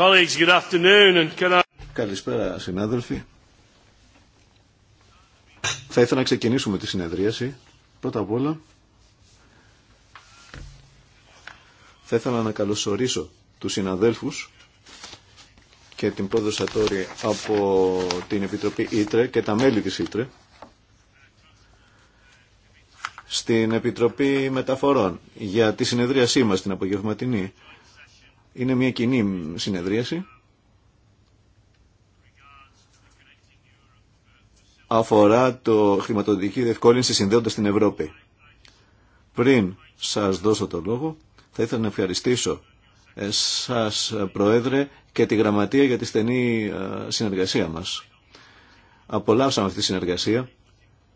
Colleagues, good afternoon Καλησπέρα συνάδελφοι. Θα ήθελα να ξεκινήσουμε τη συνεδρίαση. Πρώτα απ' όλα θα ήθελα να καλωσορίσω τους συναδέλφους και την πρόεδρο Σατόρη από την Επιτροπή Ήτρε και τα μέλη της Ήτρε στην Επιτροπή Μεταφορών για τη συνεδρίασή μας την απογευματινή είναι μια κοινή συνεδρίαση. Αφορά το χρηματοδοτική διευκόλυνση συνδέοντας την Ευρώπη. Πριν σας δώσω το λόγο, θα ήθελα να ευχαριστήσω ε, σας ε, Προέδρε και τη Γραμματεία για τη στενή ε, συνεργασία μας. Απολαύσαμε αυτή τη συνεργασία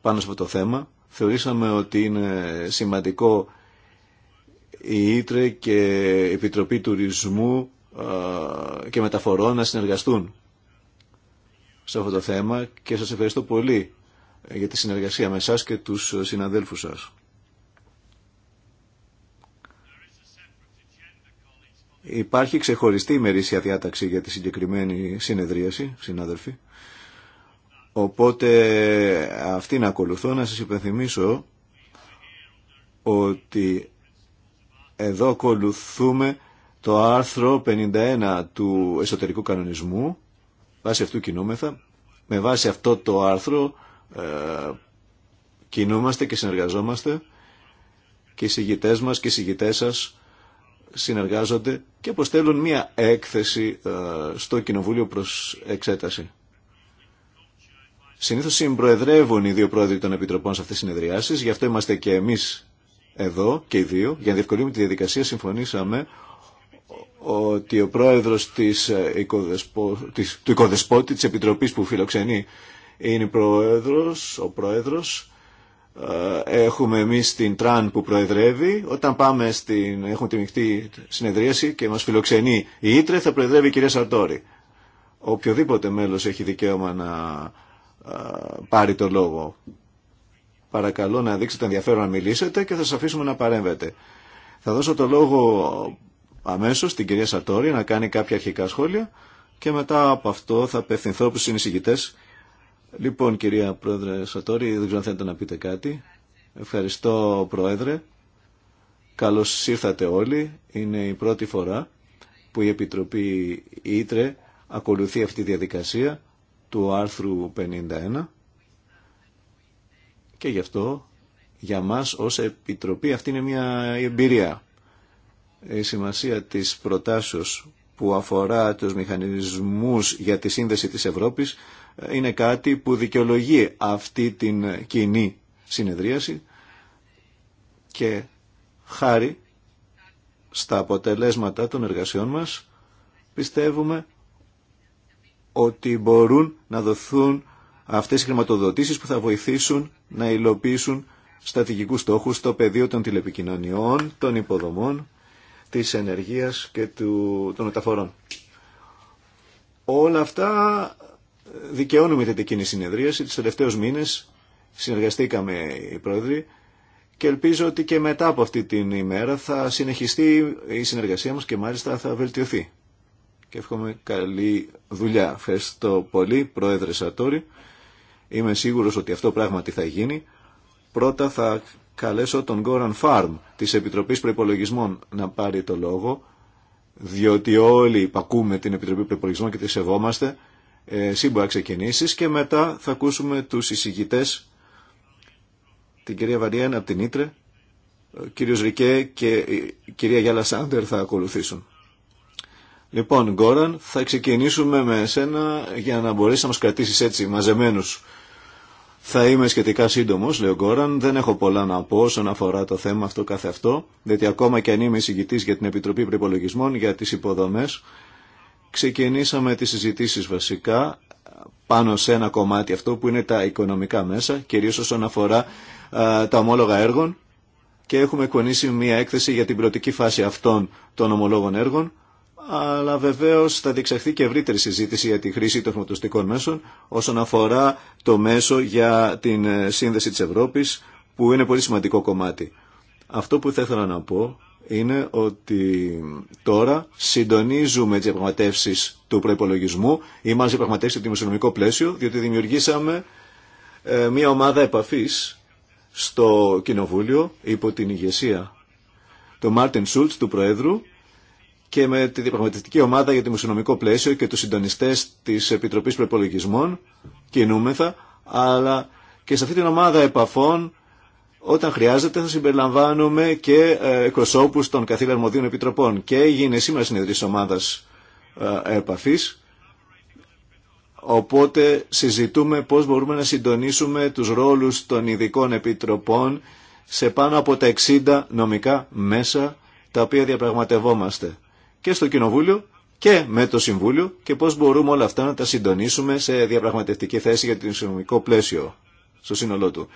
πάνω σε αυτό το θέμα. Θεωρήσαμε ότι είναι σημαντικό η Ήτρε και η Επιτροπή Τουρισμού και Μεταφορών να συνεργαστούν σε αυτό το θέμα και σας ευχαριστώ πολύ για τη συνεργασία με εσάς και τους συναδέλφους σας. Υπάρχει ξεχωριστή ημερήσια διάταξη για τη συγκεκριμένη συνεδρίαση, συνάδελφοι. Οπότε αυτήν να ακολουθώ να σας υπενθυμίσω ότι εδώ ακολουθούμε το άρθρο 51 του εσωτερικού κανονισμού. Βάσει αυτού κινούμεθα. Με βάση αυτό το άρθρο ε, κινούμαστε και συνεργαζόμαστε και οι συγγητές μας και οι συγγητές σας συνεργάζονται και αποστέλουν μία έκθεση ε, στο Κοινοβούλιο προς εξέταση. Συνήθως συμπροεδρεύουν οι δύο πρόεδροι των Επιτροπών σε αυτές τις συνεδριάσεις, γι' αυτό είμαστε και εμείς εδώ και οι δύο, για να διευκολύνουμε τη διαδικασία, συμφωνήσαμε ότι ο πρόεδρος της, ε, της, του οικοδεσπότη της Επιτροπής που φιλοξενεί είναι πρόεδρος, ο πρόεδρος. Ε, έχουμε εμείς την Τραν που προεδρεύει. Όταν πάμε στην, έχουμε τη μεικτή συνεδρίαση και μας φιλοξενεί η Ήτρε θα προεδρεύει η κυρία Σαρτόρη. Οποιοδήποτε μέλος έχει δικαίωμα να ε, πάρει το λόγο. Παρακαλώ να δείξετε ενδιαφέρον να μιλήσετε και θα σας αφήσουμε να παρέμβετε. Θα δώσω το λόγο αμέσως στην κυρία Σατόρη να κάνει κάποια αρχικά σχόλια και μετά από αυτό θα απευθυνθώ προς συνεισηγητές. Λοιπόν κυρία Πρόεδρε Σατόρη, δεν ξέρω αν θέλετε να πείτε κάτι. Ευχαριστώ Πρόεδρε. Καλώς ήρθατε όλοι. Είναι η πρώτη φορά που η Επιτροπή Ήτρε ακολουθεί αυτή τη διαδικασία του άρθρου 51 και γι' αυτό για μας ως Επιτροπή αυτή είναι μια εμπειρία. Η σημασία της προτάσεως που αφορά τους μηχανισμούς για τη σύνδεση της Ευρώπης ε, είναι κάτι που δικαιολογεί αυτή την κοινή συνεδρίαση και χάρη στα αποτελέσματα των εργασιών μας πιστεύουμε ότι μπορούν να δοθούν αυτές οι χρηματοδοτήσεις που θα βοηθήσουν να υλοποιήσουν στρατηγικούς στόχους στο πεδίο των τηλεπικοινωνιών, των υποδομών, της ενεργείας και του, των μεταφορών. Όλα αυτά ε, δικαιώνουμε την εκείνη συνεδρίαση. Τις τελευταίους μήνες συνεργαστήκαμε οι πρόεδροι και ελπίζω ότι και μετά από αυτή την ημέρα θα συνεχιστεί η συνεργασία μας και μάλιστα θα βελτιωθεί. Και εύχομαι καλή δουλειά. Ευχαριστώ πολύ, Πρόεδρε Σατόρη είμαι σίγουρος ότι αυτό πράγματι θα γίνει, πρώτα θα καλέσω τον Γκόραν Φάρμ της Επιτροπής Προϋπολογισμών να πάρει το λόγο, διότι όλοι υπακούμε την Επιτροπή Προϋπολογισμών και τη σεβόμαστε, ε, εσύ και μετά θα ακούσουμε τους εισηγητές, την κυρία Βαριένα από την Ήτρε, ο κύριος Ρικέ και η κυρία Γιάλα Σάντερ θα ακολουθήσουν. Λοιπόν, Γκόραν, θα ξεκινήσουμε με εσένα για να μπορέσει να μας κρατήσει έτσι μαζεμένους θα είμαι σχετικά σύντομο, λέει ο Γκόραν. Δεν έχω πολλά να πω όσον αφορά το θέμα αυτό καθε αυτό, διότι ακόμα και αν είμαι εισηγητή για την Επιτροπή Προπολογισμών για τι υποδομέ, ξεκινήσαμε τι συζητήσει βασικά πάνω σε ένα κομμάτι αυτό που είναι τα οικονομικά μέσα, κυρίω όσον αφορά τα ομόλογα έργων και έχουμε εκπονήσει μια έκθεση για την πρωτική φάση αυτών των ομολόγων έργων αλλά βεβαίω θα διεξαχθεί και ευρύτερη συζήτηση για τη χρήση των χρηματοστικών μέσων όσον αφορά το μέσο για την ε, σύνδεση τη Ευρώπη που είναι πολύ σημαντικό κομμάτι. Αυτό που θα ήθελα να πω είναι ότι τώρα συντονίζουμε τι διαπραγματεύσει του προπολογισμού ή μάλλον τι διαπραγματεύσει του δημοσιονομικό πλαίσιο, διότι δημιουργήσαμε ε, μια ομάδα επαφή στο Κοινοβούλιο υπό την ηγεσία του Μάρτιν Σούλτ, του Προέδρου, και με τη διαπραγματευτική ομάδα για το δημοσιονομικό πλαίσιο και τους συντονιστές τη Επιτροπής Προπολογισμών κινούμεθα, αλλά και σε αυτή την ομάδα επαφών όταν χρειάζεται θα συμπεριλαμβάνουμε και ε, εκπροσώπους των καθήλων αρμοδίων επιτροπών και έγινε σήμερα συνεδρία της ομάδας ε, επαφής οπότε συζητούμε πώς μπορούμε να συντονίσουμε τους ρόλους των ειδικών επιτροπών σε πάνω από τα 60 νομικά μέσα τα οποία διαπραγματευόμαστε και στο Κοινοβούλιο και με το Συμβούλιο και πώς μπορούμε όλα αυτά να τα συντονίσουμε σε διαπραγματευτική θέση για το οικονομικό πλαίσιο στο σύνολό του.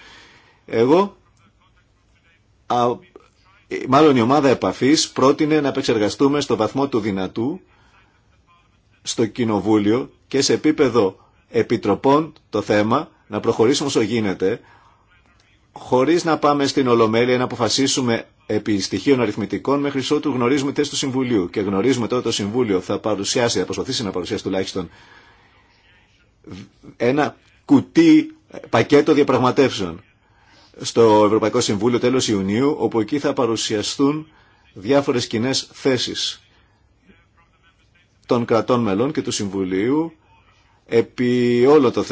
Εγώ, α, μάλλον η ομάδα επαφής πρότεινε να επεξεργαστούμε στο βαθμό του δυνατού στο Κοινοβούλιο και σε επίπεδο επιτροπών το θέμα να προχωρήσουμε όσο γίνεται χωρίς να πάμε στην Ολομέλεια να αποφασίσουμε επί στοιχείων αριθμητικών μέχρι ότου γνωρίζουμε τι του Συμβουλίου και γνωρίζουμε τότε το Συμβούλιο θα παρουσιάσει, θα προσπαθήσει να παρουσιάσει τουλάχιστον ένα κουτί πακέτο διαπραγματεύσεων στο Ευρωπαϊκό Συμβούλιο τέλος Ιουνίου όπου εκεί θα παρουσιαστούν διάφορες κοινέ θέσεις των κρατών μελών και του Συμβουλίου επί όλων των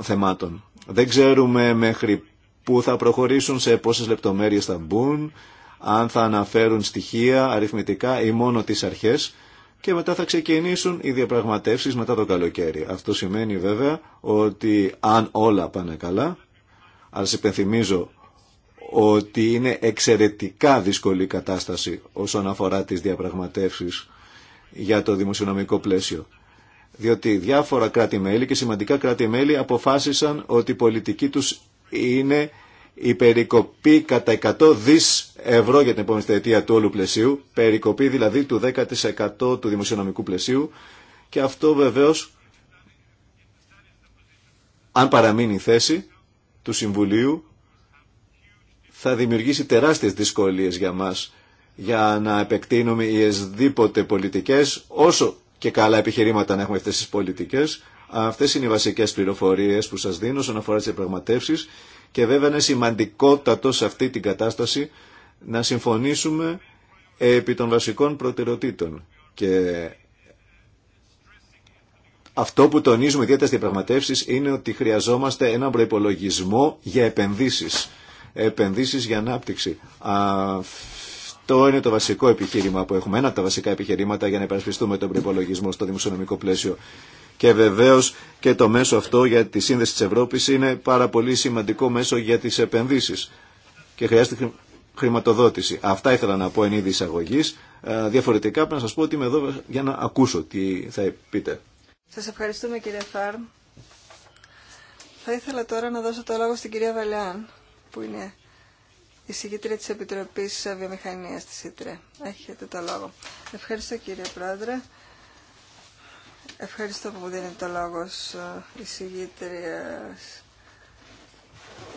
θεμάτων. Δεν ξέρουμε μέχρι πού θα προχωρήσουν, σε πόσες λεπτομέρειες θα μπουν, αν θα αναφέρουν στοιχεία αριθμητικά ή μόνο τις αρχές και μετά θα ξεκινήσουν οι διαπραγματεύσεις μετά το καλοκαίρι. Αυτό σημαίνει βέβαια ότι αν όλα πάνε καλά, αλλά σε υπενθυμίζω ότι είναι εξαιρετικά δύσκολη η κατάσταση όσον αφορά τις διαπραγματεύσεις για το δημοσιονομικό πλαίσιο. Διότι διάφορα κράτη-μέλη και σημαντικά κράτη-μέλη αποφάσισαν ότι η πολιτική τους είναι η περικοπή κατά 100 δις ευρώ για την επόμενη θετία του όλου πλαισίου, περικοπή δηλαδή του 10% του δημοσιονομικού πλαισίου και αυτό βεβαίως αν παραμείνει η θέση του Συμβουλίου θα δημιουργήσει τεράστιες δυσκολίες για μας για να επεκτείνουμε οι εσδήποτε πολιτικές όσο και καλά επιχειρήματα να έχουμε αυτές τις πολιτικές. Αυτές είναι οι βασικές πληροφορίες που σας δίνω όσον αφορά τις και βέβαια είναι σημαντικότατο σε αυτή την κατάσταση να συμφωνήσουμε επί των βασικών προτεραιοτήτων. Και αυτό που τονίζουμε ιδιαίτερα στις διαπραγματεύσεις είναι ότι χρειαζόμαστε έναν προϋπολογισμό για επενδύσεις. Επενδύσεις για ανάπτυξη. Αυτό είναι το βασικό επιχείρημα που έχουμε. Ένα από τα βασικά επιχειρήματα για να υπερασπιστούμε τον προϋπολογισμό στο δημοσιονομικό πλαίσιο. Και βεβαίως και το μέσο αυτό για τη σύνδεση της Ευρώπης είναι πάρα πολύ σημαντικό μέσο για τις επενδύσεις και χρειάζεται χρηματοδότηση. Αυτά ήθελα να πω εν είδη εισαγωγή. Ε, διαφορετικά πρέπει να σας πω ότι είμαι εδώ για να ακούσω τι θα πείτε. Σας ευχαριστούμε κύριε Φάρμ. Θα ήθελα τώρα να δώσω το λόγο στην κυρία Βαλιάν, που είναι η συγκήτρια της Επιτροπής Βιομηχανίας της ΙΤΡΕ. Έχετε το λόγο. Ευχαριστώ κύριε Πρόεδρε. Ευχαριστώ που μου δίνει το λόγο ε, η συγγήτρια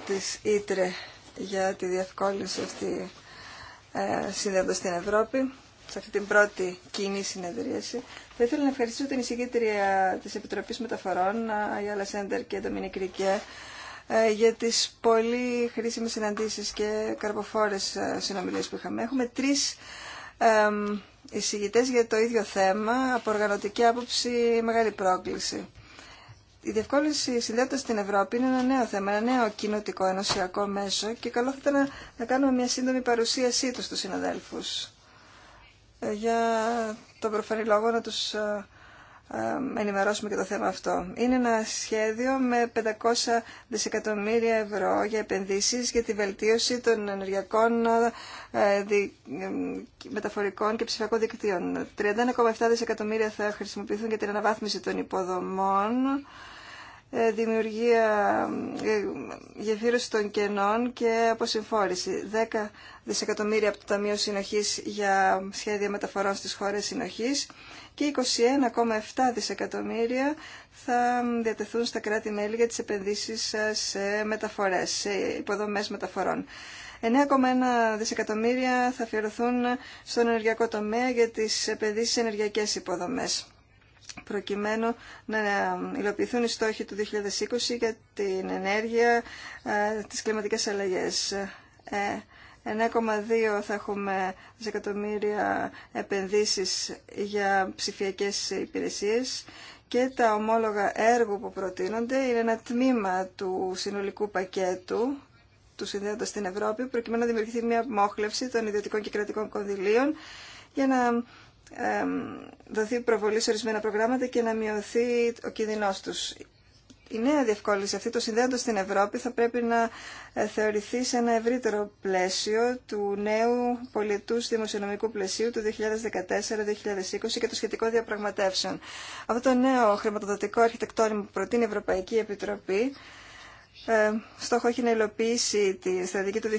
της Ήτρε για τη διευκόλυνση αυτή ε, συνδέοντας στην Ευρώπη σε αυτή την πρώτη κοινή συνεδρίαση. Θα ήθελα να ευχαριστήσω την εισηγήτρια της Επιτροπής Μεταφορών, Αγιάλα Σέντερ και Ντομινίκ Ρικέ, ε, για τις πολύ χρήσιμες συναντήσεις και καρποφόρες ε, συνομιλίες που είχαμε. Έχουμε τρεις εισηγητές για το ίδιο θέμα, από οργανωτική άποψη μεγάλη πρόκληση. Η διευκόλυνση συνδέοντα στην Ευρώπη είναι ένα νέο θέμα, ένα νέο κοινοτικό ενωσιακό μέσο και καλό θα ήταν να, κάνουμε μια σύντομη παρουσίασή του στους συναδέλφους ε, για τον προφανή λόγο να τους ε, ε, ενημερώσουμε και το θέμα αυτό. Είναι ένα σχέδιο με 500 δισεκατομμύρια ευρώ για επενδύσεις για τη βελτίωση των ενεργειακών ε, ε, μεταφορικών και ψηφιακών δικτύων. 31,7 δισεκατομμύρια θα χρησιμοποιηθούν για την αναβάθμιση των υποδομών ε, δημιουργία, ε, γεφύρωση των κενών και αποσυμφόρηση. 10 δισεκατομμύρια από το Ταμείο Συνοχής για σχέδια μεταφορών στις χώρες συνοχής και 21,7 δισεκατομμύρια θα διατεθούν στα κράτη-μέλη για τις επενδύσεις ε, σε μεταφορές, σε υποδομές μεταφορών. 9,1 δισεκατομμύρια θα αφιερωθούν στον ενεργειακό τομέα για τις επενδύσεις σε ενεργειακές υποδομές προκειμένου να υλοποιηθούν οι στόχοι του 2020 για την ενέργεια, ε, τις κλιματικές αλλαγές. 1,2 ε, θα έχουμε δισεκατομμύρια επενδύσεις για ψηφιακές υπηρεσίες και τα ομόλογα έργου που προτείνονται είναι ένα τμήμα του συνολικού πακέτου του συνδέοντα στην Ευρώπη, προκειμένου να δημιουργηθεί μια μόχλευση των ιδιωτικών και κρατικών κονδυλίων για να δοθεί προβολή σε ορισμένα προγράμματα και να μειωθεί ο κίνδυνός τους. Η νέα διευκόλυνση αυτή, το συνδέοντα στην Ευρώπη, θα πρέπει να ε, θεωρηθεί σε ένα ευρύτερο πλαίσιο του νέου πολιτού δημοσιονομικού πλαισίου του 2014-2020 και των σχετικών διαπραγματεύσεων. Αυτό το νέο χρηματοδοτικό αρχιτεκτόνιμο που προτείνει η Ευρωπαϊκή Επιτροπή ε, στόχο έχει να υλοποιήσει τη στρατηγική του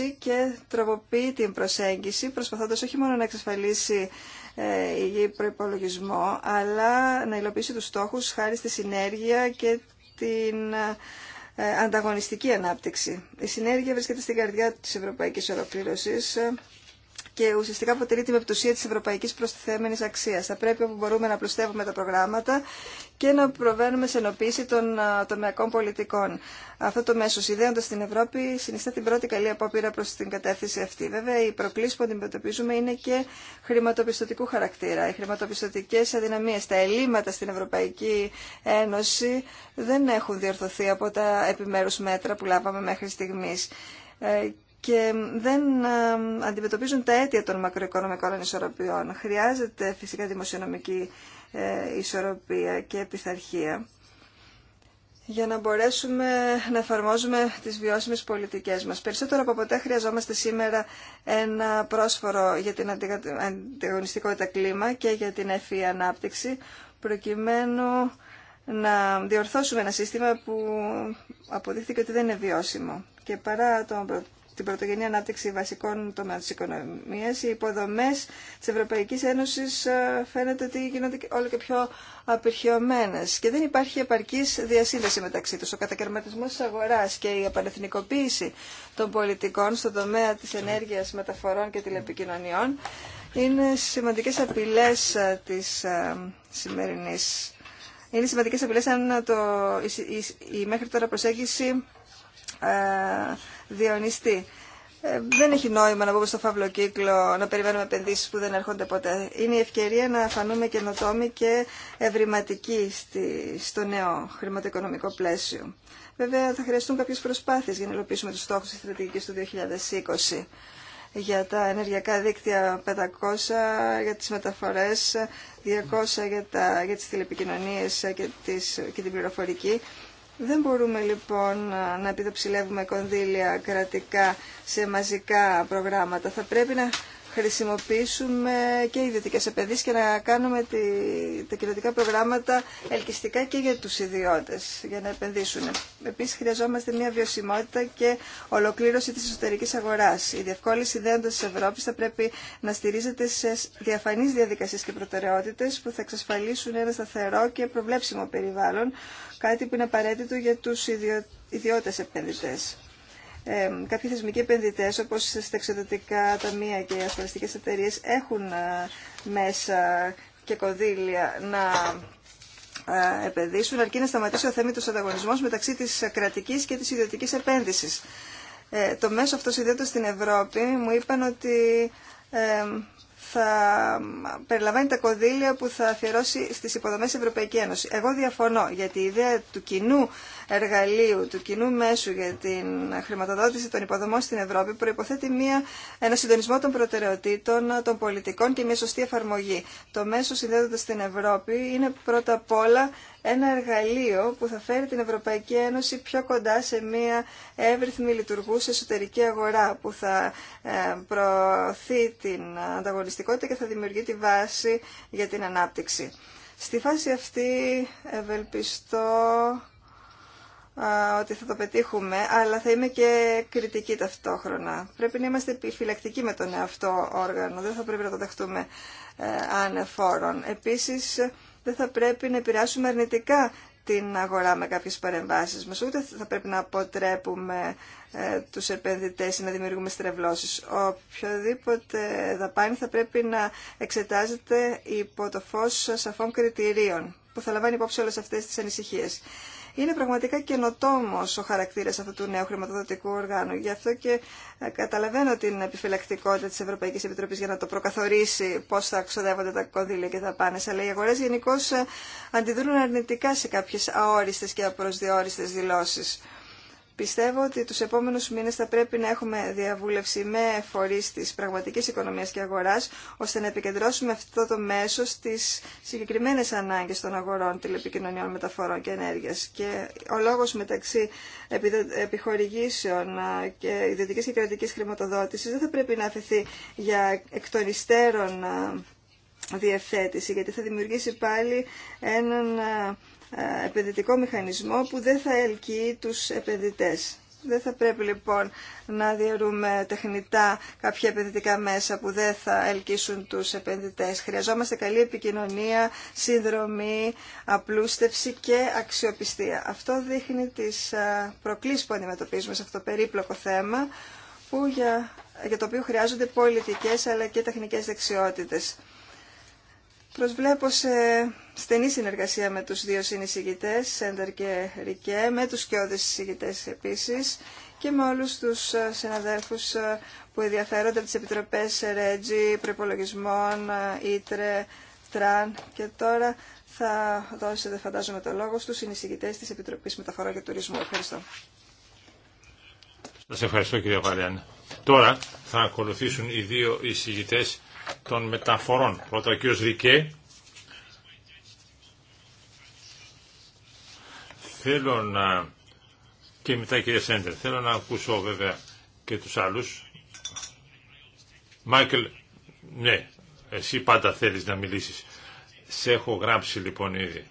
2020 και τροποποιεί την προσέγγιση προσπαθώντας όχι μόνο να εξασφαλίσει ε, υγιή προϋπολογισμό αλλά να υλοποιήσει τους στόχους χάρη στη συνέργεια και την ε, ανταγωνιστική ανάπτυξη. Η συνέργεια βρίσκεται στην καρδιά της ευρωπαϊκής ολοκλήρωσης και ουσιαστικά αποτελεί την πεπτουσία τη Ευρωπαϊκή προστιθέμενη Αξία. Θα πρέπει όπου μπορούμε να πλουστεύουμε τα προγράμματα και να προβαίνουμε σε ενοποίηση των τομεακών πολιτικών. Αυτό το μέσο ιδέοντα την Ευρώπη συνιστά την πρώτη καλή απόπειρα προ την κατεύθυνση αυτή. Βέβαια, οι προκλήσει που αντιμετωπίζουμε είναι και χρηματοπιστωτικού χαρακτήρα. Οι χρηματοπιστωτικέ αδυναμίε, τα ελλείμματα στην Ευρωπαϊκή Ένωση δεν έχουν διορθωθεί από τα επιμέρου μέτρα που λάβαμε μέχρι στιγμή ε, και δεν ε, αντιμετωπίζουν τα αίτια των μακροοικονομικών ανισορροπιών. Χρειάζεται φυσικά δημοσιονομική ε, ισορροπία και πειθαρχία για να μπορέσουμε να εφαρμόζουμε τις βιώσιμες πολιτικές μας. Περισσότερο από ποτέ χρειαζόμαστε σήμερα ένα πρόσφορο για την αντιγωνιστικότητα κλίμα και για την ευφυή ανάπτυξη, προκειμένου να διορθώσουμε ένα σύστημα που αποδείχθηκε ότι δεν είναι βιώσιμο. Και παρά τον την πρωτογενή ανάπτυξη βασικών τομέων της οικονομίας. Οι υποδομές της Ευρωπαϊκής Ένωσης ε, φαίνεται ότι γίνονται όλο και πιο απερχιωμένες και δεν υπάρχει επαρκής διασύνδεση μεταξύ τους. Ο κατακαιρματισμός της αγοράς και η επανεθνικοποίηση των πολιτικών στον τομέα της ενέργειας, μεταφορών και τηλεπικοινωνιών είναι σημαντικές απειλές ε, της ε, σημερινής είναι σημαντικές απειλές αν το, η, η μέχρι τώρα προσέγγιση διονυστεί. Ε, δεν έχει νόημα να πούμε στο φαύλο κύκλο να περιμένουμε επενδύσει που δεν έρχονται ποτέ. Είναι η ευκαιρία να φανούμε καινοτόμοι και ευρηματικοί στη, στο νέο χρηματοοικονομικό πλαίσιο. Βέβαια, θα χρειαστούν κάποιε προσπάθειε για να υλοποιήσουμε του στόχου τη στρατηγική του 2020 για τα ενεργειακά δίκτυα 500, για τι μεταφορέ, 200, για, για τις τηλεπικοινωνίες και, και την πληροφορική δεν μπορούμε λοιπόν να επιδοψηλεύουμε κονδύλια κρατικά σε μαζικά προγράμματα. Θα πρέπει να χρησιμοποιήσουμε και ιδιωτικές επενδύσεις και να κάνουμε τη, τα κοινωτικά προγράμματα ελκυστικά και για τους ιδιώτες για να επενδύσουν. Επίσης χρειαζόμαστε μια βιωσιμότητα και ολοκλήρωση της εσωτερικής αγοράς. Η διευκόλυνση δέντος της Ευρώπης θα πρέπει να στηρίζεται σε διαφανείς διαδικασίες και προτεραιότητες που θα εξασφαλίσουν ένα σταθερό και προβλέψιμο περιβάλλον, κάτι που είναι απαραίτητο για τους ιδιώτες επενδυτές ε, κάποιοι θεσμικοί επενδυτέ, όπως στα εξωτερικά ταμεία και οι ασφαλιστικέ εταιρείες έχουν μέσα και κονδύλια να επενδύσουν αρκεί να σταματήσει ο θέμητο ανταγωνισμός μεταξύ της κρατική και της ιδιωτικής επένδυσης. Ε, το μέσο αυτό ιδιαίτερα στην Ευρώπη μου είπαν ότι ε, θα περιλαμβάνει τα κονδύλια που θα αφιερώσει στις υποδομές Ευρωπαϊκή Ένωση. Εγώ διαφωνώ γιατί η ιδέα του κοινού εργαλείου του κοινού μέσου για την χρηματοδότηση των υποδομών στην Ευρώπη προϋποθέτει μια, ένα συντονισμό των προτεραιοτήτων των πολιτικών και μια σωστή εφαρμογή. Το μέσο συνδέοντας στην Ευρώπη είναι πρώτα απ' όλα ένα εργαλείο που θα φέρει την Ευρωπαϊκή Ένωση πιο κοντά σε μια εύρυθμη λειτουργούσα εσωτερική αγορά που θα ε, προωθεί την ανταγωνιστικότητα και θα δημιουργεί τη βάση για την ανάπτυξη. Στη φάση αυτή ευελπιστώ ότι θα το πετύχουμε, αλλά θα είμαι και κριτική ταυτόχρονα. Πρέπει να είμαστε επιφυλακτικοί με τον εαυτό όργανο, δεν θα πρέπει να το δεχτούμε ε, ανεφόρον. Επίσης, δεν θα πρέπει να επηρεάσουμε αρνητικά την αγορά με κάποιες παρεμβάσεις μας, ούτε θα πρέπει να αποτρέπουμε ε, τους επενδυτές ή να δημιουργούμε στρεβλώσεις. Οποιοδήποτε δαπάνη θα πρέπει να εξετάζεται υπό το φως σαφών κριτηρίων, που θα λαμβάνει υπόψη όλες αυτές τις ανησυχίες. Είναι πραγματικά καινοτόμο ο χαρακτήρα αυτού του νέου χρηματοδοτικού οργάνου. Γι' αυτό και ε, καταλαβαίνω την επιφυλακτικότητα τη Ευρωπαϊκή Επιτροπή για να το προκαθορίσει πώ θα ξοδεύονται τα κονδύλια και θα πάνε. Αλλά οι αγορέ γενικώ ε, αντιδρούν αρνητικά σε κάποιε αόριστε και απροσδιορίστε δηλώσει. Πιστεύω ότι τους επόμενους μήνες θα πρέπει να έχουμε διαβούλευση με φορείς της πραγματικής οικονομίας και αγοράς, ώστε να επικεντρώσουμε αυτό το μέσο στις συγκεκριμένες ανάγκες των αγορών τηλεπικοινωνιών, μεταφορών και ενέργειας. Και ο λόγος μεταξύ επιχορηγήσεων και ιδιωτικής και κρατικής χρηματοδότησης δεν θα πρέπει να αφαιθεί για εκ των υστέρων διευθέτηση, γιατί θα δημιουργήσει πάλι έναν ε, επενδυτικό μηχανισμό που δεν θα ελκύει τους επενδυτές. Δεν θα πρέπει λοιπόν να διαιρούμε τεχνητά κάποια επενδυτικά μέσα που δεν θα ελκύσουν τους επενδυτές. Χρειαζόμαστε καλή επικοινωνία, συνδρομή, απλούστευση και αξιοπιστία. Αυτό δείχνει τις ε, προκλήσεις που αντιμετωπίζουμε σε αυτό το περίπλοκο θέμα που για, για το οποίο χρειάζονται πολιτικές αλλά και τεχνικές δεξιότητες. Προσβλέπω σε στενή συνεργασία με τους δύο συνεισηγητές, Σέντερ και Ρικέ, με τους σκιώδες συνεισηγητές επίσης και με όλους τους ε, συναδέλφους ε, που ενδιαφέρονται από τις Επιτροπές Ρέτζι, Προπολογισμών, ε, Ήτρε, Τραν και τώρα θα δώσετε φαντάζομαι το λόγο στους συνεισηγητές της Επιτροπής Μεταφορά και Τουρισμού. Ευχαριστώ. Σας ευχαριστώ κύριε Βαλιάν. Τώρα θα ακολουθήσουν οι δύο εισηγητές των μεταφορών. Πρώτα ο κ. Ρικέ. Θέλω να... και μετά κύριε Σέντερ. Θέλω να ακούσω βέβαια και τους άλλους. Μάικλ, ναι, εσύ πάντα θέλεις να μιλήσεις. Σε έχω γράψει λοιπόν ήδη.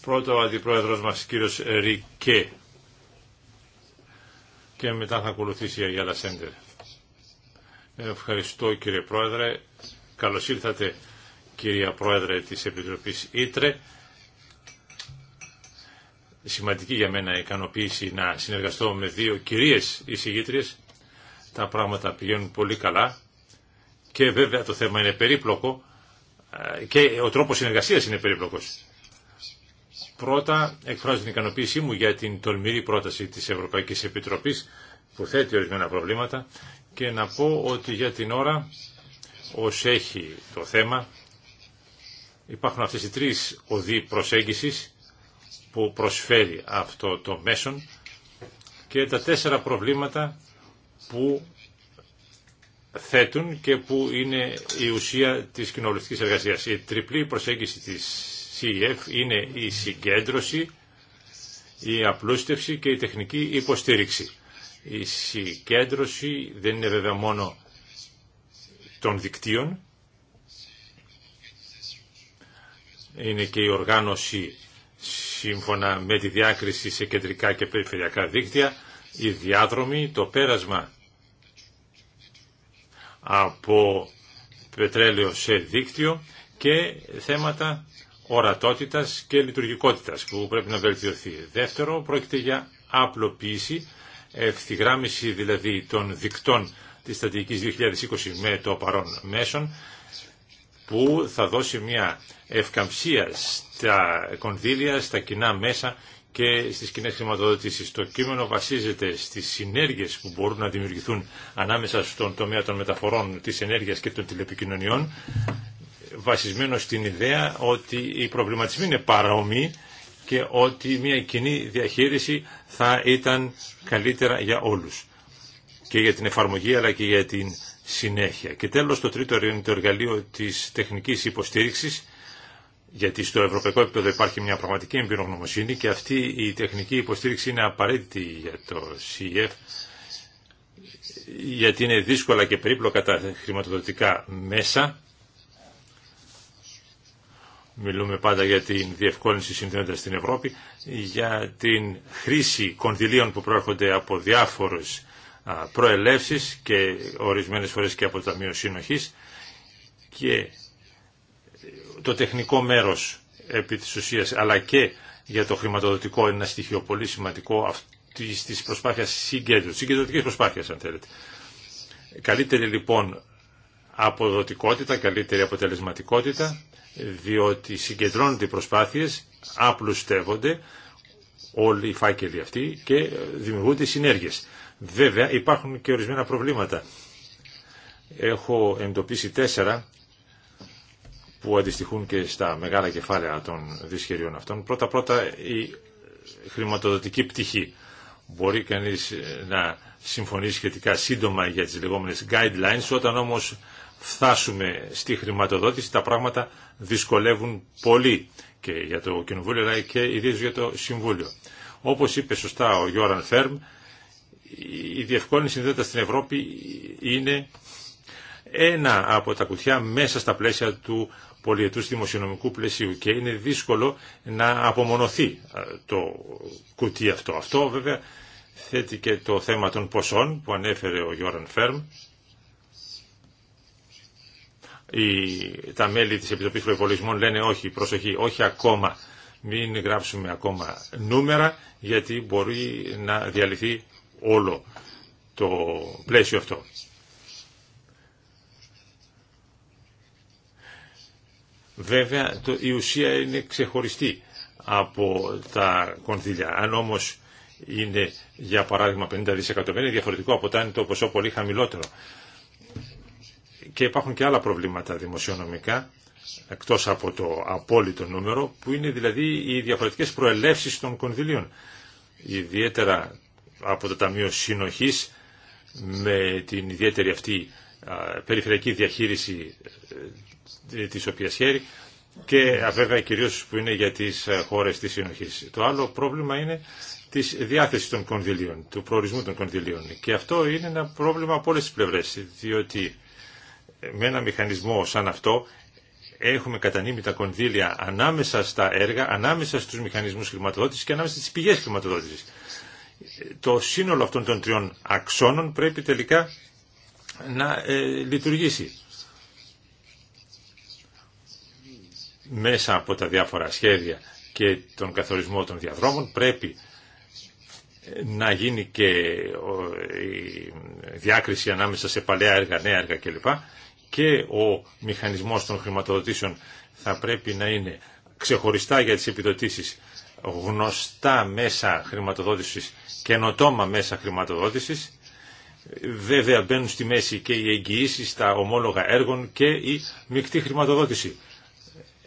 Πρώτο ο αντιπρόεδρος μας κύριος Ρικέ και μετά θα ακολουθήσει η Αγιάλα Σέντερ. Ευχαριστώ κύριε Πρόεδρε. Καλώς ήρθατε κυρία Πρόεδρε της Επιτροπής Ήτρε. Σημαντική για μένα ικανοποίηση να συνεργαστώ με δύο κυρίες εισηγήτριες. Τα πράγματα πηγαίνουν πολύ καλά και βέβαια το θέμα είναι περίπλοκο ε, και ο τρόπος συνεργασίας είναι περίπλοκος. Πρώτα εκφράζω την ικανοποίησή μου για την τολμηρή πρόταση της Ευρωπαϊκής Επιτροπής που θέτει ορισμένα προβλήματα και να πω ότι για την ώρα ως έχει το θέμα υπάρχουν αυτές οι τρεις οδοί προσέγγισης που προσφέρει αυτό το μέσον και τα τέσσερα προβλήματα που θέτουν και που είναι η ουσία της κοινοβουλευτικής εργασίας. Η τριπλή προσέγγιση της CEF είναι η συγκέντρωση, η απλούστευση και η τεχνική υποστήριξη. Η συγκέντρωση δεν είναι βέβαια μόνο των δικτύων, είναι και η οργάνωση σύμφωνα με τη διάκριση σε κεντρικά και περιφερειακά δίκτυα, η διάδρομη, το πέρασμα από πετρέλαιο σε δίκτυο και θέματα ορατότητας και λειτουργικότητας που πρέπει να βελτιωθεί. Δεύτερο, πρόκειται για απλοποίηση ευθυγράμμιση δηλαδή των δικτών της στρατηγικής 2020 με το παρόν μέσον που θα δώσει μια ευκαμψία στα κονδύλια, στα κοινά μέσα και στις κοινέ χρηματοδοτήσεις. Το κείμενο βασίζεται στις συνέργειες που μπορούν να δημιουργηθούν ανάμεσα στον τομέα των μεταφορών της ενέργειας και των τηλεπικοινωνιών βασισμένο στην ιδέα ότι οι προβληματισμοί είναι παρόμοιοι και ότι μια κοινή διαχείριση θα ήταν καλύτερα για όλους και για την εφαρμογή αλλά και για την συνέχεια. Και τέλος το τρίτο είναι το εργαλείο της τεχνικής υποστήριξης γιατί στο ευρωπαϊκό επίπεδο υπάρχει μια πραγματική εμπειρογνωμοσύνη και αυτή η τεχνική υποστήριξη είναι απαραίτητη για το ΣΥΕΦ e γιατί είναι δύσκολα και περίπλοκα τα χρηματοδοτικά μέσα Μιλούμε πάντα για την διευκόλυνση συνδέοντας στην Ευρώπη, για την χρήση κονδυλίων που προέρχονται από διάφορες προελεύσεις και ορισμένες φορές και από το Ταμείο Σύνοχης και το τεχνικό μέρος επί της ουσίας, αλλά και για το χρηματοδοτικό είναι ένα στοιχείο πολύ σημαντικό αυτής της προσπάθειας συγκέντρωσης, συγκεντρωτικής προσπάθειας αν θέλετε. Καλύτερη λοιπόν αποδοτικότητα, καλύτερη αποτελεσματικότητα διότι συγκεντρώνονται οι προσπάθειες, απλουστεύονται όλοι οι φάκελοι αυτοί και δημιουργούνται συνέργειες. Βέβαια υπάρχουν και ορισμένα προβλήματα. Έχω εντοπίσει τέσσερα που αντιστοιχούν και στα μεγάλα κεφάλαια των δυσχεριών αυτών. Πρώτα-πρώτα η χρηματοδοτική πτυχή. Μπορεί κανείς να συμφωνήσει σχετικά σύντομα για τις λεγόμενες guidelines, όταν όμως φτάσουμε στη χρηματοδότηση, τα πράγματα δυσκολεύουν πολύ και για το Κοινοβούλιο αλλά και ιδίως για το Συμβούλιο. Όπως είπε σωστά ο Γιώραν Φέρμ, η διευκόλυνση συνδέτα στην Ευρώπη είναι ένα από τα κουτιά μέσα στα πλαίσια του πολιετούς δημοσιονομικού πλαισίου και είναι δύσκολο να απομονωθεί ε, το κουτί αυτό. Αυτό βέβαια θέτει και το θέμα των ποσών που ανέφερε ο Γιώραν Φέρμ οι, τα μέλη της Επιτροπής Προϋπολογισμών λένε όχι, προσοχή, όχι ακόμα, μην γράψουμε ακόμα νούμερα γιατί μπορεί να διαλυθεί όλο το πλαίσιο αυτό. Βέβαια το, η ουσία είναι ξεχωριστή από τα κονδύλια. Αν όμως είναι για παράδειγμα 50 δισεκατομμύρια, διαφορετικό από όταν το ποσό πολύ χαμηλότερο και υπάρχουν και άλλα προβλήματα δημοσιονομικά εκτός από το απόλυτο νούμερο που είναι δηλαδή οι διαφορετικές προελεύσεις των κονδυλίων ιδιαίτερα από το Ταμείο Συνοχής με την ιδιαίτερη αυτή περιφερειακή διαχείριση ε, της οποίας χαίρει και βέβαια κυρίως που είναι για τις ε, χώρες της συνοχής. Το άλλο πρόβλημα είναι της διάθεσης των κονδυλίων, του προορισμού των κονδυλίων. Και αυτό είναι ένα πρόβλημα από όλες τις πλευρές, διότι με ένα μηχανισμό σαν αυτό έχουμε κατανείμει τα κονδύλια ανάμεσα στα έργα, ανάμεσα στους μηχανισμούς χρηματοδότησης και ανάμεσα στις πηγές χρηματοδότησης. Το σύνολο αυτών των τριών αξώνων πρέπει τελικά να ε, λειτουργήσει. Μέσα από τα διάφορα σχέδια και τον καθορισμό των διαδρόμων πρέπει να γίνει και η διάκριση ανάμεσα σε παλαιά έργα, νέα έργα κλπ και ο μηχανισμός των χρηματοδοτήσεων θα πρέπει να είναι ξεχωριστά για τις επιδοτήσεις γνωστά μέσα χρηματοδότησης, καινοτόμα μέσα χρηματοδότησης. Βέβαια μπαίνουν στη μέση και οι εγγυήσει, τα ομόλογα έργων και η μεικτή χρηματοδότηση.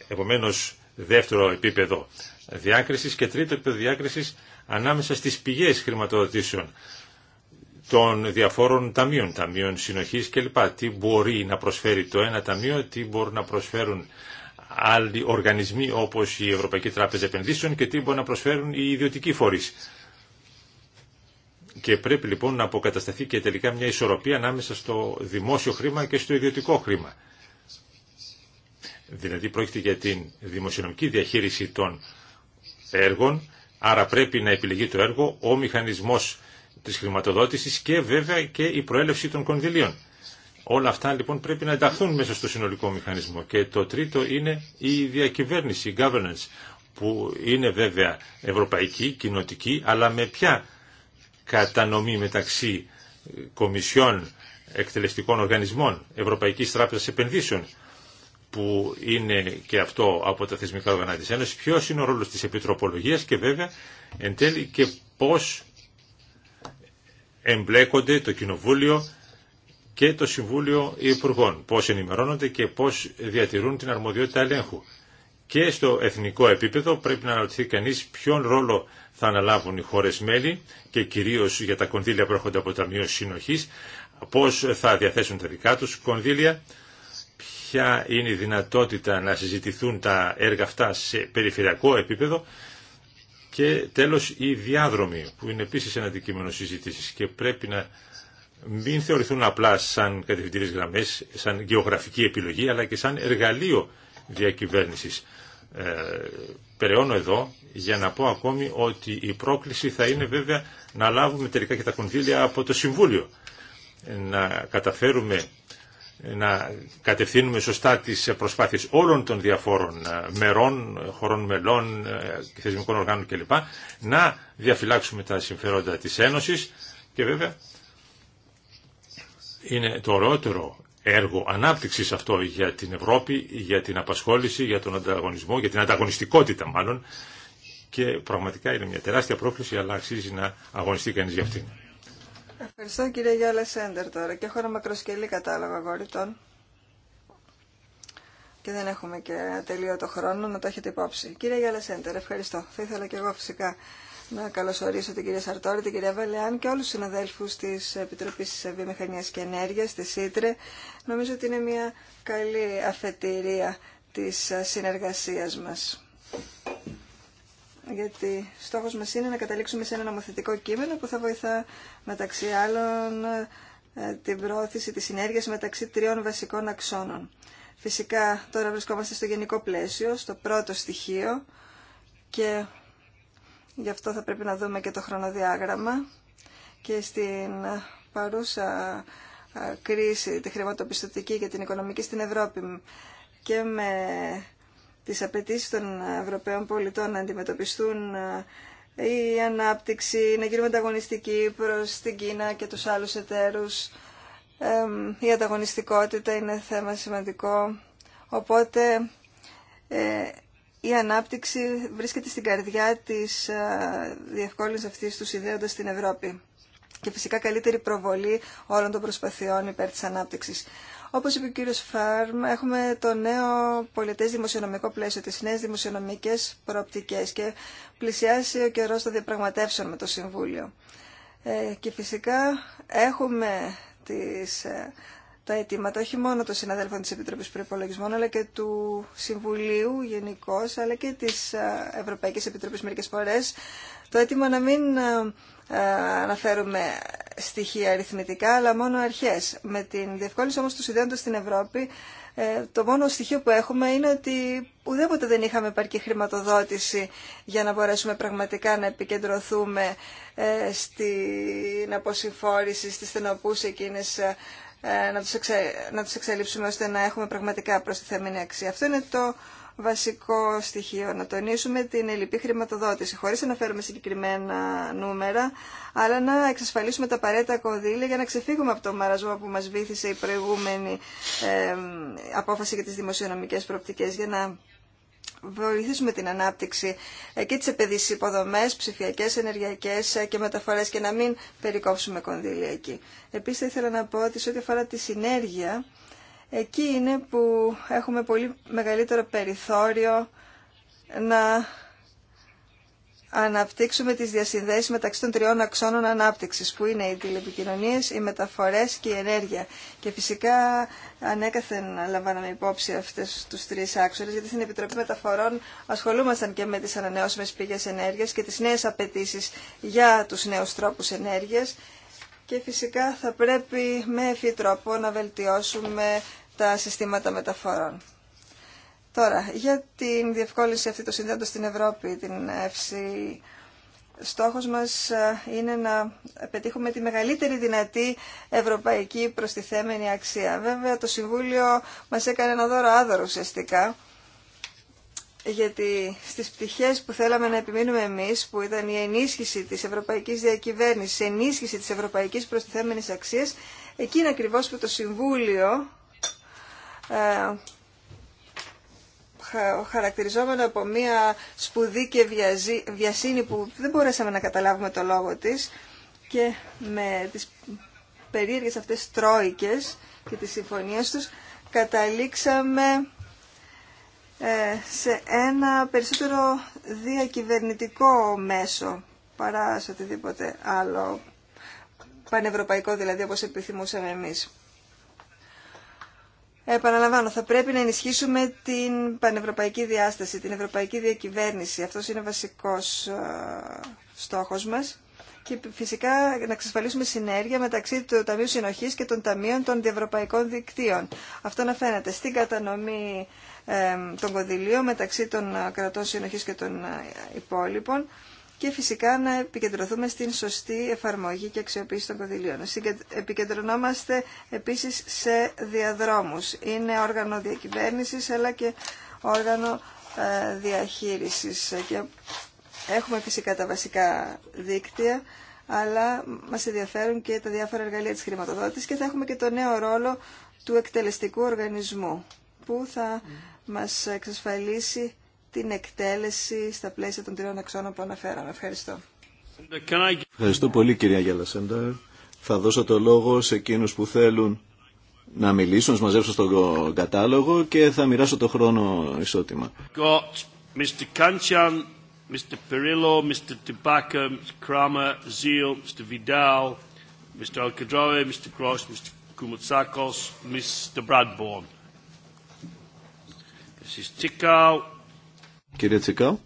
Επομένως δεύτερο επίπεδο διάκρισης και τρίτο επίπεδο διάκρισης ανάμεσα στις πηγές χρηματοδοτήσεων των διαφόρων ταμείων, ταμείων συνοχής κλπ. Τι μπορεί να προσφέρει το ένα ταμείο, τι μπορούν να προσφέρουν άλλοι οργανισμοί όπως η Ευρωπαϊκή Τράπεζα Επενδύσεων και τι μπορούν να προσφέρουν οι ιδιωτικοί φορείς. Και πρέπει λοιπόν να αποκατασταθεί και τελικά μια ισορροπία ανάμεσα στο δημόσιο χρήμα και στο ιδιωτικό χρήμα. Δηλαδή πρόκειται για την δημοσιονομική διαχείριση των έργων, άρα πρέπει να επιλεγεί το έργο, ο μηχανισμός της χρηματοδότησης και βέβαια και η προέλευση των κονδυλίων. Όλα αυτά λοιπόν πρέπει να ενταχθούν μέσα στο συνολικό μηχανισμό. Και το τρίτο είναι η διακυβέρνηση, η governance, που είναι βέβαια ευρωπαϊκή, κοινοτική, αλλά με ποια κατανομή μεταξύ κομισιών, εκτελεστικών οργανισμών, Ευρωπαϊκής Τράπεζας Επενδύσεων, που είναι και αυτό από τα θεσμικά οργανά της Ένωσης, ποιος είναι ο ρόλος της επιτροπολογίας και βέβαια εν τέλει και πώς εμπλέκονται το Κοινοβούλιο και το Συμβούλιο Υπουργών, πώς ενημερώνονται και πώς διατηρούν την αρμοδιότητα ελέγχου. Και στο εθνικό επίπεδο πρέπει να αναρωτηθεί κανείς ποιον ρόλο θα αναλάβουν οι χώρες μέλη και κυρίως για τα κονδύλια που έρχονται από τα Ταμείο Συνοχής, πώς θα διαθέσουν τα δικά τους κονδύλια, ποια είναι η δυνατότητα να συζητηθούν τα έργα αυτά σε περιφερειακό επίπεδο και τέλος οι διάδρομοι που είναι επίσης ένα αντικείμενο συζήτησης και πρέπει να μην θεωρηθούν απλά σαν κατευθυντήριες γραμμές, σαν γεωγραφική επιλογή αλλά και σαν εργαλείο διακυβέρνησης. Ε, περαιώνω εδώ για να πω ακόμη ότι η πρόκληση θα είναι βέβαια να λάβουμε τελικά και τα κονδύλια από το Συμβούλιο. Να καταφέρουμε να κατευθύνουμε σωστά τις προσπάθειες όλων των διαφόρων ε, μερών, χωρών μελών, ε, θεσμικών οργάνων κλπ. Να διαφυλάξουμε τα συμφέροντα της Ένωσης και βέβαια είναι το ωραιότερο έργο ανάπτυξης αυτό για την Ευρώπη, για την απασχόληση, για τον ανταγωνισμό, για την ανταγωνιστικότητα μάλλον και πραγματικά είναι μια τεράστια πρόκληση αλλά αξίζει να αγωνιστεί κανείς για αυτήν. Ευχαριστώ κύριε Γιάλα Σέντερ τώρα και έχω ένα μακροσκελή κατάλογο αγόριτων και δεν έχουμε και τελείω το χρόνο να το έχετε υπόψη. Κύριε Γιάλα Σέντερ, ευχαριστώ. Θα ήθελα και εγώ φυσικά να καλωσορίσω την κυρία Σαρτόρη, την κυρία Βαλεάν και όλους τους συναδέλφους της Επιτροπής Βιομηχανίας και Ενέργειας, τη ΣΥΤΡΕ. Νομίζω ότι είναι μια καλή αφετηρία της συνεργασίας μας γιατί στόχος μας είναι να καταλήξουμε σε ένα νομοθετικό κείμενο που θα βοηθά μεταξύ άλλων ε, την πρόθεση της συνέργειας μεταξύ τριών βασικών αξώνων. Φυσικά τώρα βρισκόμαστε στο γενικό πλαίσιο, στο πρώτο στοιχείο και γι' αυτό θα πρέπει να δούμε και το χρονοδιάγραμμα και στην παρούσα ε, κρίση, τη χρηματοπιστωτική και την οικονομική στην Ευρώπη και με τις απαιτήσει των Ευρωπαίων πολιτών να αντιμετωπιστούν ε, η ανάπτυξη, να γίνουμε ανταγωνιστικοί προς την Κίνα και τους άλλους εταίρους. Η ανταγωνιστικότητα είναι θέμα σημαντικό. Οπότε ε, η ανάπτυξη βρίσκεται στην καρδιά της ε, διευκόλυνσης αυτής του συνδέοντας στην Ευρώπη. Και φυσικά καλύτερη προβολή όλων των προσπαθειών υπέρ της ανάπτυξης. Όπως είπε ο κύριος Φάρμ, έχουμε το νέο πολιτές δημοσιονομικό πλαίσιο, τις νέες δημοσιονομικές προοπτικές και πλησιάσει ο καιρός των διαπραγματεύσεων με το Συμβούλιο. Ε, και φυσικά έχουμε τις ε, τα αιτήματα όχι μόνο των συναδέλφων της Επιτροπής Προϋπολογισμών αλλά και του Συμβουλίου γενικώ, αλλά και της ε, Ευρωπαϊκής Επιτροπής μερικές φορές το αίτημα να μην ε, ε, αναφέρουμε στοιχεία αριθμητικά αλλά μόνο αρχές. Με την διευκόλυνση όμως του συνδέοντος στην Ευρώπη το μόνο στοιχείο που έχουμε είναι ότι ουδέποτε δεν είχαμε επαρκή χρηματοδότηση για να μπορέσουμε πραγματικά να επικεντρωθούμε στην αποσυμφόρηση, στις στενοπούς εκείνες ε, να τους, να τους εξελίψουμε ώστε να έχουμε πραγματικά προστιθέμενη αξία. Αυτό είναι το βασικό στοιχείο, να τονίσουμε την ελληπή χρηματοδότηση, χωρίς να φέρουμε συγκεκριμένα νούμερα, αλλά να εξασφαλίσουμε τα απαραίτητα κονδύλια για να ξεφύγουμε από το μαρασμό που μας βήθησε η προηγούμενη ε, απόφαση για τις δημοσιονομικές προοπτικές, για να βοηθήσουμε την ανάπτυξη ε, και τις επενδύσεις υποδομές, ψηφιακές, ενεργειακές ε, και μεταφορές και να μην περικόψουμε κονδύλια εκεί. Επίσης θα ήθελα να πω ότι σε ό,τι αφορά τη συνέργεια, εκεί είναι που έχουμε πολύ μεγαλύτερο περιθώριο να αναπτύξουμε τις διασυνδέσεις μεταξύ των τριών αξώνων ανάπτυξης που είναι οι τηλεπικοινωνίες, οι μεταφορές και η ενέργεια. Και φυσικά ανέκαθεν λαμβάναμε υπόψη αυτές τους τρεις άξονες γιατί στην Επιτροπή Μεταφορών ασχολούμασταν και με τις ανανεώσιμες πηγές ενέργειας και τις νέες απαιτήσει για τους νέους τρόπους ενέργειας και φυσικά θα πρέπει με ευφύ τρόπο να βελτιώσουμε τα συστήματα μεταφορών. Τώρα, για την διευκόλυνση αυτή του συνδέοντος στην Ευρώπη, την ΕΦΣΥ, στόχος μας ε, είναι να πετύχουμε τη μεγαλύτερη δυνατή ευρωπαϊκή προστιθέμενη αξία. Βέβαια, το Συμβούλιο μας έκανε ένα δώρο άδωρο ουσιαστικά, γιατί στις πτυχές που θέλαμε να επιμείνουμε εμείς, που ήταν η ενίσχυση της ευρωπαϊκής διακυβέρνησης, η ενίσχυση της ευρωπαϊκής προστιθέμενης αξίας, εκείνη ακριβώς που το Συμβούλιο ε, χαρακτηριζόμενο από μία σπουδή και βιασύνη που δεν μπορέσαμε να καταλάβουμε το λόγο της και με τις περίεργες αυτές τρόικες και τις συμφωνίες τους καταλήξαμε ε, σε ένα περισσότερο διακυβερνητικό μέσο παρά σε οτιδήποτε άλλο πανευρωπαϊκό δηλαδή όπως επιθυμούσαμε εμείς. Επαναλαμβάνω, θα πρέπει να ενισχύσουμε την πανευρωπαϊκή διάσταση, την ευρωπαϊκή διακυβέρνηση. Αυτός είναι βασικός ε, στόχος μας. Και φυσικά να εξασφαλίσουμε συνέργεια μεταξύ του Ταμείου Συνοχής και των Ταμείων των Διευρωπαϊκών Δικτύων. Αυτό να φαίνεται στην κατανομή ε, των κονδυλίων μεταξύ των ε, κρατών συνοχής και των υπόλοιπων και φυσικά να επικεντρωθούμε στην σωστή εφαρμογή και αξιοποίηση των κονδυλίων. Επικεντρωνόμαστε επίσης σε διαδρόμους. Είναι όργανο διακυβέρνησης αλλά και όργανο ε, διαχείρισης και έχουμε φυσικά τα βασικά δίκτυα αλλά μας ενδιαφέρουν και τα διάφορα εργαλεία της χρηματοδότησης και θα έχουμε και το νέο ρόλο του εκτελεστικού οργανισμού που θα mm. μας εξασφαλίσει την εκτέλεση στα πλαίσια των τριών αξώνων που αναφέραμε. Ευχαριστώ. Ευχαριστώ πολύ κυρία Γιαλασέντα. Θα δώσω το λόγο σε εκείνους που θέλουν να μιλήσουν, να μαζέψω στον κατάλογο και θα μοιράσω το χρόνο ισότιμα. Got Mr. Kanchan, Mr. Perillo, Mr. Tobacco, Mr. Kramer, Zeal, Mr. Vidal, Mr. Alcadrawe, Mr. Gross, Mr. Koumoutsakos, Mr. Bradbourne. Mrs. Tikal, Κύριε Τσικάου.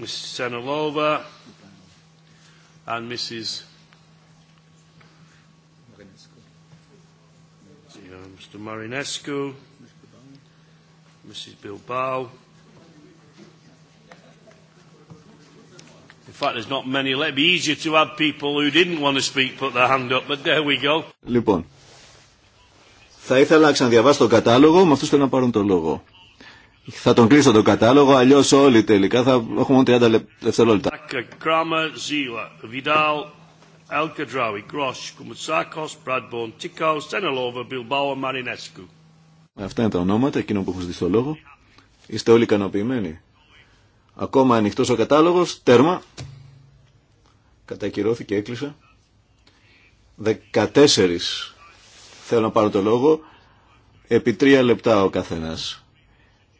Mrs. Senilova and Mrs. Mr. Marinescu, Mrs. Bilbao. In fact, there's not many. It'd be easier to have people who didn't want to speak put their hand up, but there we go. Λοιπόν, θα ήθελα να ξαναδιαβάσω τον κατάλογο, με αυτούς θέλω να πάρουν το λόγο. Θα τον κλείσω τον κατάλογο, αλλιώς όλοι τελικά θα έχουμε μόνο 30 δευτερόλεπτα. Αυτά είναι τα ονόματα εκείνο που έχουν ζητήσει στο λόγο. Είστε όλοι ικανοποιημένοι. Ακόμα ανοιχτό ο κατάλογο. Τέρμα. Κατακυρώθηκε, έκλεισε. 14 θέλω να πάρω το λόγο. Επί τρία λεπτά ο καθένας.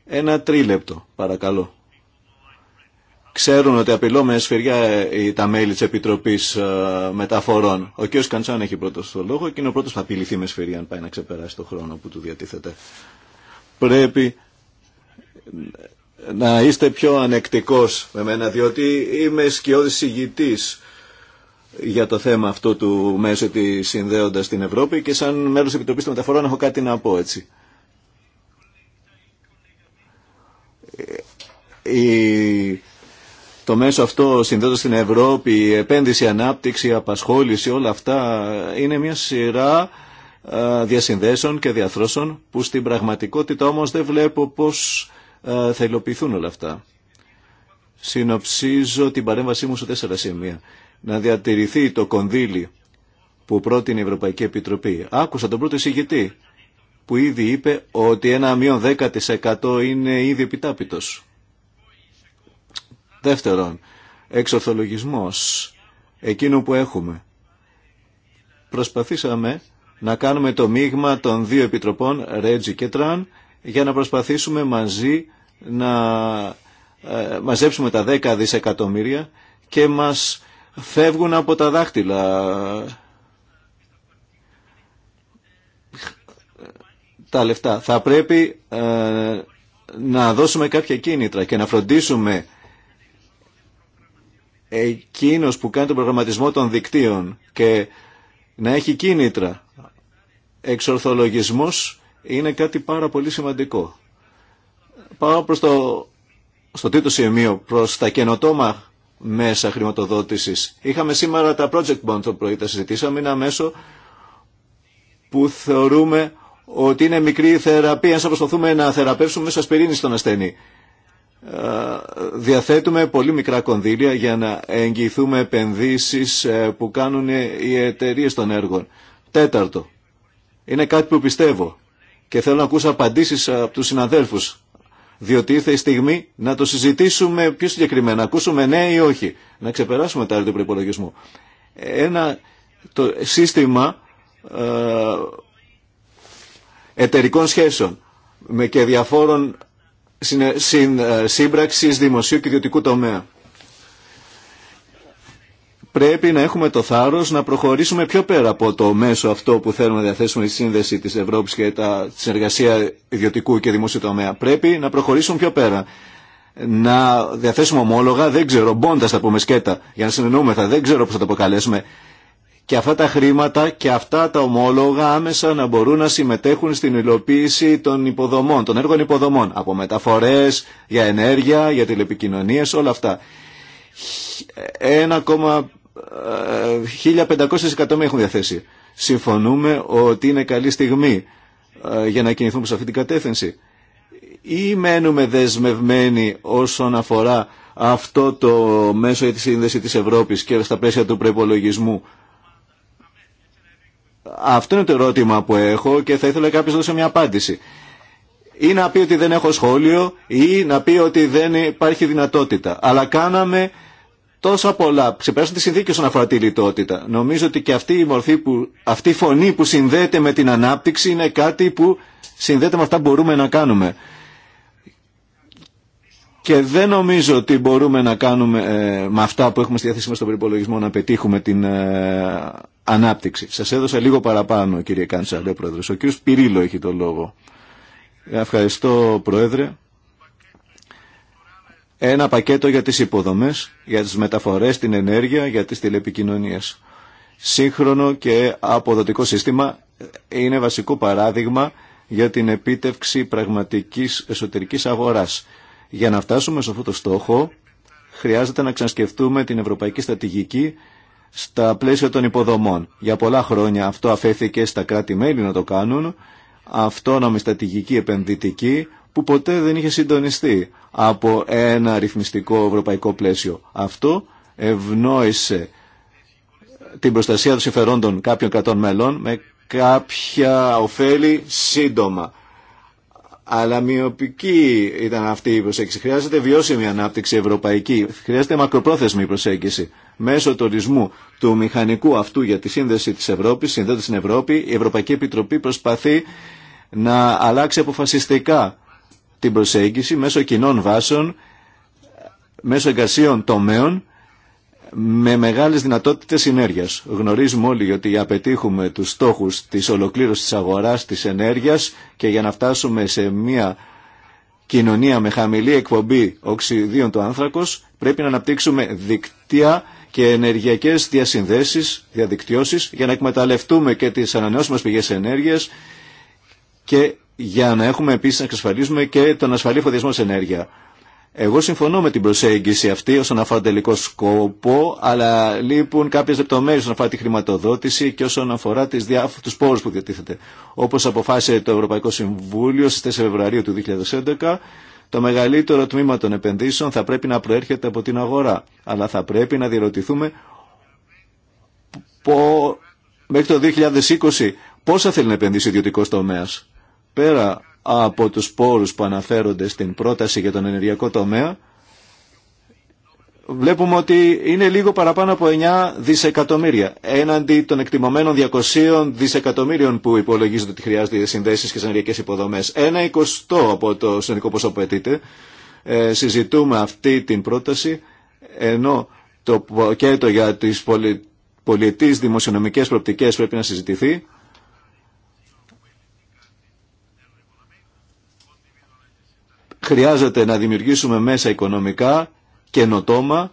Ένα τρίλεπτο, παρακαλώ. Ξέρουν ότι απειλώ με σφυριά ε, τα μέλη της Επιτροπής ε, Μεταφορών. Ο κ. Καντσάν έχει πρώτος το λόγο και είναι ο πρώτος που θα απειληθεί με σφυριά αν πάει να ξεπεράσει το χρόνο που του διατίθεται. Πρέπει να είστε πιο ανεκτικός με μένα, διότι είμαι σκιώδης ηγητής για το θέμα αυτό του μέσου τη συνδέοντα την Ευρώπη και σαν μέλος Επιτροπής των Μεταφορών έχω κάτι να πω έτσι. Ε, η... Το μέσο αυτό συνδέοντα την Ευρώπη, η επένδυση, ανάπτυξη, απασχόληση, όλα αυτά είναι μια σειρά διασυνδέσεων και διαθρώσεων που στην πραγματικότητα όμως δεν βλέπω πώς θα υλοποιηθούν όλα αυτά. Συνοψίζω την παρέμβασή μου σε τέσσερα σημεία να διατηρηθεί το κονδύλι που πρότεινε η Ευρωπαϊκή Επιτροπή. Άκουσα τον πρώτο εισηγητή που ήδη είπε ότι ένα μείον 10% είναι ήδη επιτάπητος. Δεύτερον, εξορθολογισμός εκείνο που έχουμε. Προσπαθήσαμε να κάνουμε το μείγμα των δύο επιτροπών, Ρέτζι και Τραν, για να προσπαθήσουμε μαζί να ε, μαζέψουμε τα 10 δισεκατομμύρια και μας φεύγουν από τα δάχτυλα τα λεφτά. Θα πρέπει ε, να δώσουμε κάποια κίνητρα και να φροντίσουμε εκείνος που κάνει τον προγραμματισμό των δικτύων και να έχει κίνητρα. Εξορθολογισμός είναι κάτι πάρα πολύ σημαντικό. Πάω προς το, στο σημείο, προς τα καινοτόμα μέσα χρηματοδότησης. Είχαμε σήμερα τα project bond το πρωί, τα συζητήσαμε, είναι ένα μέσο που θεωρούμε ότι είναι μικρή θεραπεία, σαν προσπαθούμε να θεραπεύσουμε μέσα σπυρίνη στον ασθενή. Ε, διαθέτουμε πολύ μικρά κονδύλια για να εγγυηθούμε επενδύσεις ε, που κάνουν οι εταιρείε των έργων. Τέταρτο, είναι κάτι που πιστεύω και θέλω να ακούσω απαντήσεις από τους συναδέλφους διότι ήρθε η στιγμή να το συζητήσουμε πιο συγκεκριμένα, να ακούσουμε ναι ή όχι, να ξεπεράσουμε τα του προπολογισμού. Ένα το σύστημα ε, εταιρικών σχέσεων με και διαφόρων συν, ε, σύμπραξης δημοσίου και ιδιωτικού τομέα πρέπει να έχουμε το θάρρος να προχωρήσουμε πιο πέρα από το μέσο αυτό που θέλουμε να διαθέσουμε στη σύνδεση της Ευρώπης και τα συνεργασία ιδιωτικού και δημόσιου τομέα. Πρέπει να προχωρήσουμε πιο πέρα. Να διαθέσουμε ομόλογα, δεν ξέρω, μπόντα τα πούμε σκέτα, για να συνεννοούμεθα, δεν ξέρω πώς θα τα αποκαλέσουμε. Και αυτά τα χρήματα και αυτά τα ομόλογα άμεσα να μπορούν να συμμετέχουν στην υλοποίηση των υποδομών, των έργων υποδομών, από μεταφορέ, για ενέργεια, για τηλεπικοινωνίες, όλα αυτά. Ε, 1.500 εκατομμύρια έχουν διαθέσει. Συμφωνούμε ότι είναι καλή στιγμή ε, για να κινηθούμε σε αυτή την κατεύθυνση. Ή μένουμε δεσμευμένοι όσον αφορά αυτό το μέσο για τη σύνδεση της Ευρώπης και στα πλαίσια του προπολογισμού. Αυτό είναι το ερώτημα που έχω και θα ήθελα κάποιος να δώσει μια απάντηση. Ή να πει ότι δεν έχω σχόλιο ή να πει ότι δεν υπάρχει δυνατότητα. Αλλά κάναμε τόσα πολλά. Ξεπεράσουν τι συνθήκε όσον αφορά τη λιτότητα. Νομίζω ότι και αυτή η, μορφή που, αυτή η φωνή που συνδέεται με την ανάπτυξη είναι κάτι που συνδέεται με αυτά που μπορούμε να κάνουμε. Και δεν νομίζω ότι μπορούμε να κάνουμε ε, με αυτά που έχουμε στη διάθεσή μας στον περιπολογισμό να πετύχουμε την ε, ανάπτυξη. Σας έδωσα λίγο παραπάνω κύριε Κάντσα, λέει ο Πρόεδρος. Ο Πυρίλο έχει το λόγο. Ευχαριστώ Πρόεδρε ένα πακέτο για τις υποδομές, για τις μεταφορές, την ενέργεια, για τις τηλεπικοινωνίες. Σύγχρονο και αποδοτικό σύστημα είναι βασικό παράδειγμα για την επίτευξη πραγματικής εσωτερικής αγοράς. Για να φτάσουμε σε αυτό το στόχο, χρειάζεται να ξανασκεφτούμε την ευρωπαϊκή στρατηγική στα πλαίσια των υποδομών. Για πολλά χρόνια αυτό αφέθηκε στα κράτη-μέλη να το κάνουν, αυτόνομη στρατηγική επενδυτική, που ποτέ δεν είχε συντονιστεί από ένα ρυθμιστικό ευρωπαϊκό πλαίσιο. Αυτό ευνόησε την προστασία των συμφερόντων κάποιων κρατών μελών με κάποια ωφέλη σύντομα. Αλλά μειοπική ήταν αυτή η προσέγγιση. Χρειάζεται βιώσιμη ανάπτυξη ευρωπαϊκή. Χρειάζεται μακροπρόθεσμη προσέγγιση. Μέσω του ορισμού του μηχανικού αυτού για τη σύνδεση της Ευρώπης, συνδέοντας στην Ευρώπη, η Ευρωπαϊκή Επιτροπή προσπαθεί να αλλάξει αποφασιστικά την προσέγγιση μέσω κοινών βάσεων, μέσω εγκασίων τομέων, με μεγάλες δυνατότητες συνέργειας. Γνωρίζουμε όλοι ότι για πετύχουμε τους στόχους της ολοκλήρωσης της αγοράς της ενέργειας και για να φτάσουμε σε μια κοινωνία με χαμηλή εκπομπή οξυδίων του άνθρακος πρέπει να αναπτύξουμε δικτύα και ενεργειακές διασυνδέσεις, διαδικτυώσεις για να εκμεταλλευτούμε και τις ανανεώσιμες πηγές ενέργειας και για να έχουμε επίση να εξασφαλίσουμε και τον ασφαλή εφοδιασμό σε ενέργεια. Εγώ συμφωνώ με την προσέγγιση αυτή όσον αφορά τον τελικό σκόπο, αλλά λείπουν κάποιε λεπτομέρειε όσον αφορά τη χρηματοδότηση και όσον αφορά του πόρου που διατίθεται. Όπω αποφάσισε το Ευρωπαϊκό Συμβούλιο στι 4 Φεβρουαρίου του 2011, το μεγαλύτερο τμήμα των επενδύσεων θα πρέπει να προέρχεται από την αγορά. Αλλά θα πρέπει να διερωτηθούμε πο... μέχρι το 2020 πόσα θέλει να επενδύσει ο ιδιωτικό τομέα πέρα από τους πόρους που αναφέρονται στην πρόταση για τον ενεργειακό τομέα, βλέπουμε ότι είναι λίγο παραπάνω από 9 δισεκατομμύρια έναντι των εκτιμωμένων 200 δισεκατομμύριων που υπολογίζονται ότι χρειάζονται συνδέσεις και ενεργειακές υποδομές. Ένα εικοστό από το συνολικό ποσό που αιτείται. Ε, συζητούμε αυτή την πρόταση ενώ το πακέτο για τις πολι... πολιτείς δημοσιονομικές προπτικές πρέπει να συζητηθεί χρειάζεται να δημιουργήσουμε μέσα οικονομικά καινοτόμα,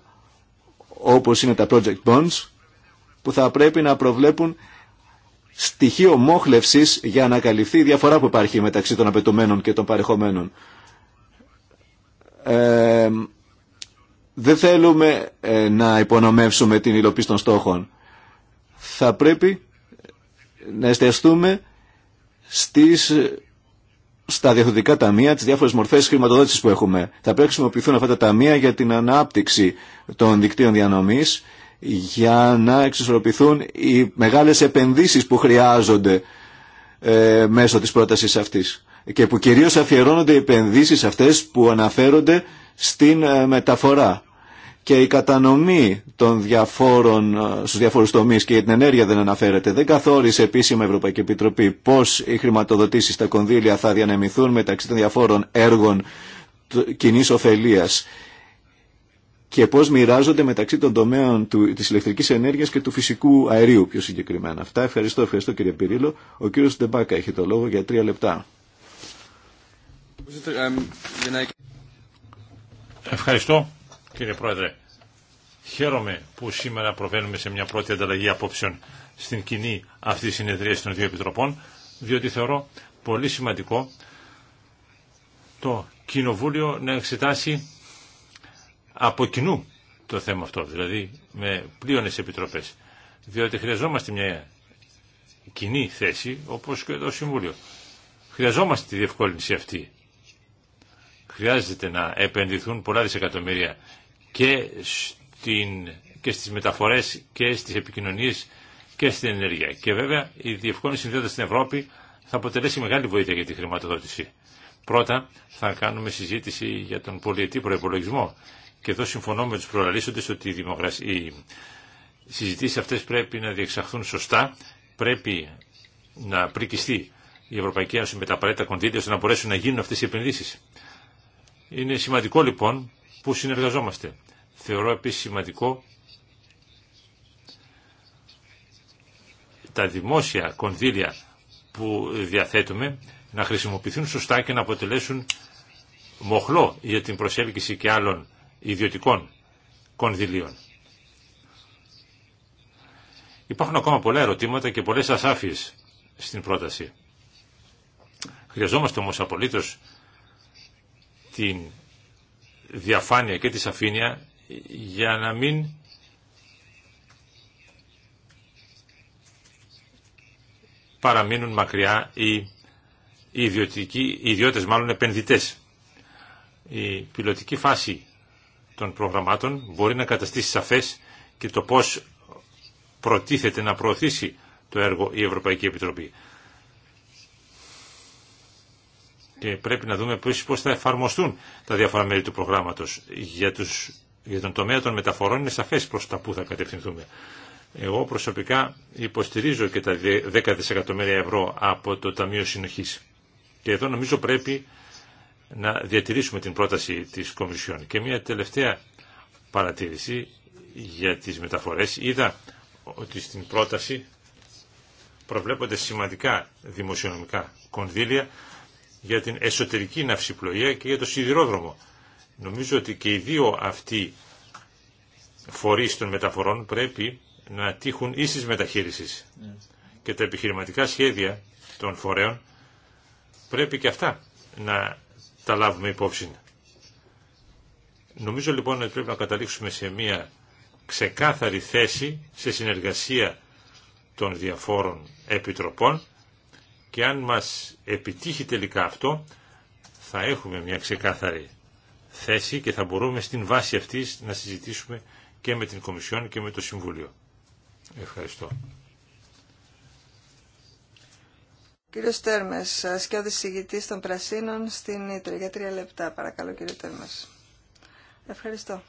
όπως είναι τα project bonds, που θα πρέπει να προβλέπουν στοιχείο μόχλευσης για να καλυφθεί η διαφορά που υπάρχει μεταξύ των απαιτουμένων και των παρεχομένων. Ε, δεν θέλουμε ε, να υπονομεύσουμε την υλοποίηση των στόχων. Θα πρέπει να εστιαστούμε στις στα διαθετικά ταμεία, τις διάφορες μορφές χρηματοδότησης που έχουμε. Θα πρέπει να χρησιμοποιηθούν αυτά τα ταμεία για την ανάπτυξη των δικτύων διανομής, για να εξισορροπηθούν οι μεγάλες επενδύσεις που χρειάζονται ε, μέσω της πρότασης αυτής και που κυρίως αφιερώνονται οι επενδύσεις αυτές που αναφέρονται στην ε, μεταφορά και η κατανομή των διαφόρων, ε, στους διαφόρους τομείς και για την ενέργεια δεν αναφέρεται. Δεν καθόρισε επίσημα η Ευρωπαϊκή Επιτροπή πώς οι χρηματοδοτήσεις στα κονδύλια θα διανεμηθούν μεταξύ των διαφόρων έργων κοινή ωφελία και πώς μοιράζονται μεταξύ των τομέων του, της ηλεκτρικής ενέργειας και του φυσικού αερίου πιο συγκεκριμένα. Αυτά ευχαριστώ, ευχαριστώ κύριε Πυρίλο. Ο κύριος Ντεμπάκα έχει το λόγο για τρία λεπτά. Ευχαριστώ. Κύριε Πρόεδρε, χαίρομαι που σήμερα προβαίνουμε σε μια πρώτη ανταλλαγή απόψεων στην κοινή αυτή συνεδρία των δύο επιτροπών, διότι θεωρώ πολύ σημαντικό το Κοινοβούλιο να εξετάσει από κοινού το θέμα αυτό, δηλαδή με πλήρωνες επιτροπές, διότι χρειαζόμαστε μια κοινή θέση, όπως και το Συμβούλιο. Χρειαζόμαστε τη διευκόλυνση αυτή. Χρειάζεται να επενδυθούν πολλά δισεκατομμύρια και, στην, και στις μεταφορές και στις επικοινωνίες και στην ενέργεια. Και βέβαια η διευκόνηση συνδέοντας στην Ευρώπη θα αποτελέσει μεγάλη βοήθεια για τη χρηματοδότηση. Πρώτα θα κάνουμε συζήτηση για τον πολιετή προπολογισμό και εδώ συμφωνώ με τους προλαλήσοντες ότι οι, οι συζητήσεις αυτές πρέπει να διεξαχθούν σωστά, πρέπει να πρικιστεί η Ευρωπαϊκή Ένωση με τα απαραίτητα κονδύλια ώστε να μπορέσουν να γίνουν αυτές οι επενδύσεις. Είναι σημαντικό λοιπόν που συνεργαζόμαστε. Θεωρώ επίσης σημαντικό τα δημόσια κονδύλια που διαθέτουμε να χρησιμοποιηθούν σωστά και να αποτελέσουν μοχλό για την προσέλκυση και άλλων ιδιωτικών κονδυλίων. Υπάρχουν ακόμα πολλά ερωτήματα και πολλές ασάφειες στην πρόταση. Χρειαζόμαστε όμως απολύτως την διαφάνεια και τη σαφήνεια για να μην παραμείνουν μακριά οι ιδιωτικοί, οι ιδιώτες μάλλον επενδυτές. Η πιλωτική φάση των προγραμμάτων μπορεί να καταστήσει σαφές και το πώς προτίθεται να προωθήσει το έργο η Ευρωπαϊκή Επιτροπή και πρέπει να δούμε πώς θα εφαρμοστούν τα διάφορα μέρη του προγράμματος. Για, για τον τομέα των μεταφορών είναι σαφές προς τα που θα κατευθυνθούμε. Εγώ προσωπικά υποστηρίζω και τα 10 δισεκατομμύρια ευρώ από το Ταμείο Συνοχής. Και εδώ νομίζω πρέπει να διατηρήσουμε την πρόταση της Κομισιόν. Και μια τελευταία παρατήρηση για τι μεταφορέ Είδα ότι στην πρόταση προβλέπονται σημαντικά δημοσιονομικά κονδύλια για την εσωτερική ναυσιπλοεία και για το σιδηρόδρομο. Νομίζω ότι και οι δύο αυτοί φορείς των μεταφορών πρέπει να τύχουν ίσης μεταχείρισης. Ναι. Και τα επιχειρηματικά σχέδια των φορέων πρέπει και αυτά να τα λάβουμε υπόψη. Νομίζω λοιπόν ότι πρέπει να καταλήξουμε σε μια ξεκάθαρη θέση σε συνεργασία των διαφόρων επιτροπών και αν μας επιτύχει τελικά αυτό θα έχουμε μια ξεκάθαρη θέση και θα μπορούμε στην βάση αυτής να συζητήσουμε και με την Κομισιόν και με το Συμβουλίο. Ευχαριστώ. Κύριο Τέρμε, ασκιώδη συγητής των Πρασίνων στην Ήτρα. Για τρία λεπτά, παρακαλώ, κύριε Τέρμε. Ευχαριστώ.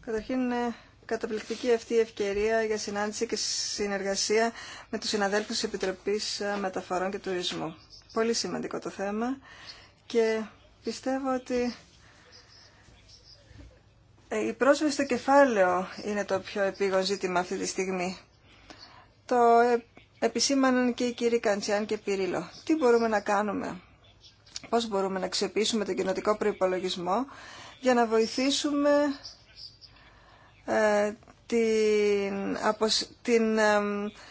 Καταρχήν, ε, καταπληκτική αυτή η ευκαιρία για συνάντηση και συνεργασία με τους συναδέλφους της Επιτροπής Μεταφορών και Τουρισμού. Πολύ σημαντικό το θέμα και πιστεύω ότι ε, η πρόσβαση στο κεφάλαιο είναι το πιο επίγον ζήτημα αυτή τη στιγμή. Το ε, επισήμαναν και οι κύριοι Καντσιάν και Πυρίλο. Τι μπορούμε να κάνουμε, πώς μπορούμε να αξιοποιήσουμε τον κοινοτικό προϋπολογισμό για να βοηθήσουμε ε, την, την,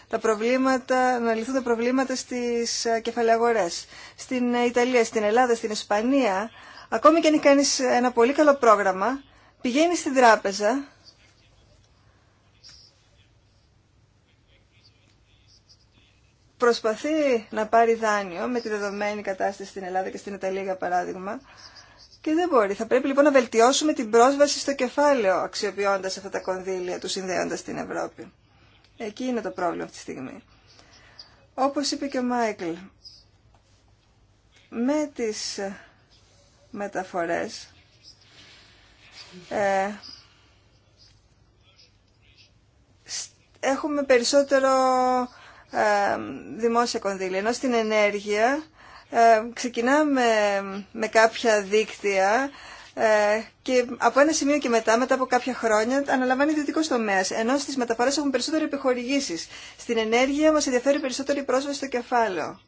τα προβλήματα, να λυθούν τα προβλήματα στις ε, κεφαλαγορές. Στην ε, Ιταλία, στην Ελλάδα, στην Ισπανία, ακόμη και αν έχει κάνεις ένα πολύ καλό πρόγραμμα, πηγαίνει στην τράπεζα προσπαθεί να πάρει δάνειο με τη δεδομένη κατάσταση στην Ελλάδα και στην Ιταλία για παράδειγμα και δεν μπορεί. Θα πρέπει λοιπόν να βελτιώσουμε την πρόσβαση στο κεφάλαιο αξιοποιώντα αυτά τα κονδύλια του συνδέοντα την Ευρώπη. Εκεί είναι το πρόβλημα αυτή τη στιγμή. Όπως είπε και ο Μάικλ, με τις ε, μεταφορές ε, έχουμε περισσότερο ε, δημόσια κονδύλια, ενώ στην ενέργεια ε, ξεκινάμε με κάποια δίκτυα ε, και από ένα σημείο και μετά, μετά από κάποια χρόνια, αναλαμβάνει ιδιωτικό τομέα. Ενώ στι μεταφορέ έχουμε περισσότερο επιχορηγήσει. Στην ενέργεια μα ενδιαφέρει περισσότερο πρόσβαση στο κεφάλαιο.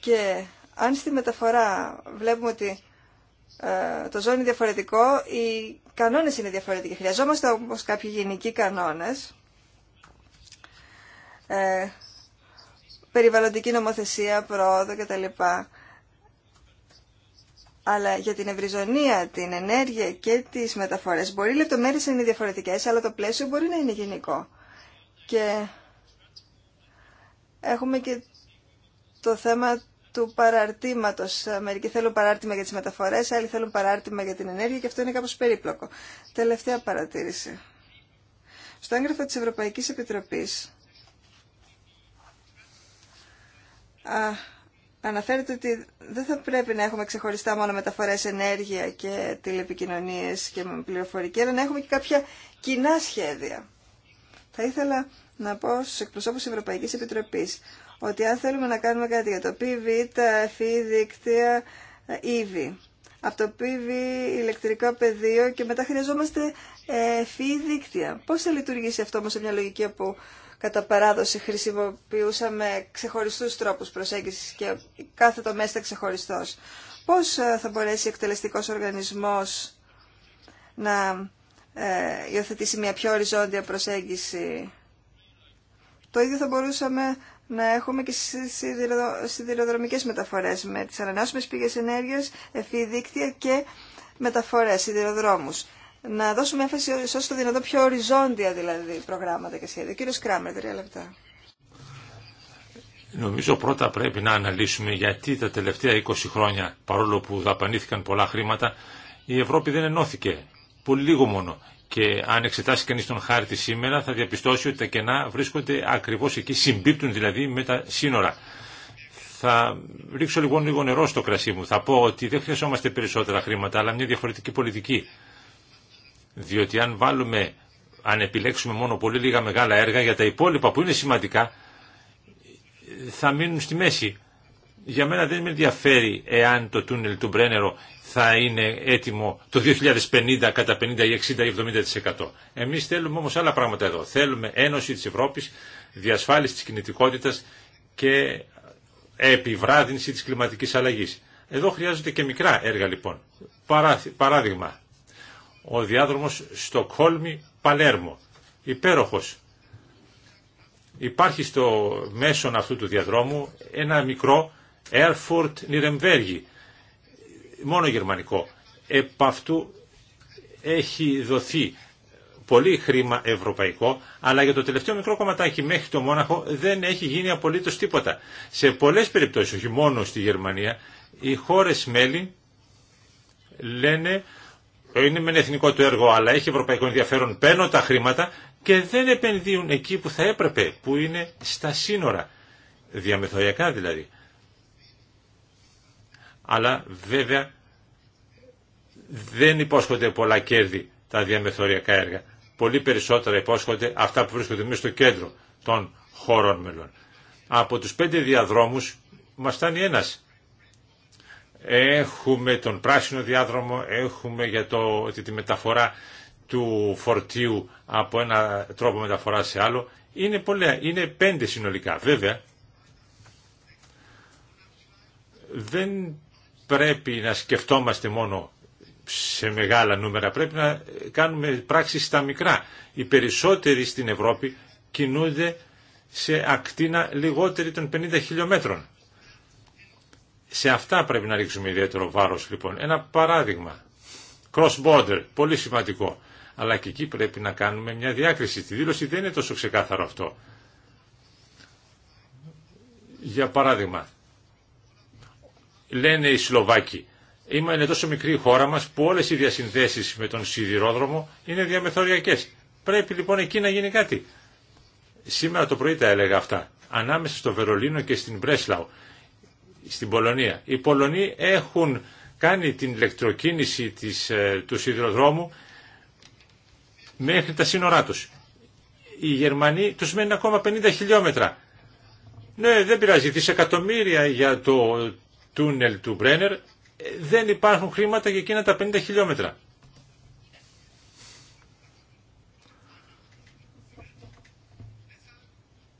Και αν στη μεταφορά βλέπουμε ότι ε, το ζώο είναι διαφορετικό, οι κανόνε είναι διαφορετικοί. Χρειαζόμαστε όμω κάποιοι γενικοί κανόνε περιβαλλοντική νομοθεσία, πρόοδο κτλ. Αλλά για την ευρυζωνία, την ενέργεια και τις μεταφορές μπορεί οι λεπτομέρειες να είναι διαφορετικές, αλλά το πλαίσιο μπορεί να είναι γενικό. Και έχουμε και το θέμα του παραρτήματος. Μερικοί θέλουν παράρτημα για τις μεταφορές, άλλοι θέλουν παράρτημα για την ενέργεια και αυτό είναι κάπως περίπλοκο. Τελευταία παρατήρηση. Στο έγγραφο της Ευρωπαϊκής Επιτροπής αναφέρεται ότι δεν θα πρέπει να έχουμε ξεχωριστά μόνο μεταφορές ενέργεια και τηλεπικοινωνίες και πληροφορική, αλλά να έχουμε και κάποια κοινά σχέδια. Θα ήθελα να πω στους εκπροσώπους της Ευρωπαϊκής Επιτροπής ότι αν θέλουμε να κάνουμε κάτι για το PV, τα FE, δίκτυα, ε, EV, από το PV ηλεκτρικό πεδίο και μετά χρειαζόμαστε ε, FE δίκτυα. Πώς θα λειτουργήσει αυτό όμως σε μια λογική που κατά παράδοση χρησιμοποιούσαμε ξεχωριστούς τρόπους προσέγγισης και κάθε το ήταν ξεχωριστός. Πώς ε, θα μπορέσει ο εκτελεστικός οργανισμός να ε, υιοθετήσει μια πιο οριζόντια προσέγγιση. Το ίδιο θα μπορούσαμε να έχουμε και στις σιδηροδρομικές μεταφορές με τις ανανεώσιμες πηγές ενέργειας, εφή και μεταφορές, σιδηροδρόμους να δώσουμε έμφαση όσο το δυνατόν πιο οριζόντια δηλαδή προγράμματα και σχέδια. Κύριο Κράμερ, τρία λεπτά. Νομίζω πρώτα πρέπει να αναλύσουμε γιατί τα τελευταία 20 χρόνια, παρόλο που δαπανήθηκαν πολλά χρήματα, η Ευρώπη δεν ενώθηκε. Πολύ λίγο μόνο. Και αν εξετάσει κανεί τον χάρτη σήμερα, θα διαπιστώσει ότι τα κενά βρίσκονται ακριβώ εκεί, συμπίπτουν δηλαδή με τα σύνορα. Θα ρίξω λοιπόν λίγο νερό στο κρασί μου. Θα πω ότι δεν χρειαζόμαστε περισσότερα χρήματα, αλλά μια διαφορετική πολιτική. Διότι αν βάλουμε, αν επιλέξουμε μόνο πολύ λίγα μεγάλα έργα για τα υπόλοιπα που είναι σημαντικά, θα μείνουν στη μέση. Για μένα δεν με ενδιαφέρει εάν το τούνελ του Μπρένερο θα είναι έτοιμο το 2050 κατά 50 ή 60 ή 70%. Εμείς θέλουμε όμως άλλα πράγματα εδώ. Θέλουμε ένωση της Ευρώπης, διασφάλιση της κινητικότητας και επιβράδυνση της κλιματικής αλλαγής. Εδώ χρειάζονται και μικρά έργα λοιπόν. Παράδειγμα, ο διάδρομος Στοκχόλμη-Παλέρμο. Υπέροχος. Υπάρχει στο μέσον αυτού του διαδρόμου ένα μικρό Erfurt-Niremberg, μόνο γερμανικό. Επ' αυτού έχει δοθεί πολύ χρήμα ευρωπαϊκό, αλλά για το τελευταίο μικρό κομματάκι μέχρι το Μόναχο δεν έχει γίνει απολύτως τίποτα. Σε πολλές περιπτώσεις, όχι μόνο στη Γερμανία, οι χώρες μέλη λένε ε, είναι μεν εθνικό το έργο αλλά έχει ευρωπαϊκό ενδιαφέρον, παίρνουν τα χρήματα και δεν επενδύουν εκεί που θα έπρεπε, που είναι στα σύνορα, διαμεθοριακά δηλαδή. Αλλά βέβαια δεν υπόσχονται πολλά κέρδη τα διαμεθοριακά έργα. Πολύ περισσότερα υπόσχονται αυτά που βρίσκονται μέσα στο κέντρο των χωρών μελών. Από τους πέντε διαδρόμους μας φτάνει ένας έχουμε τον πράσινο διάδρομο, έχουμε για το, τη, τη μεταφορά του φορτίου από ένα τρόπο μεταφορά σε άλλο. Είναι πολλά, είναι πέντε συνολικά. Βέβαια, δεν πρέπει να σκεφτόμαστε μόνο σε μεγάλα νούμερα, πρέπει να κάνουμε πράξεις στα μικρά. Οι περισσότεροι στην Ευρώπη κινούνται σε ακτίνα λιγότερη των 50 χιλιόμετρων. Σε αυτά πρέπει να ρίξουμε ιδιαίτερο βάρος λοιπόν. Ένα παράδειγμα. Cross border, πολύ σημαντικό. Αλλά και εκεί πρέπει να κάνουμε μια διάκριση. Τη δήλωση δεν είναι τόσο ξεκάθαρο αυτό. Για παράδειγμα, λένε οι Σλοβάκοι, Είμαστε τόσο μικρή η χώρα μας που όλες οι διασυνδέσεις με τον σιδηρόδρομο είναι διαμεθοριακές. Πρέπει λοιπόν εκεί να γίνει κάτι. Σήμερα το πρωί τα έλεγα αυτά, ανάμεσα στο Βερολίνο και στην Μπρέσλαου στην Πολωνία. Οι Πολωνοί έχουν κάνει την ηλεκτροκίνηση της, ε, του σιδηροδρόμου μέχρι τα σύνορά τους. Οι Γερμανοί τους μένουν ακόμα 50 χιλιόμετρα. Ναι, δεν πειράζει. Δισεκατομμύρια για το τούνελ του Μπρένερ ε, δεν υπάρχουν χρήματα για εκείνα τα 50 χιλιόμετρα.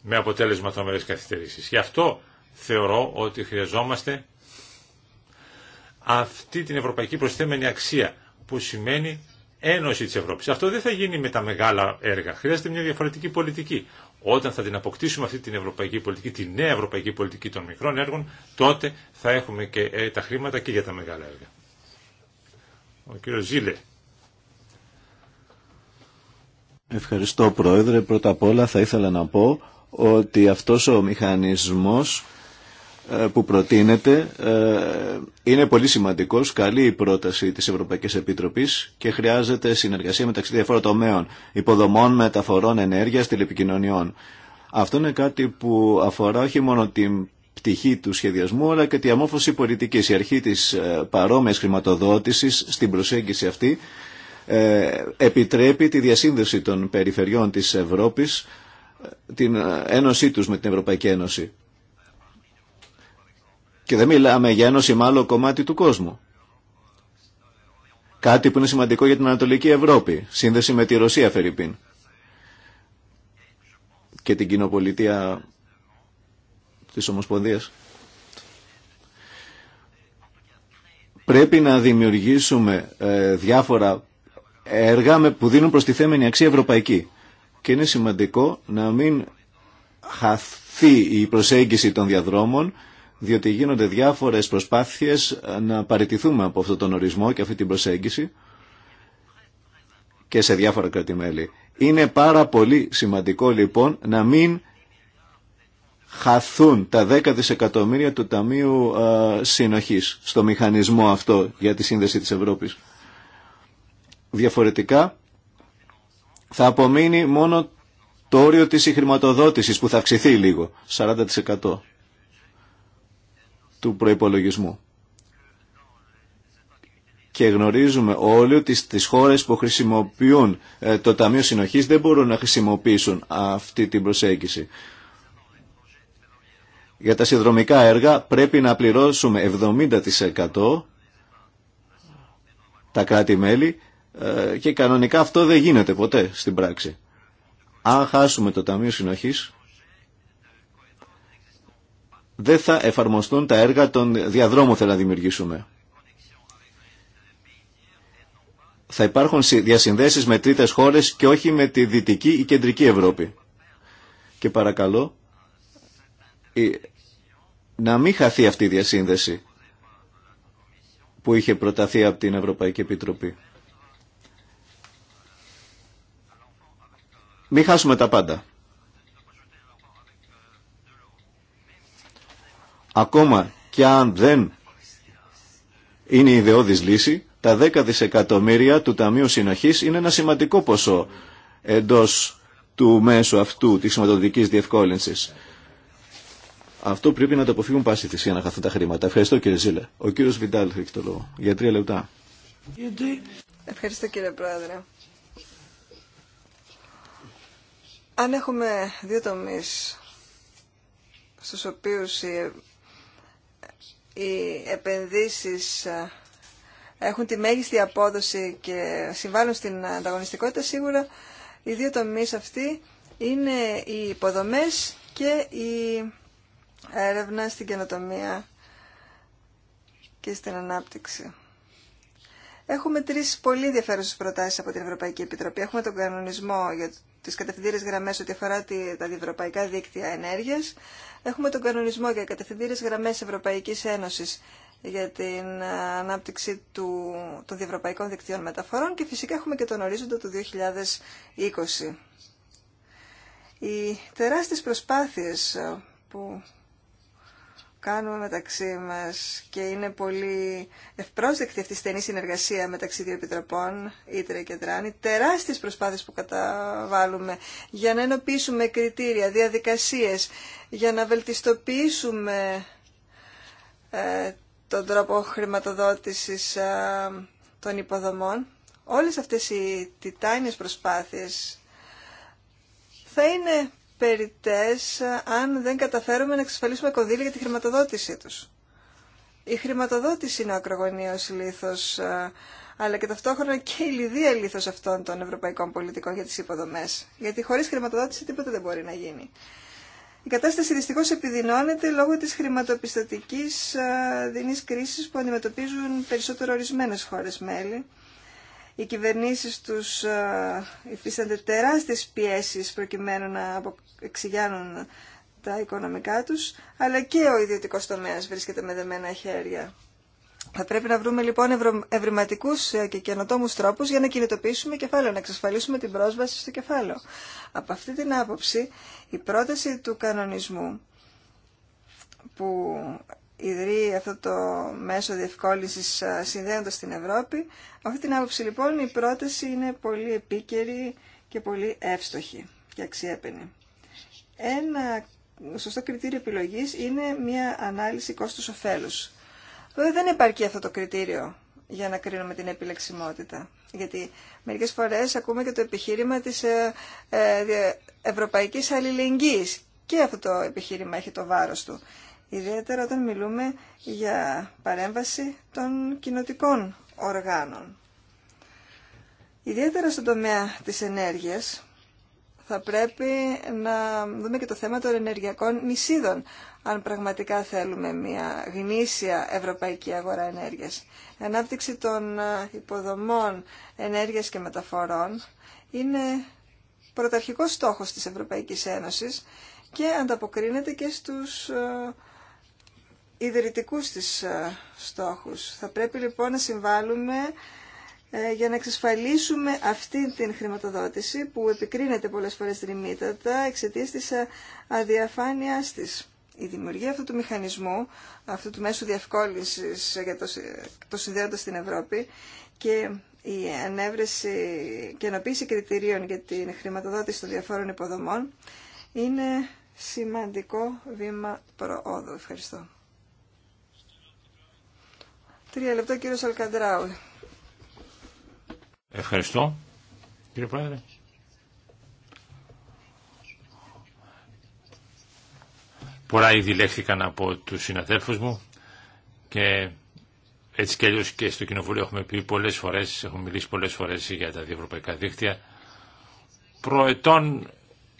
Με αποτέλεσμα τρομερές καθυστερήσεις. Γι' αυτό θεωρώ ότι χρειαζόμαστε αυτή την ευρωπαϊκή προσθέμενη αξία που σημαίνει ένωση της Ευρώπης. Αυτό δεν θα γίνει με τα μεγάλα έργα. Χρειάζεται μια διαφορετική πολιτική. Όταν θα την αποκτήσουμε αυτή την ευρωπαϊκή πολιτική, τη νέα ευρωπαϊκή πολιτική των μικρών έργων, τότε θα έχουμε και ε, τα χρήματα και για τα μεγάλα έργα. Ο κύριος Ζήλε. Ευχαριστώ Πρόεδρε. Πρώτα απ' όλα θα ήθελα να πω ότι αυτός ο μηχανισμός ε, που προτείνεται ε, είναι πολύ σημαντικός, καλή η πρόταση της Ευρωπαϊκής Επιτροπής και χρειάζεται συνεργασία μεταξύ διαφόρων τομέων, υποδομών, μεταφορών, ενέργειας, τηλεπικοινωνιών. Αυτό είναι κάτι που αφορά όχι μόνο την πτυχή του σχεδιασμού αλλά και τη αμόφωση πολιτικής. Η αρχή της ε, παρόμοιας χρηματοδότησης στην προσέγγιση αυτή επιτρέπει τη διασύνδεση των περιφερειών της Ευρώπης την ένωσή τους με την Ευρωπαϊκή Ένωση. Και δεν μιλάμε για ένωση με κομμάτι του κόσμου. Κάτι που είναι σημαντικό για την Ανατολική Ευρώπη. Σύνδεση με τη Ρωσία, Φερρυπίν. Και την κοινοπολιτεία της Ομοσπονδίας. Πρέπει να δημιουργήσουμε ε, διάφορα έργα που δίνουν προστιθέμενη αξία ευρωπαϊκή. Και είναι σημαντικό να μην χαθεί η προσέγγιση των διαδρόμων διότι γίνονται διάφορες προσπάθειες να παραιτηθούμε από αυτόν τον ορισμό και αυτή την προσέγγιση και σε διαφορα κρατημέλη. Είναι πάρα πολύ σημαντικό λοιπόν να μην χαθούν τα 10 δισεκατομμύρια του Ταμείου Συνοχής στο μηχανισμό αυτό για τη σύνδεση της Ευρώπης. Διαφορετικά θα απομείνει μόνο το όριο της χρηματοδότησης που θα αυξηθεί λίγο, 40% του προϋπολογισμού. Και γνωρίζουμε όλοι ότι στις χώρες που χρησιμοποιούν ε, το Ταμείο Συνοχής δεν μπορούν να χρησιμοποιήσουν αυτή την προσέγγιση. Για τα συνδρομικά έργα πρέπει να πληρώσουμε 70% τα κράτη-μέλη ε, και κανονικά αυτό δεν γίνεται ποτέ στην πράξη. Αν χάσουμε το Ταμείο Συνοχής δεν θα εφαρμοστούν τα έργα των διαδρόμων θέλω να δημιουργήσουμε. Θα υπάρχουν διασυνδέσεις με τρίτες χώρες και όχι με τη Δυτική ή Κεντρική Ευρώπη. Και παρακαλώ να μην χαθεί αυτή η διασύνδεση που είχε προταθεί από την Ευρωπαϊκή Επιτροπή. Μην χάσουμε τα πάντα. Ακόμα και αν δεν είναι η ιδεώδης λύση, τα 10 δισεκατομμύρια του Ταμείου Συνοχής είναι ένα σημαντικό ποσό εντός του μέσου αυτού της σηματοδοτικής διευκόλυνσης. Αυτό πρέπει να το αποφύγουν πάση θυσία να χαθούν τα χρήματα. Ευχαριστώ κύριε Ζήλε. Ο κύριος Βιντάλ έχει το λόγο για τρία λεπτά. Ευχαριστώ κύριε Πρόεδρε. Αν έχουμε δύο τομείς στους οποίους η οι επενδύσεις ε, έχουν τη μέγιστη απόδοση και συμβάλλουν στην ανταγωνιστικότητα, σίγουρα οι δύο τομείς αυτοί είναι οι υποδομές και η έρευνα στην καινοτομία και στην ανάπτυξη. Έχουμε τρεις πολύ ενδιαφέρουσες προτάσεις από την Ευρωπαϊκή Επιτροπή. Έχουμε τον κανονισμό για τι κατευθυντήρε γραμμές ό,τι αφορά τα διευρωπαϊκά δίκτυα ενέργειας. Έχουμε τον κανονισμό για κατευθυντήρε γραμμές Ευρωπαϊκής Ένωσης για την ε, ανάπτυξη του, των διευρωπαϊκών δικτύων μεταφορών και φυσικά έχουμε και τον ορίζοντα του 2020. Οι τεράστιες προσπάθειες ε, που κάνουμε μεταξύ μας και είναι πολύ ευπρόσδεκτη αυτή η στενή συνεργασία μεταξύ δύο επιτροπών, Ήτρε και Τράνη, τεράστιες προσπάθειες που καταβάλουμε για να ενοποιήσουμε κριτήρια, διαδικασίες, για να βελτιστοποιήσουμε ε, τον τρόπο χρηματοδότησης ε, των υποδομών. Όλες αυτές οι τιτάνιες προσπάθειες θα είναι περιτές αν δεν καταφέρουμε να εξασφαλίσουμε κονδύλια για τη χρηματοδότησή τους. Η χρηματοδότηση είναι ο ακρογωνίος λήθος, ε, αλλά και ταυτόχρονα και η λιδία λήθος αυτών των ευρωπαϊκών πολιτικών για τις υποδομές. Γιατί χωρίς χρηματοδότηση τίποτα δεν μπορεί να γίνει. Η κατάσταση δυστυχώ επιδεινώνεται λόγω της χρηματοπιστωτικής ε, δινής κρίσης που αντιμετωπίζουν περισσότερο ορισμένες χώρες μέλη οι κυβερνήσεις τους ε, υφίστανται τεράστιες πιέσεις προκειμένου να εξηγιάνουν τα οικονομικά τους, αλλά και ο ιδιωτικός τομέας βρίσκεται με δεμένα χέρια. Θα πρέπει να βρούμε λοιπόν ευρηματικού ε, και καινοτόμου τρόπου για να κινητοποιήσουμε κεφάλαιο, να εξασφαλίσουμε την πρόσβαση στο κεφάλαιο. Από αυτή την άποψη, η πρόταση του κανονισμού που ιδρύει αυτό το μέσο διευκόλυνσης συνδέοντας την Ευρώπη. Αυτή την άποψη λοιπόν η πρόταση είναι πολύ επίκαιρη και πολύ εύστοχη και αξιέπαινη. Ένα σωστό κριτήριο επιλογής είναι μια ανάλυση κόστους κόστους-οφέλους. Βέβαια δεν υπάρχει αυτό το κριτήριο για να κρίνουμε την επιλεξιμότητα. Γιατί μερικές φορές ακούμε και το επιχείρημα της ε, ε, ευρωπαϊκής αλληλεγγύης. Και αυτό το επιχείρημα έχει το βάρος του ιδιαίτερα όταν μιλούμε για παρέμβαση των κοινοτικών οργάνων. Ιδιαίτερα στον τομέα της ενέργειας θα πρέπει να δούμε και το θέμα των ενεργειακών νησίδων, αν πραγματικά θέλουμε μια γνήσια ευρωπαϊκή αγορά ενέργειας. Η ανάπτυξη των ε, υποδομών ενέργειας και μεταφορών είναι πρωταρχικός στόχος της Ευρωπαϊκής Ένωσης και ανταποκρίνεται και στους ε, ιδρυτικούς της ε, στόχους. Θα πρέπει λοιπόν να συμβάλλουμε ε, για να εξασφαλίσουμε αυτή την χρηματοδότηση που επικρίνεται πολλές φορές τριμήτατα εξαιτίας της ε, αδιαφάνειάς της. Η δημιουργία αυτού του μηχανισμού, αυτού του μέσου διευκόλυνσης για το, το συνδέοντα στην Ευρώπη και η ανέβρεση και ενοποίηση κριτηρίων για την χρηματοδότηση των διαφόρων υποδομών είναι σημαντικό βήμα προόδου. Ευχαριστώ. Τρία λεπτά Ευχαριστώ κύριε Πρόεδρε. Πολλά ήδη λέχθηκαν από τους συναδέλφους μου και έτσι και αλλιώς και στο Κοινοβούλιο έχουμε πει πολλές φορές, έχουμε μιλήσει πολλές φορές για τα διευρωπαϊκά δίκτυα. Προετών,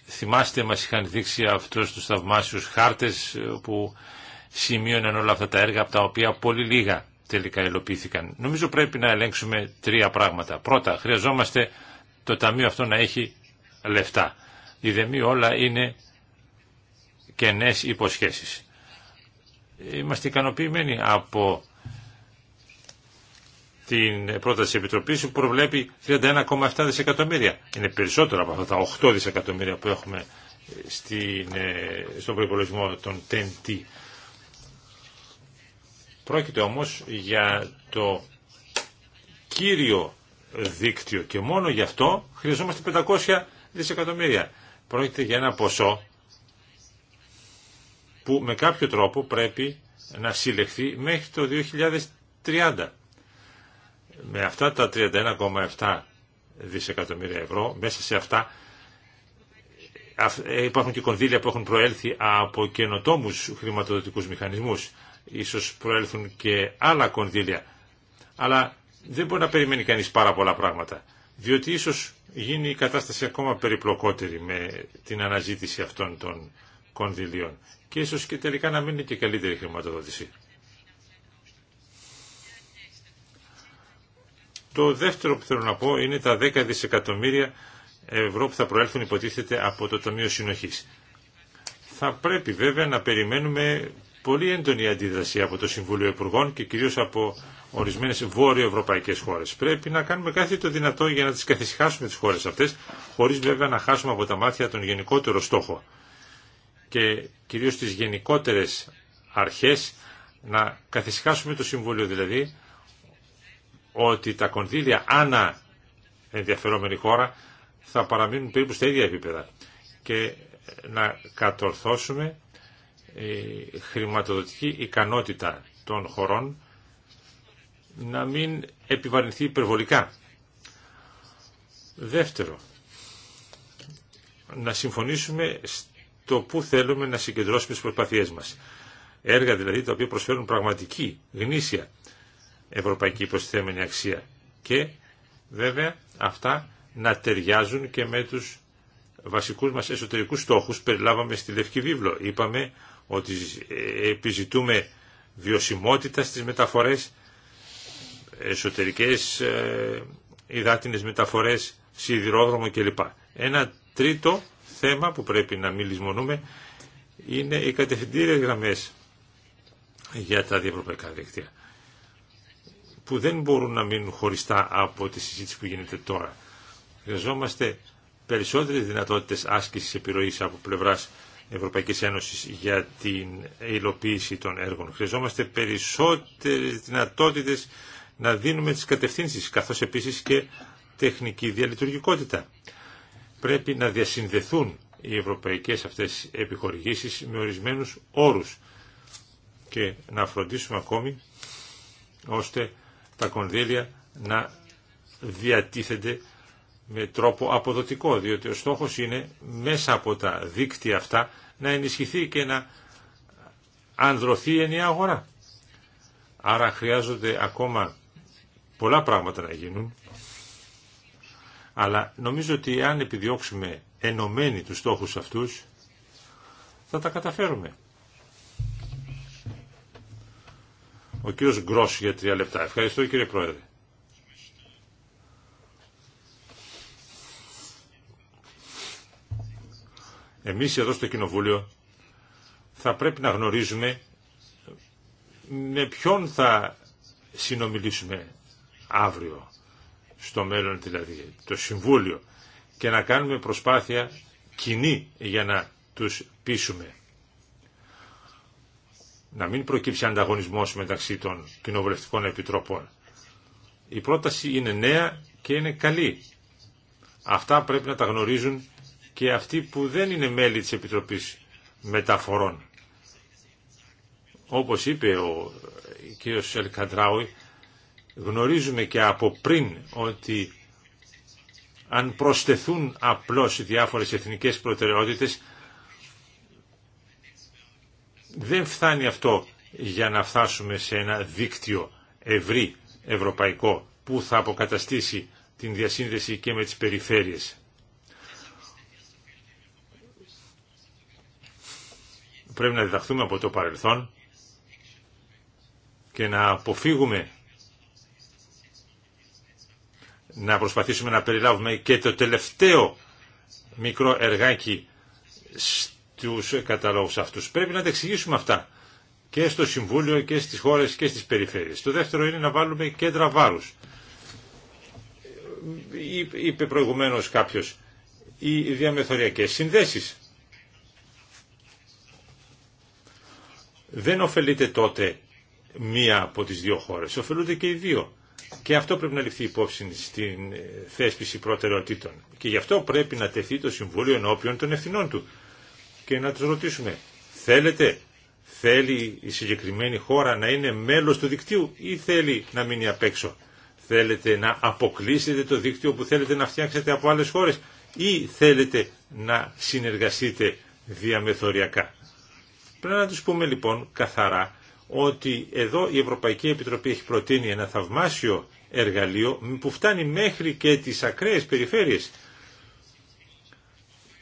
θυμάστε, μας είχαν δείξει αυτούς τους θαυμάσιους χάρτες που σημείωναν όλα αυτά τα έργα από τα οποία πολύ λίγα τελικά υλοποιήθηκαν. Νομίζω πρέπει να ελέγξουμε τρία πράγματα. Πρώτα, χρειαζόμαστε το ταμείο αυτό να έχει λεφτά. Η δεμή όλα είναι κενές υποσχέσεις. Είμαστε ικανοποιημένοι από την πρόταση της Επιτροπής που προβλέπει 31,7 δισεκατομμύρια. Είναι περισσότερο από αυτά τα 8 δισεκατομμύρια που έχουμε στην, ε, στον προϋπολογισμό των TEN-T. Πρόκειται όμως για το κύριο δίκτυο και μόνο γι' αυτό χρειαζόμαστε 500 δισεκατομμύρια. Πρόκειται για ένα ποσό που με κάποιο τρόπο πρέπει να συλλεχθεί μέχρι το 2030. Με αυτά τα 31,7 δισεκατομμύρια ευρώ, μέσα σε αυτά ε, υπάρχουν και κονδύλια που έχουν προέλθει από καινοτόμους χρηματοδοτικούς μηχανισμούς ίσως προέλθουν και άλλα κονδύλια. Αλλά δεν μπορεί να περιμένει κανείς πάρα πολλά πράγματα, διότι ίσως γίνει η κατάσταση ακόμα περιπλοκότερη με την αναζήτηση αυτών των κονδυλίων και ίσως και τελικά να μην και καλύτερη χρηματοδότηση. Το δεύτερο που θέλω να πω είναι τα 10 δισεκατομμύρια ευρώ που θα προέλθουν υποτίθεται από το Ταμείο Συνοχής. Θα πρέπει βέβαια να περιμένουμε πολύ έντονη αντίδραση από το Συμβούλιο Υπουργών και κυρίως από ορισμένες βόρειο-ευρωπαϊκές χώρες. Πρέπει να κάνουμε κάθε το δυνατό για να τις καθησυχάσουμε τις χώρες αυτές, χωρίς βέβαια να χάσουμε από τα μάτια τον γενικότερο στόχο και κυρίως τις γενικότερες αρχές να καθησυχάσουμε το Συμβούλιο δηλαδή ότι τα κονδύλια άνα ενδιαφερόμενη χώρα θα παραμείνουν περίπου στα ίδια επίπεδα και να κατορθώσουμε η χρηματοδοτική ικανότητα των χωρών να μην επιβαρυνθεί υπερβολικά. Δεύτερο, να συμφωνήσουμε στο πού θέλουμε να συγκεντρώσουμε τις προσπαθίες μας. Έργα δηλαδή τα οποία προσφέρουν πραγματική, γνήσια ευρωπαϊκή προσθέμενη αξία και βέβαια αυτά να ταιριάζουν και με τους βασικούς μας εσωτερικούς στόχους περιλάβαμε στη Λευκή Βίβλο. Είπαμε ότι επιζητούμε βιωσιμότητα στις μεταφορές, εσωτερικές ε, υδάτινες μεταφορές, σιδηρόδρομο κλπ. Ένα τρίτο θέμα που πρέπει να μην είναι οι κατευθυντήριες γραμμές για τα διευρωπαϊκά δίκτυα που δεν μπορούν να μείνουν χωριστά από τη συζήτηση που γίνεται τώρα. Χρειαζόμαστε περισσότερες δυνατότητες άσκησης επιρροής από πλευράς Ευρωπαϊκής Ένωσης για την υλοποίηση των έργων. Χρειαζόμαστε περισσότερες δυνατότητες να δίνουμε τις κατευθύνσεις, καθώς επίσης και τεχνική διαλειτουργικότητα. Πρέπει να διασυνδεθούν οι ευρωπαϊκές αυτές επιχορηγήσεις με ορισμένους όρους και να φροντίσουμε ακόμη ώστε τα κονδύλια να διατίθενται με τρόπο αποδοτικό, διότι ο στόχος είναι μέσα από τα δίκτυα αυτά να ενισχυθεί και να ανδρωθεί η ενιαία αγορά. Άρα χρειάζονται ακόμα πολλά πράγματα να γίνουν, αλλά νομίζω ότι αν επιδιώξουμε ενωμένοι τους στόχους αυτούς, θα τα καταφέρουμε. Ο κύριος Γκρός για τρία λεπτά. Ευχαριστώ κύριε Πρόεδρε. Εμείς εδώ στο Κοινοβούλιο θα πρέπει να γνωρίζουμε με ποιον θα συνομιλήσουμε αύριο, στο μέλλον δηλαδή, το Συμβούλιο και να κάνουμε προσπάθεια κοινή για να τους πείσουμε. Να μην προκύψει ανταγωνισμός μεταξύ των κοινοβουλευτικών επιτροπών. Η πρόταση είναι νέα και είναι καλή. Αυτά πρέπει να τα γνωρίζουν και αυτοί που δεν είναι μέλη της Επιτροπής Μεταφορών. Όπως είπε ο κ. Σελκαντράουι, γνωρίζουμε και από πριν ότι αν προσθεθούν απλώς διάφορες εθνικές προτεραιότητες, δεν φτάνει αυτό για να φτάσουμε σε ένα δίκτυο ευρύ ευρωπαϊκό που θα αποκαταστήσει την διασύνδεση και με τις περιφέρειες. Πρέπει να διδαχθούμε από το παρελθόν και να αποφύγουμε να προσπαθήσουμε να περιλάβουμε και το τελευταίο μικρό εργάκι στους καταλόγους αυτούς. Πρέπει να τα εξηγήσουμε αυτά και στο Συμβούλιο και στις χώρες και στις περιφέρειες. Το δεύτερο είναι να βάλουμε κέντρα βάρους. Είπε προηγουμένως κάποιος οι διαμεθοριακές συνδέσεις. δεν ωφελείται τότε μία από τις δύο χώρες, ωφελούνται και οι δύο. Και αυτό πρέπει να ληφθεί υπόψη στην ε, θέσπιση προτεραιοτήτων. Και γι' αυτό πρέπει να τεθεί το Συμβούλιο ενώπιον των ευθυνών του. Και να του ρωτήσουμε, θέλετε, θέλει η συγκεκριμένη χώρα να είναι μέλος του δικτύου ή θέλει να μείνει απ' έξω. Θέλετε να αποκλείσετε το δίκτυο που θέλετε να φτιάξετε από άλλες χώρες ή θέλετε να συνεργαστείτε διαμεθοριακά. Πρέπει να τους πούμε λοιπόν καθαρά ότι εδώ η Ευρωπαϊκή Επιτροπή έχει προτείνει ένα θαυμάσιο εργαλείο που φτάνει μέχρι και τις ακραίες περιφέρειες.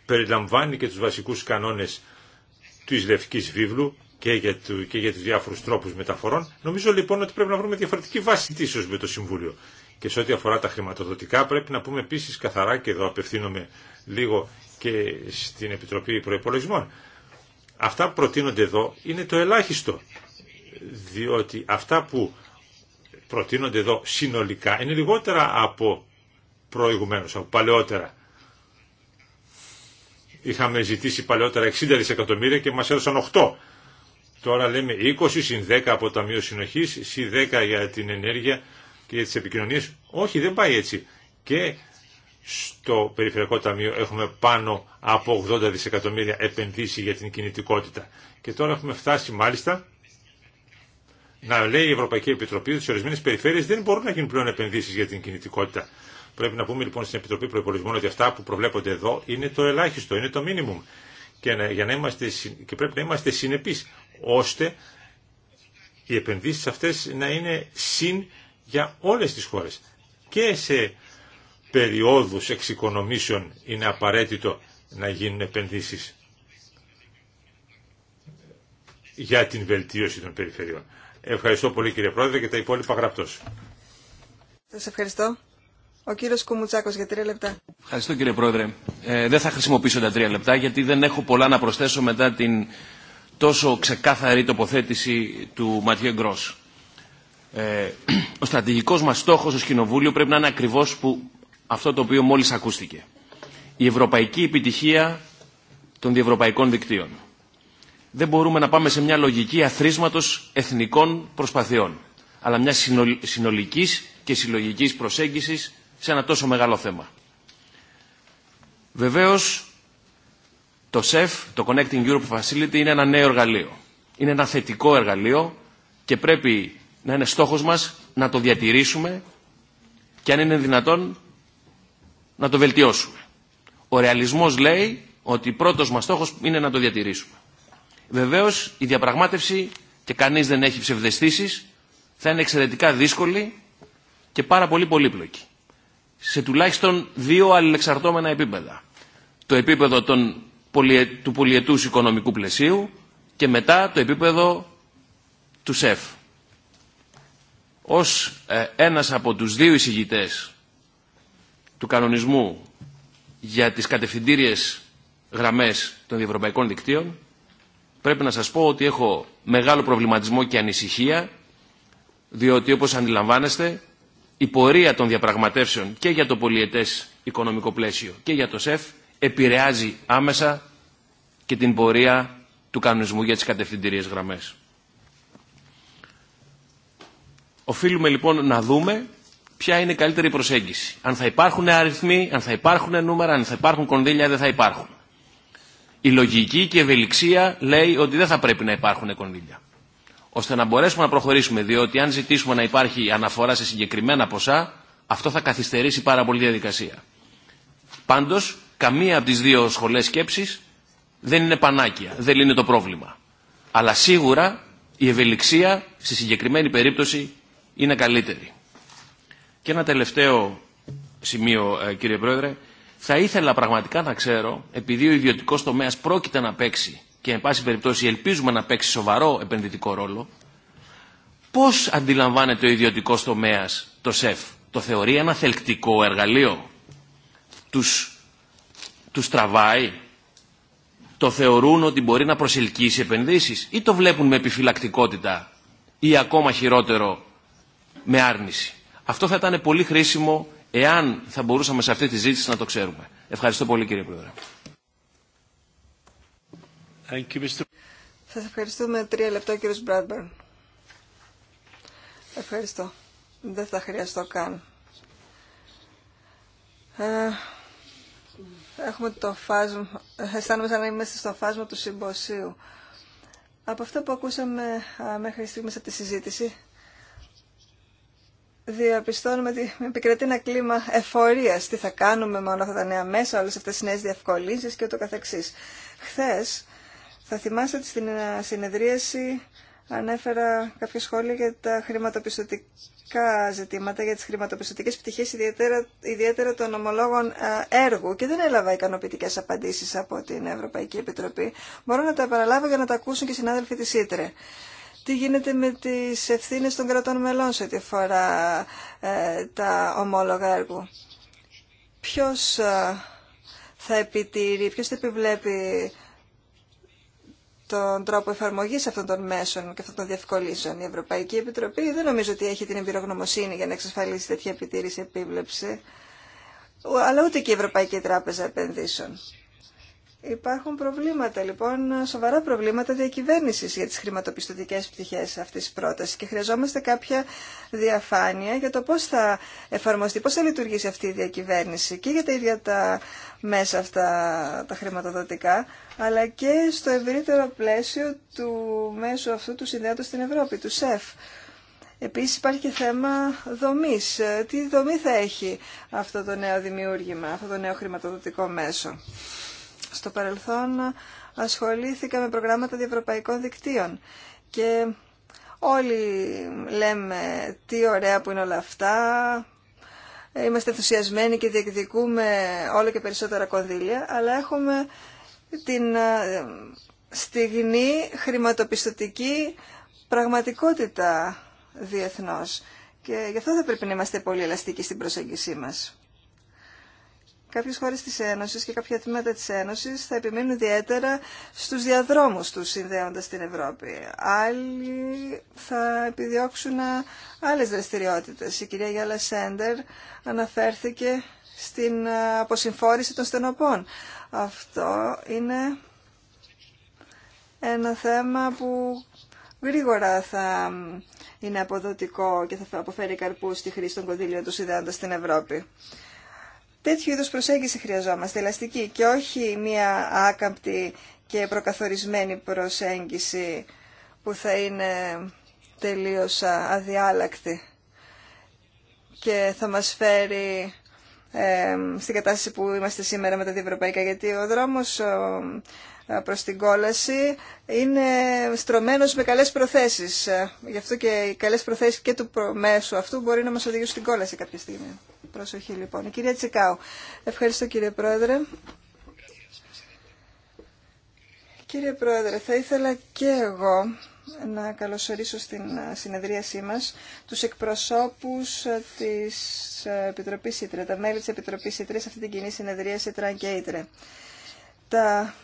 Περιλαμβάνει και τους βασικούς κανόνες της Λευκής Βίβλου και για, του, και για τους διάφορους τρόπους μεταφορών. Νομίζω λοιπόν ότι πρέπει να βρούμε διαφορετική βάση τίσως με το Συμβούλιο. Και σε ό,τι αφορά τα χρηματοδοτικά πρέπει να πούμε επίσης καθαρά και εδώ απευθύνομαι λίγο και στην Επιτροπή Προϋπολογισμών Αυτά που προτείνονται εδώ είναι το ελάχιστο, διότι αυτά που προτείνονται εδώ συνολικά είναι λιγότερα από προηγουμένως, από παλαιότερα. Είχαμε ζητήσει παλαιότερα 60 δισεκατομμύρια και μας έδωσαν 8. Τώρα λέμε 20 συν 10 από το Ταμείο Συνοχής, συν 10 για την ενέργεια και για τις επικοινωνίες. Όχι, δεν πάει έτσι. Και στο Περιφερειακό Ταμείο έχουμε πάνω από 80 δισεκατομμύρια επενδύσει για την κινητικότητα. Και τώρα έχουμε φτάσει μάλιστα να λέει η Ευρωπαϊκή Επιτροπή ότι σε ορισμένε περιφέρειε δεν μπορούν να γίνουν πλέον επενδύσει για την κινητικότητα. Πρέπει να πούμε λοιπόν στην Επιτροπή Προπολογισμών ότι αυτά που προβλέπονται εδώ είναι το ελάχιστο, είναι το μίνιμουμ. Και, για να και πρέπει να είμαστε συνεπεί ώστε οι επενδύσει αυτέ να είναι συν για όλε τι χώρε. Και σε περιόδους εξοικονομήσεων είναι απαραίτητο να γίνουν επενδύσεις για την βελτίωση των περιφερειών. Ευχαριστώ πολύ κύριε Πρόεδρε και τα υπόλοιπα γραπτός. Σας ευχαριστώ. Ο κύριος Κουμουτσάκος για τρία λεπτά. Ευχαριστώ κύριε Πρόεδρε. Ε, δεν θα χρησιμοποιήσω τα τρία λεπτά γιατί δεν έχω πολλά να προσθέσω μετά την τόσο ξεκάθαρη τοποθέτηση του Ματιέ Γκρός. Ε, ο στρατηγικός μας στόχος ως Κοινοβούλιο πρέπει να είναι ακριβώς που αυτό το οποίο μόλις ακούστηκε. Η ευρωπαϊκή επιτυχία των διευρωπαϊκών δικτύων. Δεν μπορούμε να πάμε σε μια λογική αθρίσματος εθνικών προσπαθειών, αλλά μια συνολικής και συλλογικής προσέγγισης σε ένα τόσο μεγάλο θέμα. Βεβαίως, το SEF, το Connecting Europe Facility, είναι ένα νέο εργαλείο. Είναι ένα θετικό εργαλείο και πρέπει να είναι στόχος μας να το διατηρήσουμε και αν είναι δυνατόν να το βελτιώσουμε. Ο ρεαλισμός λέει ότι πρώτος μας στόχος είναι να το διατηρήσουμε. Βεβαίως η διαπραγμάτευση και κανείς δεν έχει ψευδεστήσεις θα είναι εξαιρετικά δύσκολη και πάρα πολύ πολύπλοκη. Σε τουλάχιστον δύο αλληλεξαρτώμενα επίπεδα. Το επίπεδο των, του πολιετούς οικονομικού πλαισίου και μετά το επίπεδο του ΣΕΦ. Ως ε, ένας από τους δύο εισηγητές του κανονισμού για τις κατευθυντήριες γραμμές των διευρωπαϊκών δικτύων, πρέπει να σας πω ότι έχω μεγάλο προβληματισμό και ανησυχία, διότι όπως αντιλαμβάνεστε, η πορεία των διαπραγματεύσεων και για το πολιετές οικονομικό πλαίσιο και για το ΣΕΦ επηρεάζει άμεσα και την πορεία του κανονισμού για τις κατευθυντηρίες γραμμές. Οφείλουμε λοιπόν να δούμε ποια είναι η καλύτερη προσέγγιση. Αν θα υπάρχουν αριθμοί, αν θα υπάρχουν νούμερα, αν θα υπάρχουν κονδύλια, δεν θα υπάρχουν. Η λογική και η ευελιξία λέει ότι δεν θα πρέπει να υπάρχουν κονδύλια. Ώστε να μπορέσουμε να προχωρήσουμε, διότι αν ζητήσουμε να υπάρχει αναφορά σε συγκεκριμένα ποσά, αυτό θα καθυστερήσει πάρα πολύ διαδικασία. Πάντω, καμία από τι δύο σχολέ σκέψη δεν είναι πανάκια, δεν είναι το πρόβλημα. Αλλά σίγουρα η ευελιξία στη συγκεκριμένη περίπτωση είναι καλύτερη. Και ένα τελευταίο σημείο, ε, κύριε Πρόεδρε. Θα ήθελα πραγματικά να ξέρω, επειδή ο ιδιωτικό τομέα πρόκειται να παίξει και, εν πάση περιπτώσει, ελπίζουμε να παίξει σοβαρό επενδυτικό ρόλο, πώ αντιλαμβάνεται ο ιδιωτικό τομέα το ΣΕΦ. Το θεωρεί ένα θελκτικό εργαλείο. Τους, τους τραβάει. Το θεωρούν ότι μπορεί να προσελκύσει επενδύσεις ή το βλέπουν με επιφυλακτικότητα ή ακόμα χειρότερο με άρνηση. Αυτό θα ήταν πολύ χρήσιμο εάν θα μπορούσαμε σε αυτή τη ζήτηση να το ξέρουμε. Ευχαριστώ πολύ κύριε Πρόεδρε. Σας ευχαριστούμε τρία λεπτά κύριος Μπράντμπερν. Ευχαριστώ. Δεν θα χρειαστώ καν. Ε, έχουμε το φάσμα, αισθάνομαι σαν να είμαστε στο φάσμα του συμποσίου. Από αυτό που ακούσαμε μέχρι στιγμής από τη συζήτηση, διαπιστώνουμε ότι επικρατεί ένα κλίμα εφορία. Τι θα κάνουμε με όλα αυτά τα νέα μέσα, όλε αυτέ τι νέε διευκολύνσει και ούτω καθεξή. Χθε θα θυμάστε ότι στην ε, συνεδρίαση ανέφερα κάποια σχόλια για τα χρηματοπιστωτικά ζητήματα, για τι χρηματοπιστωτικέ πτυχέ, ιδιαίτερα, ιδιαίτερα των ομολόγων ε, έργου και δεν έλαβα ικανοποιητικέ απαντήσει από την Ευρωπαϊκή Επιτροπή. Μπορώ να τα παραλάβω για να τα ακούσουν και οι συνάδελφοι τη Σύτρε τι γίνεται με τις ευθύνες των κρατών μελών σε ό,τι αφορά ε, τα ομόλογα έργου. Ποιος ε, θα επιτηρεί, ποιος θα επιβλέπει τον τρόπο εφαρμογής αυτών των μέσων και αυτών των διευκολύσεων. Η Ευρωπαϊκή Επιτροπή δεν νομίζω ότι έχει την εμπειρογνωμοσύνη για να εξασφαλίσει τέτοια επιτήρηση επίβλεψη, αλλά ούτε και η Ευρωπαϊκή Τράπεζα Επενδύσεων. Υπάρχουν προβλήματα, λοιπόν, σοβαρά προβλήματα διακυβέρνηση για τι χρηματοπιστωτικέ πτυχέ αυτή τη πρόταση και χρειαζόμαστε κάποια διαφάνεια για το πώ θα εφαρμοστεί, πώ θα λειτουργήσει αυτή η διακυβέρνηση και για τα ίδια τα μέσα αυτά τα χρηματοδοτικά, αλλά και στο ευρύτερο πλαίσιο του μέσου αυτού του συνδέατο στην Ευρώπη, του ΣΕΦ. Επίσης υπάρχει και θέμα δομής. Τι δομή θα έχει αυτό το νέο δημιούργημα, αυτό το νέο χρηματοδοτικό μέσο. Στο παρελθόν ασχολήθηκα με προγράμματα διευρωπαϊκών δικτύων και όλοι λέμε τι ωραία που είναι όλα αυτά, είμαστε ενθουσιασμένοι και διεκδικούμε όλο και περισσότερα κονδύλια, αλλά έχουμε την ε, στιγμή χρηματοπιστωτική πραγματικότητα διεθνώς. Και γι' αυτό θα πρέπει να είμαστε πολύ ελαστικοί στην προσέγγισή μας. Κάποιες χώρες της Ένωσης και κάποια τμήματα της Ένωσης θα επιμείνουν ιδιαίτερα στους διαδρόμους τους συνδέοντας την Ευρώπη. Άλλοι θα επιδιώξουν άλλες δραστηριότητε. Η κυρία Γιάλα Σέντερ αναφέρθηκε στην αποσυμφόρηση των στενοπών. Αυτό είναι ένα θέμα που γρήγορα θα είναι αποδοτικό και θα αποφέρει καρπού στη χρήση των κονδύλιων του συνδέοντας στην Ευρώπη. Τέτοιου είδους προσέγγιση χρειαζόμαστε, ελαστική και όχι μία άκαμπτη και προκαθορισμένη προσέγγιση που θα είναι τελείως αδιάλακτη και θα μας φέρει ε, στην κατάσταση που είμαστε σήμερα με τα διευρωπαϊκά, γιατί ο δρόμος προς την κόλαση είναι στρωμένος με καλές προθέσεις. Γι' αυτό και οι καλές προθέσεις και του μέσου αυτού μπορεί να μας οδηγήσουν στην κόλαση κάποια στιγμή προσοχή λοιπόν. κυρία Τσικάου. Ευχαριστώ κύριε Πρόεδρε. Κύριε Πρόεδρε, θα ήθελα και εγώ να καλωσορίσω στην συνεδρίασή μας τους εκπροσώπους της Επιτροπής Ήτρε, τα μέλη της Επιτροπής Ήτρε σε αυτή την κοινή συνεδρίαση Τραν και Ήτρε. Τα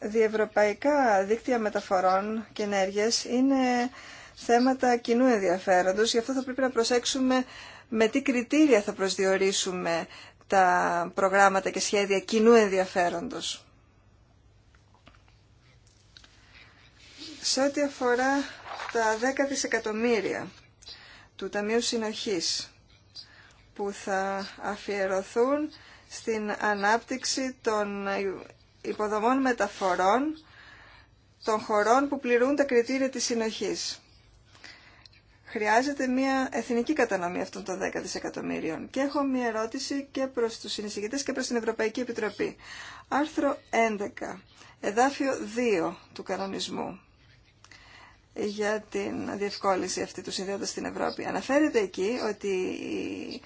διευρωπαϊκά δίκτυα μεταφορών και ενέργειας είναι θέματα κοινού ενδιαφέροντος, γι' αυτό θα πρέπει να προσέξουμε με τι κριτήρια θα προσδιορίσουμε τα προγράμματα και σχέδια κοινού ενδιαφέροντος. Σε ό,τι αφορά τα 10 δισεκατομμύρια του Ταμείου Συνοχής που θα αφιερωθούν στην ανάπτυξη των υποδομών μεταφορών των χωρών που πληρούν τα κριτήρια της συνοχής. Χρειάζεται μια εθνική κατανομή αυτών των 10 δισεκατομμύριων. Και έχω μια ερώτηση και προς τους συνεισηγητές και προς την Ευρωπαϊκή Επιτροπή. Άρθρο 11, εδάφιο 2 του κανονισμού για την διευκόλυνση αυτή του συνδέοντας στην Ευρώπη. Αναφέρεται εκεί ότι οι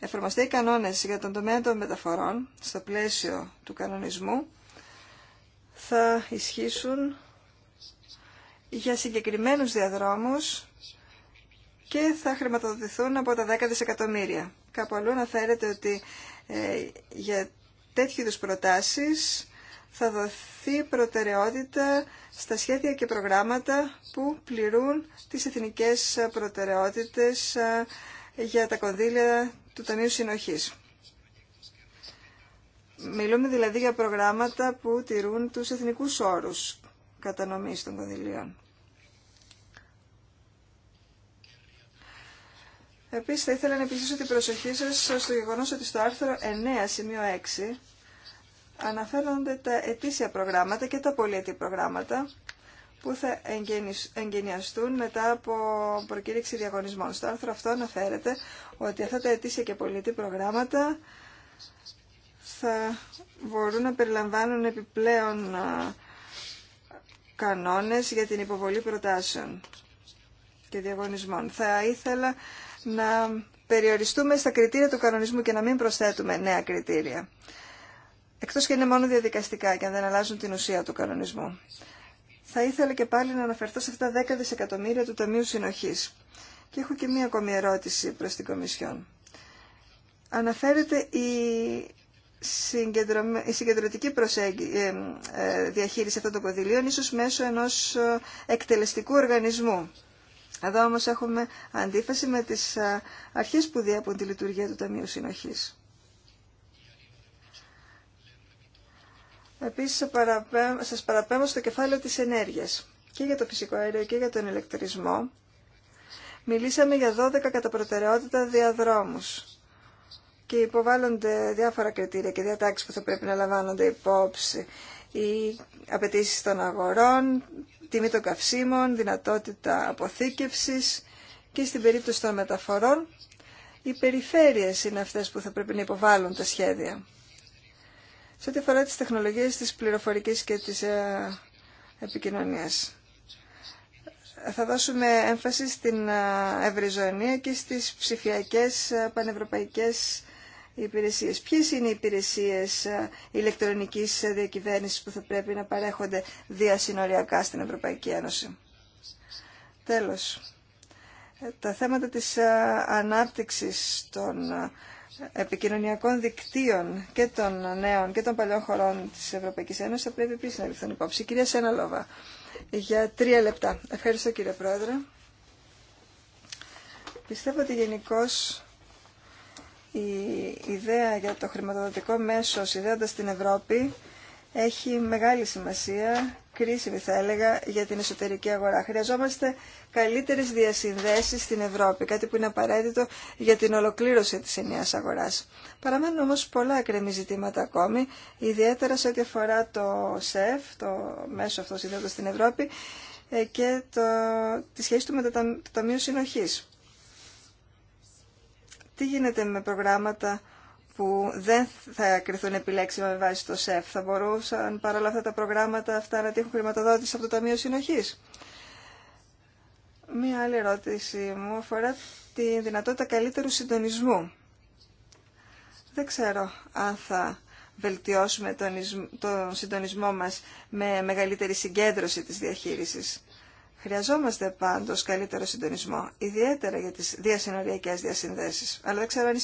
εφαρμοστεί κανόνες για τον τομέα των μεταφορών στο πλαίσιο του κανονισμού θα ισχύσουν για συγκεκριμένους διαδρόμους και θα χρηματοδοτηθούν από τα 10 δισεκατομμύρια. Κάπου αλλού αναφέρεται ότι ε, για τέτοιου είδους προτάσεις θα δοθεί προτεραιότητα στα σχέδια και προγράμματα που πληρούν τις εθνικές προτεραιότητες ε, για τα κονδύλια του Ταμείου Συνοχής. Μιλούμε δηλαδή για προγράμματα που τηρούν τους εθνικούς όρους κατανομής των κονδυλίων. Επίσης θα ήθελα να επιστήσω την προσοχή σας στο γεγονός ότι στο άρθρο 9 σημείο 6 αναφέρονται τα ετήσια προγράμματα και τα πολιτικά προγράμματα που θα εγκαινιαστούν μετά από προκήρυξη διαγωνισμών. Στο άρθρο αυτό αναφέρεται ότι αυτά τα ετήσια και πολιτικά προγράμματα θα μπορούν να περιλαμβάνουν επιπλέον κανόνες για την υποβολή προτάσεων και διαγωνισμών. Θα ήθελα να περιοριστούμε στα κριτήρια του κανονισμού και να μην προσθέτουμε νέα κριτήρια. Εκτός και είναι μόνο διαδικαστικά και αν δεν αλλάζουν την ουσία του κανονισμού. Θα ήθελα και πάλι να αναφερθώ σε αυτά 10 δισεκατομμύρια του Ταμείου Συνοχής. Και έχω και μία ακόμη ερώτηση προς την Κομισιόν. Αναφέρεται η, η συγκεντρωτική ε, ε, διαχείριση αυτών των κονδυλίων ίσως μέσω ενός ε, εκτελεστικού οργανισμού. Εδώ όμως έχουμε αντίφαση με τις αρχές που διέπουν τη λειτουργία του Ταμείου Συνοχής. Επίσης σας παραπέμπω στο κεφάλαιο της ενέργειας και για το φυσικό αέριο και για τον ηλεκτρισμό. Μιλήσαμε για 12 κατά προτεραιότητα διαδρόμους και υποβάλλονται διάφορα κριτήρια και διατάξεις που θα πρέπει να λαμβάνονται υπόψη. Οι απαιτήσει των αγορών, τιμή των καυσίμων, δυνατότητα αποθήκευσης και στην περίπτωση των μεταφορών οι περιφέρειες είναι αυτές που θα πρέπει να υποβάλουν τα σχέδια. Σε ό,τι αφορά τις τεχνολογίες της πληροφορικής και της ε, επικοινωνίας. Θα δώσουμε έμφαση στην ε, ευρυζωνία και στις ψηφιακές ε, πανευρωπαϊκές υπηρεσίες. Ποιες είναι οι υπηρεσίες ε, ηλεκτρονικής διακυβέρνησης που θα πρέπει να παρέχονται διασυνοριακά στην Ευρωπαϊκή Ένωση. Τέλος, ε, τα θέματα της ε, ανάπτυξης των επικοινωνιακών δικτύων και των νέων και των παλιών χωρών της Ευρωπαϊκής Ένωσης θα πρέπει επίσης να ληφθούν υπόψη. κυρία Σέναλοβα, για τρία λεπτά. Ευχαριστώ κύριε Πρόεδρε. Πιστεύω ότι γενικώ η ιδέα για το χρηματοδοτικό μέσο συνδέοντας την Ευρώπη έχει μεγάλη σημασία, κρίσιμη θα έλεγα, για την εσωτερική αγορά. Χρειαζόμαστε καλύτερες διασυνδέσεις στην Ευρώπη, κάτι που είναι απαραίτητο για την ολοκλήρωση της ενιαίας αγοράς. Παραμένουν όμως πολλά ακρεμή ζητήματα ακόμη, ιδιαίτερα σε ό,τι αφορά το ΣΕΦ, το μέσο αυτό συνδέοντας στην Ευρώπη, ε, και το, τη σχέση του με το Ταμείο Συνοχής. Τι γίνεται με προγράμματα που δεν θα κρυθούν επιλέξιμα με βάση το ΣΕΦ. Θα μπορούσαν παρόλα αυτά τα προγράμματα αυτά να τύχουν χρηματοδότηση από το Ταμείο Συνοχής. Μία άλλη ερώτηση μου αφορά τη δυνατότητα καλύτερου συντονισμού. Δεν ξέρω αν θα βελτιώσουμε τον συντονισμό μας με μεγαλύτερη συγκέντρωση της διαχείρισης. Χρειαζόμαστε πάντως καλύτερο συντονισμό, ιδιαίτερα για τις διασυνοριακές διασυνδέσεις. Αλλά δεν ξέρω αν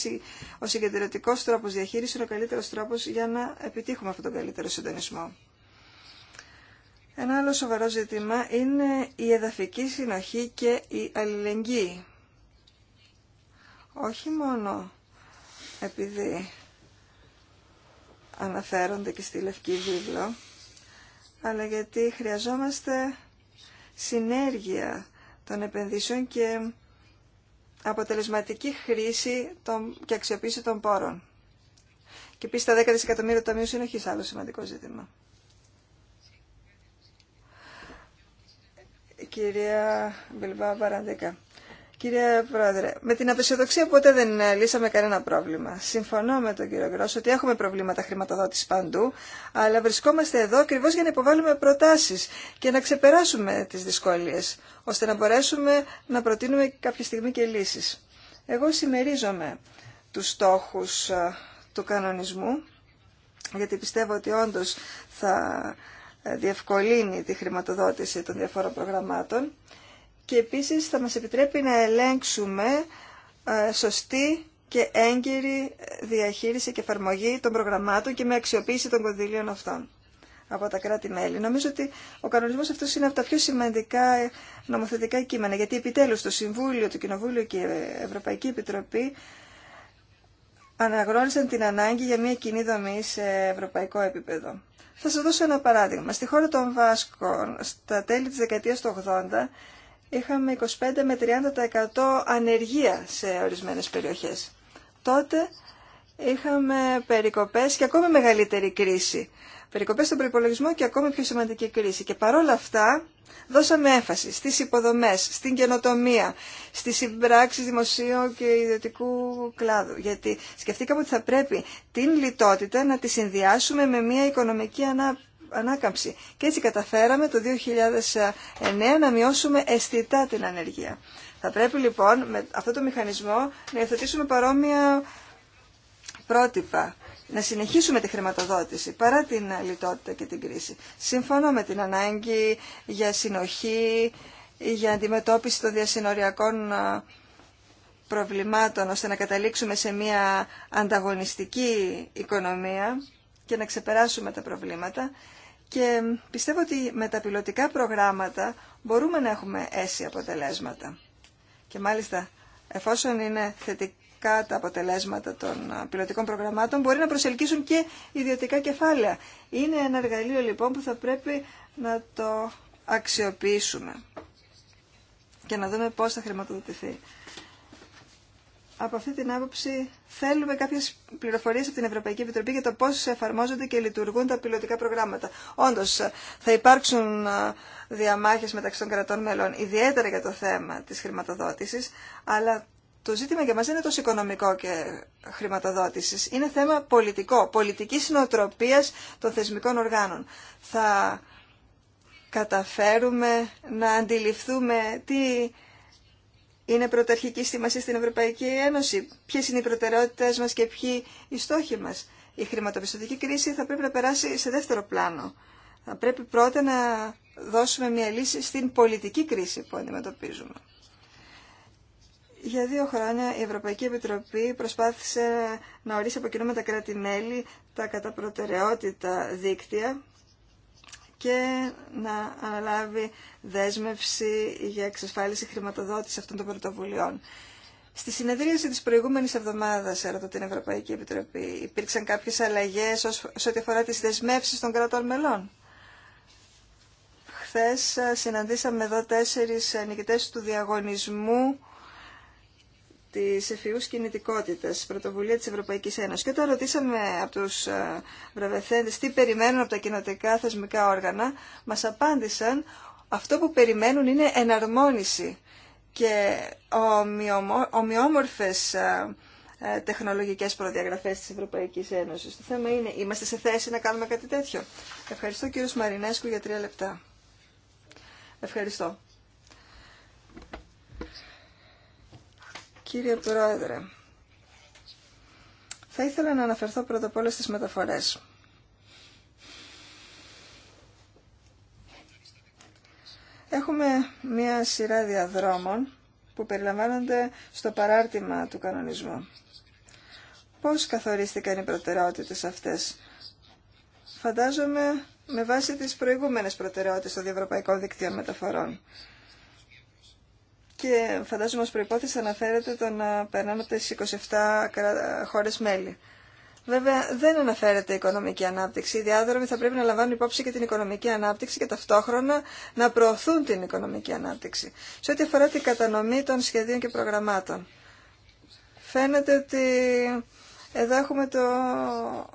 ο συγκεντρωτικός τρόπος διαχείρισης είναι ο καλύτερος τρόπος για να επιτύχουμε αυτόν τον καλύτερο συντονισμό. Ένα άλλο σοβαρό ζήτημα είναι η εδαφική συνοχή και η αλληλεγγύη. Όχι μόνο επειδή αναφέρονται και στη Λευκή Βίβλο, αλλά γιατί χρειαζόμαστε συνέργεια των επενδύσεων και αποτελεσματική χρήση των, και αξιοποίηση των πόρων. Και επίση τα 10 δισεκατομμύρια ταμείου συνοχή, άλλο σημαντικό ζήτημα. Κυρία Μπιλβά Κύριε Πρόεδρε, με την απεσιοδοξία ποτέ δεν ε, λύσαμε κανένα πρόβλημα. Συμφωνώ με τον κύριο Γκρός ότι έχουμε προβλήματα χρηματοδότηση παντού, αλλά βρισκόμαστε εδώ ακριβώ για να υποβάλουμε προτάσει και να ξεπεράσουμε τι δυσκολίε, ώστε να μπορέσουμε να προτείνουμε κάποια στιγμή και λύσει. Εγώ συμμερίζομαι του στόχου ε, του κανονισμού, γιατί πιστεύω ότι όντω θα ε, διευκολύνει τη χρηματοδότηση των διαφόρων προγραμμάτων και επίσης θα μας επιτρέπει να ελέγξουμε ε, σωστή και έγκυρη ε, διαχείριση και εφαρμογή των προγραμμάτων και με αξιοποίηση των κονδύλιων αυτών από τα κράτη-μέλη. Νομίζω ότι ο κανονισμός αυτός είναι από τα πιο σημαντικά ε, νομοθετικά κείμενα, γιατί επιτέλους το Συμβούλιο, το Κοινοβούλιο και η Ευρωπαϊκή Επιτροπή αναγνώρισαν την ανάγκη για μια κοινή δομή σε ευρωπαϊκό επίπεδο. Θα σας δώσω ένα παράδειγμα. Στη χώρα των Βάσκων, στα τέλη της δεκαετίας του 80, είχαμε 25 με 30% ανεργία σε ορισμένες περιοχές. Τότε είχαμε περικοπές και ακόμη μεγαλύτερη κρίση. Περικοπές στον προπολογισμό και ακόμη πιο σημαντική κρίση. Και παρόλα αυτά δώσαμε έμφαση στις υποδομές, στην καινοτομία, στις συμπράξεις δημοσίου και ιδιωτικού κλάδου. Γιατί σκεφτήκαμε ότι θα πρέπει την λιτότητα να τη συνδυάσουμε με μια οικονομική ανάπτυξη ανάκαμψη. Και έτσι καταφέραμε το 2009 να μειώσουμε αισθητά την ανεργία. Θα πρέπει λοιπόν με αυτό το μηχανισμό να υιοθετήσουμε παρόμοια πρότυπα. Να συνεχίσουμε τη χρηματοδότηση παρά την λιτότητα και την κρίση. Σύμφωνα με την ανάγκη για συνοχή, για αντιμετώπιση των διασυνοριακών προβλημάτων ώστε να καταλήξουμε σε μια ανταγωνιστική οικονομία και να ξεπεράσουμε τα προβλήματα και πιστεύω ότι με τα πιλωτικά προγράμματα μπορούμε να έχουμε αίσια αποτελέσματα. Και μάλιστα, εφόσον είναι θετικά τα αποτελέσματα των πιλωτικών προγραμμάτων, μπορεί να προσελκύσουν και ιδιωτικά κεφάλαια. Είναι ένα εργαλείο λοιπόν που θα πρέπει να το αξιοποιήσουμε και να δούμε πώς θα χρηματοδοτηθεί από αυτή την άποψη θέλουμε κάποιες πληροφορίες από την Ευρωπαϊκή Επιτροπή για το πώς εφαρμόζονται και λειτουργούν τα πιλωτικά προγράμματα. Όντως, θα υπάρξουν διαμάχες μεταξύ των κρατών μελών, ιδιαίτερα για το θέμα της χρηματοδότησης, αλλά το ζήτημα για μας δεν είναι τόσο οικονομικό και χρηματοδότησης. Είναι θέμα πολιτικό, πολιτική συνοτροπίας των θεσμικών οργάνων. Θα καταφέρουμε να αντιληφθούμε τι είναι πρωταρχική σημασία στην Ευρωπαϊκή Ένωση, Ποιε είναι οι προτεραιότητες μας και ποιοι οι στόχοι μας. Η χρηματοπιστωτική κρίση θα πρέπει να περάσει σε δεύτερο πλάνο. Θα πρέπει πρώτα να δώσουμε μια λύση στην πολιτική κρίση που αντιμετωπίζουμε. Για δύο χρόνια η Ευρωπαϊκή Επιτροπή προσπάθησε να ορίσει από κοινού με τα κράτη-μέλη τα κατά προτεραιότητα δίκτυα και να αναλάβει δέσμευση για εξασφάλιση χρηματοδότηση αυτών των πρωτοβουλειών. Στη συνεδρίαση της προηγούμενης εβδομάδας, έρωτα την Ευρωπαϊκή Επιτροπή, υπήρξαν κάποιες αλλαγές σε ό,τι αφορά τις δεσμεύσεις των κρατών μελών. Χθες ε, συναντήσαμε εδώ τέσσερις ε, νικητές του διαγωνισμού τη ευφυού κινητικότητα, πρωτοβουλία τη Ευρωπαϊκή Ένωση. Και όταν ρωτήσαμε από του ε, βραβευθέντε τι περιμένουν από τα κοινοτικά θεσμικά όργανα, μα απάντησαν αυτό που περιμένουν είναι εναρμόνιση και ομοιόμορφε ε, τεχνολογικέ προδιαγραφέ τη Ευρωπαϊκή Ένωση. Το θέμα είναι, είμαστε σε θέση να κάνουμε κάτι τέτοιο. Ευχαριστώ κύριο Μαρινέσκου για τρία λεπτά. Ευχαριστώ. Κύριε Πρόεδρε, θα ήθελα να αναφερθώ πρώτα απ' όλα στις μεταφορές. Έχουμε μία σειρά διαδρόμων που περιλαμβάνονται στο παράρτημα του κανονισμού. Πώς καθορίστηκαν οι προτεραιότητες αυτές. Φαντάζομαι με βάση τις προηγούμενες προτεραιότητες των διευρωπαϊκών δικτύων μεταφορών. Και φαντάζομαι ως προϋπόθεση αναφέρεται το να περνάνε από τις 27 χώρες μέλη. Βέβαια δεν αναφέρεται οικονομική ανάπτυξη. Οι διάδρομοι θα πρέπει να λαμβάνουν υπόψη και την οικονομική ανάπτυξη και ταυτόχρονα να προωθούν την οικονομική ανάπτυξη. Σε ό,τι αφορά την κατανομή των σχεδίων και προγραμμάτων. Φαίνεται ότι εδώ έχουμε το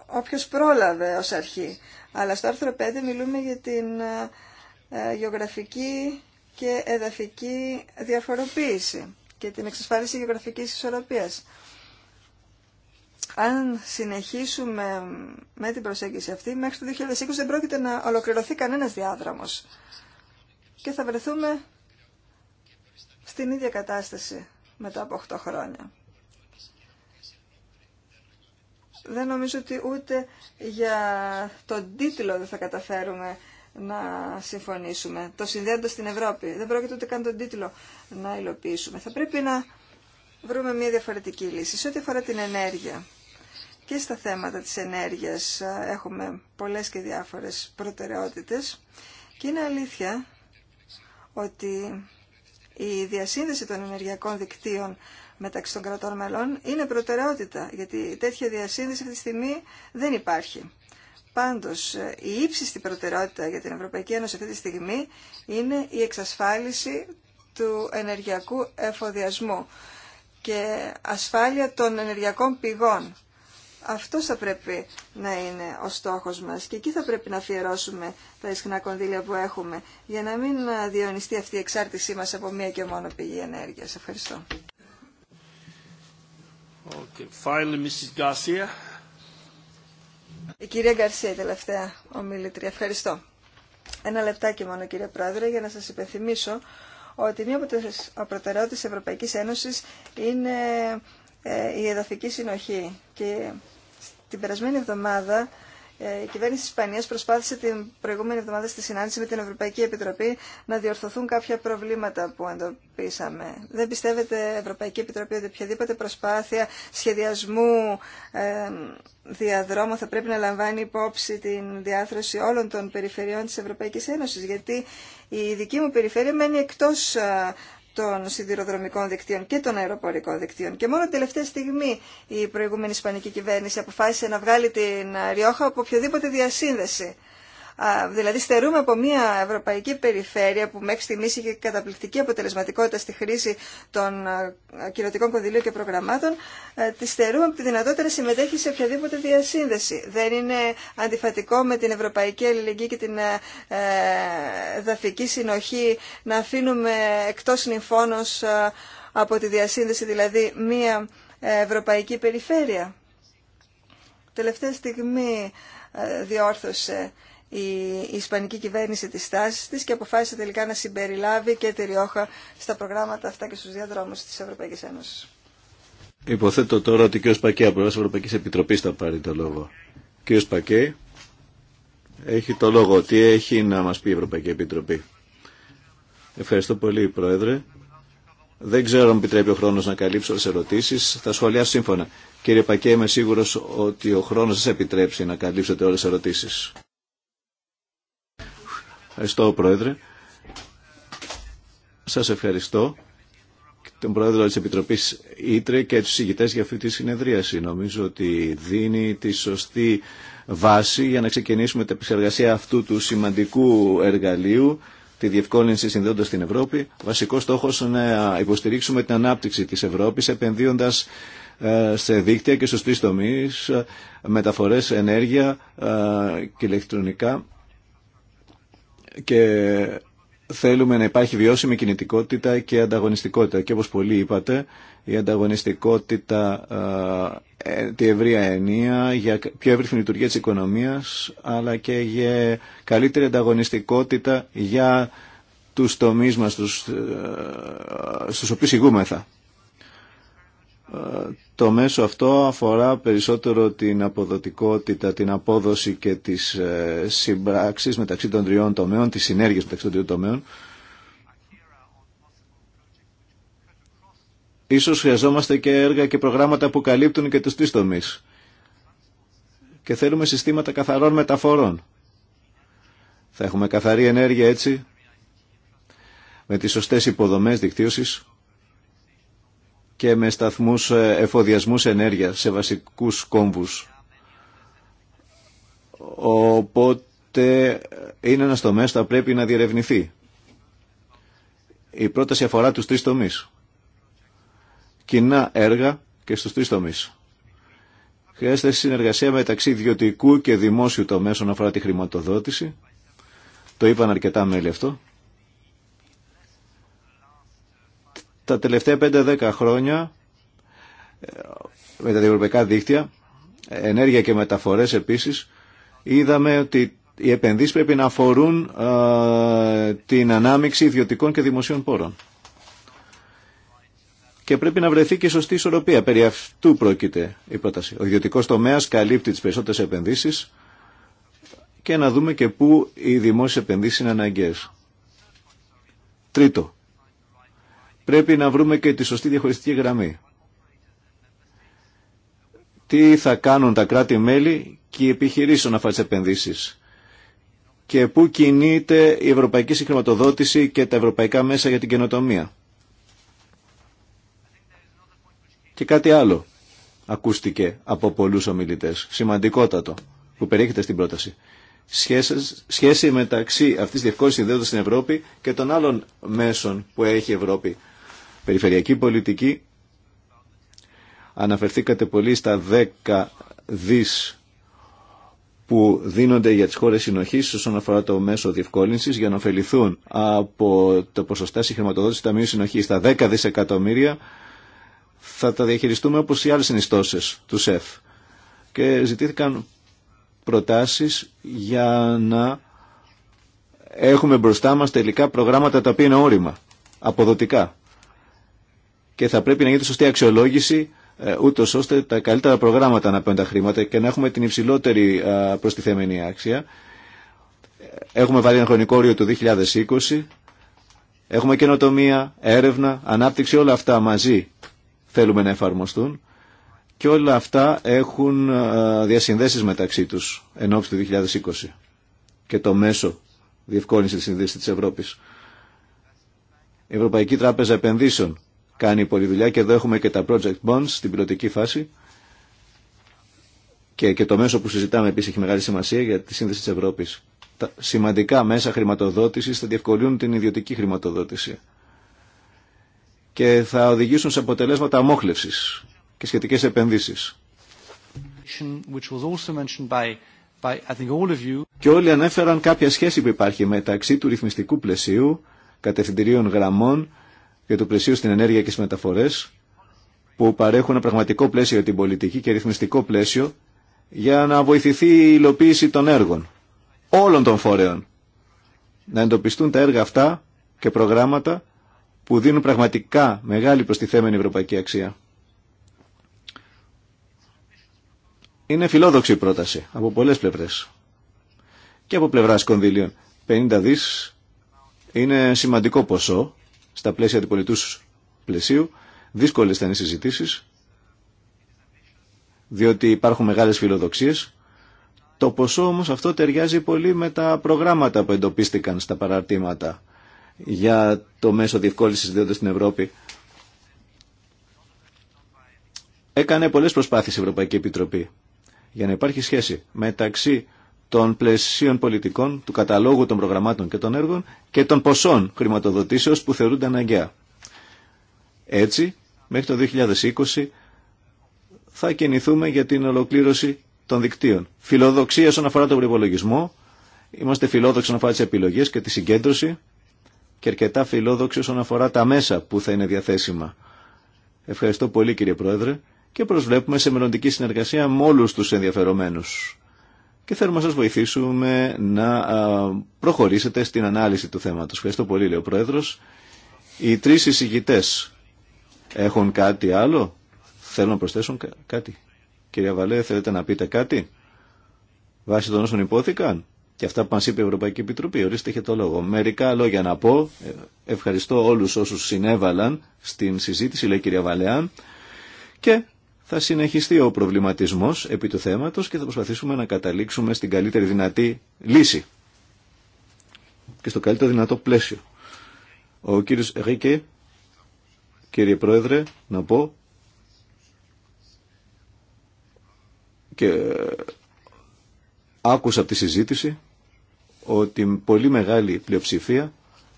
όποιος πρόλαβε ως αρχή. Αλλά στο άρθρο 5 μιλούμε για την ε, γεωγραφική και εδαφική διαφοροποίηση και την εξασφάλιση γεωγραφικής ισορροπίας. Αν συνεχίσουμε με την προσέγγιση αυτή, μέχρι το 2020 δεν πρόκειται να ολοκληρωθεί κανένας διάδραμος και θα βρεθούμε στην ίδια κατάσταση μετά από 8 χρόνια. Δεν νομίζω ότι ούτε για τον τίτλο δεν θα καταφέρουμε να συμφωνήσουμε. Το συνδέοντα στην Ευρώπη. Δεν πρόκειται ούτε καν τον τίτλο να υλοποιήσουμε. Θα πρέπει να βρούμε μια διαφορετική λύση. Σε ό,τι αφορά την ενέργεια. Και στα θέματα της ενέργειας έχουμε πολλές και διάφορες προτεραιότητες. Και είναι αλήθεια ότι η διασύνδεση των ενεργειακών δικτύων μεταξύ των κρατών μελών είναι προτεραιότητα, γιατί τέτοια διασύνδεση αυτή τη στιγμή δεν υπάρχει. Πάντως, η ύψιστη προτεραιότητα για την Ευρωπαϊκή Ένωση αυτή τη στιγμή είναι η εξασφάλιση του ενεργειακού εφοδιασμού και ασφάλεια των ενεργειακών πηγών. Αυτό θα πρέπει να είναι ο στόχος μας και εκεί θα πρέπει να αφιερώσουμε τα ισχυρά κονδύλια που έχουμε για να μην διονυστεί αυτή η εξάρτησή μας από μία και μόνο πηγή ενέργειας. Ευχαριστώ. Η κυρία Γκαρσία, η τελευταία ομιλήτρια. Ευχαριστώ. Ένα λεπτάκι μόνο, κύριε Πρόεδρε, για να σα υπενθυμίσω ότι μία από τι προτεραιότητε τη Ευρωπαϊκή Ένωση είναι ε, η εδαφική συνοχή. Και την περασμένη εβδομάδα ε, η κυβέρνηση της Ισπανίας προσπάθησε την προηγούμενη εβδομάδα στη συνάντηση με την Ευρωπαϊκή Επιτροπή να διορθωθούν κάποια προβλήματα που εντοπίσαμε. Δεν πιστεύετε, Ευρωπαϊκή Επιτροπή, ότι οποιαδήποτε προσπάθεια σχεδιασμού ε, διαδρόμου θα πρέπει να λαμβάνει υπόψη την διάθρωση όλων των περιφερειών της Ευρωπαϊκής Ένωσης, γιατί η δική μου περιφέρεια μένει εκτός ε, των σιδηροδρομικών δικτύων και των αεροπορικών δικτύων. Και μόνο τελευταία στιγμή η προηγούμενη Ισπανική κυβέρνηση αποφάσισε να βγάλει την Ριόχα από οποιοδήποτε διασύνδεση δηλαδή στερούμε από μια ευρωπαϊκή περιφέρεια που μέχρι στιγμής είχε καταπληκτική αποτελεσματικότητα στη χρήση των κυρωτικών κονδυλίων και προγραμμάτων, ε, τη στερούμε από τη δυνατότητα να συμμετέχει σε οποιαδήποτε διασύνδεση. Δεν είναι αντιφατικό με την ευρωπαϊκή αλληλεγγύη και την ε, ε, δαφική συνοχή να αφήνουμε εκτός νυμφώνος από τη διασύνδεση, δηλαδή μια ευρωπαϊκή περιφέρεια. Τελευταία στιγμή διόρθωσε η Ισπανική κυβέρνηση τις τάσεις της και αποφάσισε τελικά να συμπεριλάβει και τη Ριόχα στα προγράμματα αυτά και στους διαδρόμους της Ευρωπαϊκής Ένωσης. Υποθέτω τώρα ότι ο κ. Πακέ από την Ευρωπαϊκή Επιτροπή θα πάρει το λόγο. Κύριο Πακέ, έχει το λόγο. Τι έχει να μας πει η Ευρωπαϊκή Επιτροπή. Ευχαριστώ πολύ, Πρόεδρε. Δεν ξέρω αν επιτρέπει ο χρόνο να καλύψω τι ερωτήσει. Θα σχολιάσω σύμφωνα. Κύριε Πακέ, είμαι σίγουρο ότι ο χρόνο σα επιτρέψει να καλύψετε όλε τι ερωτήσει. Ευχαριστώ, Πρόεδρε. Σας ευχαριστώ τον Πρόεδρο της Επιτροπής Ήτρε και τους ηγητές για αυτή τη συνεδρίαση. Νομίζω ότι δίνει τη σωστή βάση για να ξεκινήσουμε την επεξεργασία αυτού του σημαντικού εργαλείου τη διευκόλυνση συνδέοντα την Ευρώπη. Βασικό στόχο να υποστηρίξουμε την ανάπτυξη τη Ευρώπη επενδύοντα ε, σε δίκτυα και σωστή τομεί, ε, μεταφορέ, ενέργεια ε, και ηλεκτρονικά και θέλουμε να υπάρχει βιώσιμη κινητικότητα και ανταγωνιστικότητα. Και όπως πολύ είπατε, η ανταγωνιστικότητα ε, τη ευρεία ενία για πιο εύρυθμη λειτουργία της οικονομίας, αλλά και για καλύτερη ανταγωνιστικότητα για τους τομείς μας, τους, ε, στους οποίους ηγούμεθα το μέσο αυτό αφορά περισσότερο την αποδοτικότητα, την απόδοση και τις ε, συμπράξεις μεταξύ των τριών τομέων, τις συνέργειες μεταξύ των τριών τομέων. Ίσως χρειαζόμαστε και έργα και προγράμματα που καλύπτουν και τους τρεις τομείς. Και θέλουμε συστήματα καθαρών μεταφορών. Θα έχουμε καθαρή ενέργεια έτσι, με τις σωστές υποδομές δικτύωσης και με σταθμούς ε, εφοδιασμούς ενέργεια σε βασικούς κόμβους. Οπότε ε, είναι ένας τομέας που πρέπει να διερευνηθεί. Η πρόταση αφορά τους τρεις τομείς. Κοινά έργα και στους τρεις τομείς. Χρειάζεται συνεργασία μεταξύ ιδιωτικού και δημόσιου τομέα όσον αφορά τη χρηματοδότηση. Το είπαν αρκετά μέλη αυτό. τα τελευταία 5-10 χρόνια με τα διευρωπαϊκά δίκτυα, ενέργεια και μεταφορές επίσης, είδαμε ότι οι επενδύσεις πρέπει να αφορούν την ανάμειξη ιδιωτικών και δημοσίων πόρων. Και πρέπει να βρεθεί και σωστή ισορροπία. Περί αυτού πρόκειται η πρόταση. Ο ιδιωτικό τομέα καλύπτει τι περισσότερε επενδύσει και να δούμε και πού οι δημόσιε επενδύσει είναι αναγκαίε. Τρίτο, πρέπει να βρούμε και τη σωστή διαχωριστική γραμμή. Τι θα κάνουν τα κράτη-μέλη και οι επιχειρήσεις να φάει επενδύσεις και πού κινείται η ευρωπαϊκή συγχρηματοδότηση και τα ευρωπαϊκά μέσα για την καινοτομία. Και κάτι άλλο ακούστηκε από πολλούς ομιλητές, σημαντικότατο, που περιέχεται στην πρόταση. Σχέσεις, σχέση μεταξύ αυτής της διευκόλυνσης συνδέοντας στην Ευρώπη και των άλλων μέσων που έχει η Ευρώπη Περιφερειακή πολιτική. Αναφερθήκατε πολύ στα 10 δις που δίνονται για τις χώρες συνοχής όσον αφορά το μέσο διευκόλυνσης για να ωφεληθούν από το ποσοστά συγχρηματοδότηση του Ταμείου Συνοχής. Τα 10 δισεκατομμύρια θα τα διαχειριστούμε όπως οι άλλες συνιστώσεις του ΣΕΦ. Και ζητήθηκαν προτάσεις για να έχουμε μπροστά μας τελικά προγράμματα τα οποία είναι όριμα, αποδοτικά και θα πρέπει να γίνεται σωστή αξιολόγηση ε, ούτω ώστε τα καλύτερα προγράμματα να παίρνουν τα χρήματα και να έχουμε την υψηλότερη ε, προστιθέμενη άξια. Έχουμε βάλει ένα χρονικό όριο του 2020. Έχουμε καινοτομία, έρευνα, ανάπτυξη, όλα αυτά μαζί θέλουμε να εφαρμοστούν και όλα αυτά έχουν ε, διασυνδέσεις μεταξύ τους εν ώψη του 2020 και το μέσο διευκόλυνση της συνδέσης της Ευρώπης. Η Ευρωπαϊκή Τράπεζα Επενδύσεων κάνει πολλή δουλειά και εδώ έχουμε και τα project bonds στην πιλωτική φάση και, και το μέσο που συζητάμε επίσης έχει μεγάλη σημασία για τη σύνδεση της Ευρώπης. Τα σημαντικά μέσα χρηματοδότησης θα διευκολύνουν την ιδιωτική χρηματοδότηση και θα οδηγήσουν σε αποτελέσματα αμόχλευσης και σχετικές επενδύσεις. Και όλοι ανέφεραν κάποια σχέση που υπάρχει μεταξύ του ρυθμιστικού πλαισίου, κατευθυντηρίων γραμμών και του πλαισίου στην ενέργεια και στις μεταφορές που παρέχουν ένα πραγματικό πλαίσιο για την πολιτική και ρυθμιστικό πλαίσιο για να βοηθηθεί η υλοποίηση των έργων όλων των φορέων. Να εντοπιστούν τα έργα αυτά και προγράμματα που δίνουν πραγματικά μεγάλη προστιθέμενη ευρωπαϊκή αξία. Είναι φιλόδοξη η πρόταση από πολλές πλευρές και από πλευρά κονδυλίων. 50 δις είναι σημαντικό ποσό στα πλαίσια του πολιτού πλαισίου. Δύσκολε είναι οι συζητήσει, διότι υπάρχουν μεγάλε φιλοδοξίε. Το ποσό όμω αυτό ταιριάζει πολύ με τα προγράμματα που εντοπίστηκαν στα παραρτήματα για το μέσο διευκόλυνση ιδιότητα στην Ευρώπη. Έκανε πολλές προσπάθειες η Ευρωπαϊκή Επιτροπή για να υπάρχει σχέση μεταξύ των πλαισίων πολιτικών, του καταλόγου των προγραμμάτων και των έργων και των ποσών χρηματοδοτήσεως που θεωρούνται αναγκαία. Έτσι, μέχρι το 2020 θα κινηθούμε για την ολοκλήρωση των δικτύων. Φιλοδοξία όσον αφορά τον προπολογισμό, είμαστε φιλόδοξοι όσον αφορά τι επιλογέ και τη συγκέντρωση και αρκετά φιλόδοξοι όσον αφορά τα μέσα που θα είναι διαθέσιμα. Ευχαριστώ πολύ κύριε Πρόεδρε και προσβλέπουμε σε μελλοντική συνεργασία με όλου του ενδιαφερομένους και θέλουμε να σας βοηθήσουμε να προχωρήσετε στην ανάλυση του θέματος. Ευχαριστώ πολύ, λέει ο Πρόεδρος. Οι τρεις εισηγητές έχουν κάτι άλλο, θέλουν να προσθέσουν κάτι. Κυρία Βαλέ, θέλετε να πείτε κάτι βάσει των όσων υπόθηκαν και αυτά που μας είπε η Ευρωπαϊκή Επιτροπή. Ορίστε, είχε το λόγο. Μερικά λόγια να πω. Ε, ευχαριστώ όλους όσους συνέβαλαν στην συζήτηση, λέει η κυρία Βαλεάν. Και θα συνεχιστεί ο προβληματισμός επί του θέματος και θα προσπαθήσουμε να καταλήξουμε στην καλύτερη δυνατή λύση και στο καλύτερο δυνατό πλαίσιο. Ο κύριος Ρίκε, κύριε Πρόεδρε, να πω και ε, άκουσα από τη συζήτηση ότι πολύ μεγάλη πλειοψηφία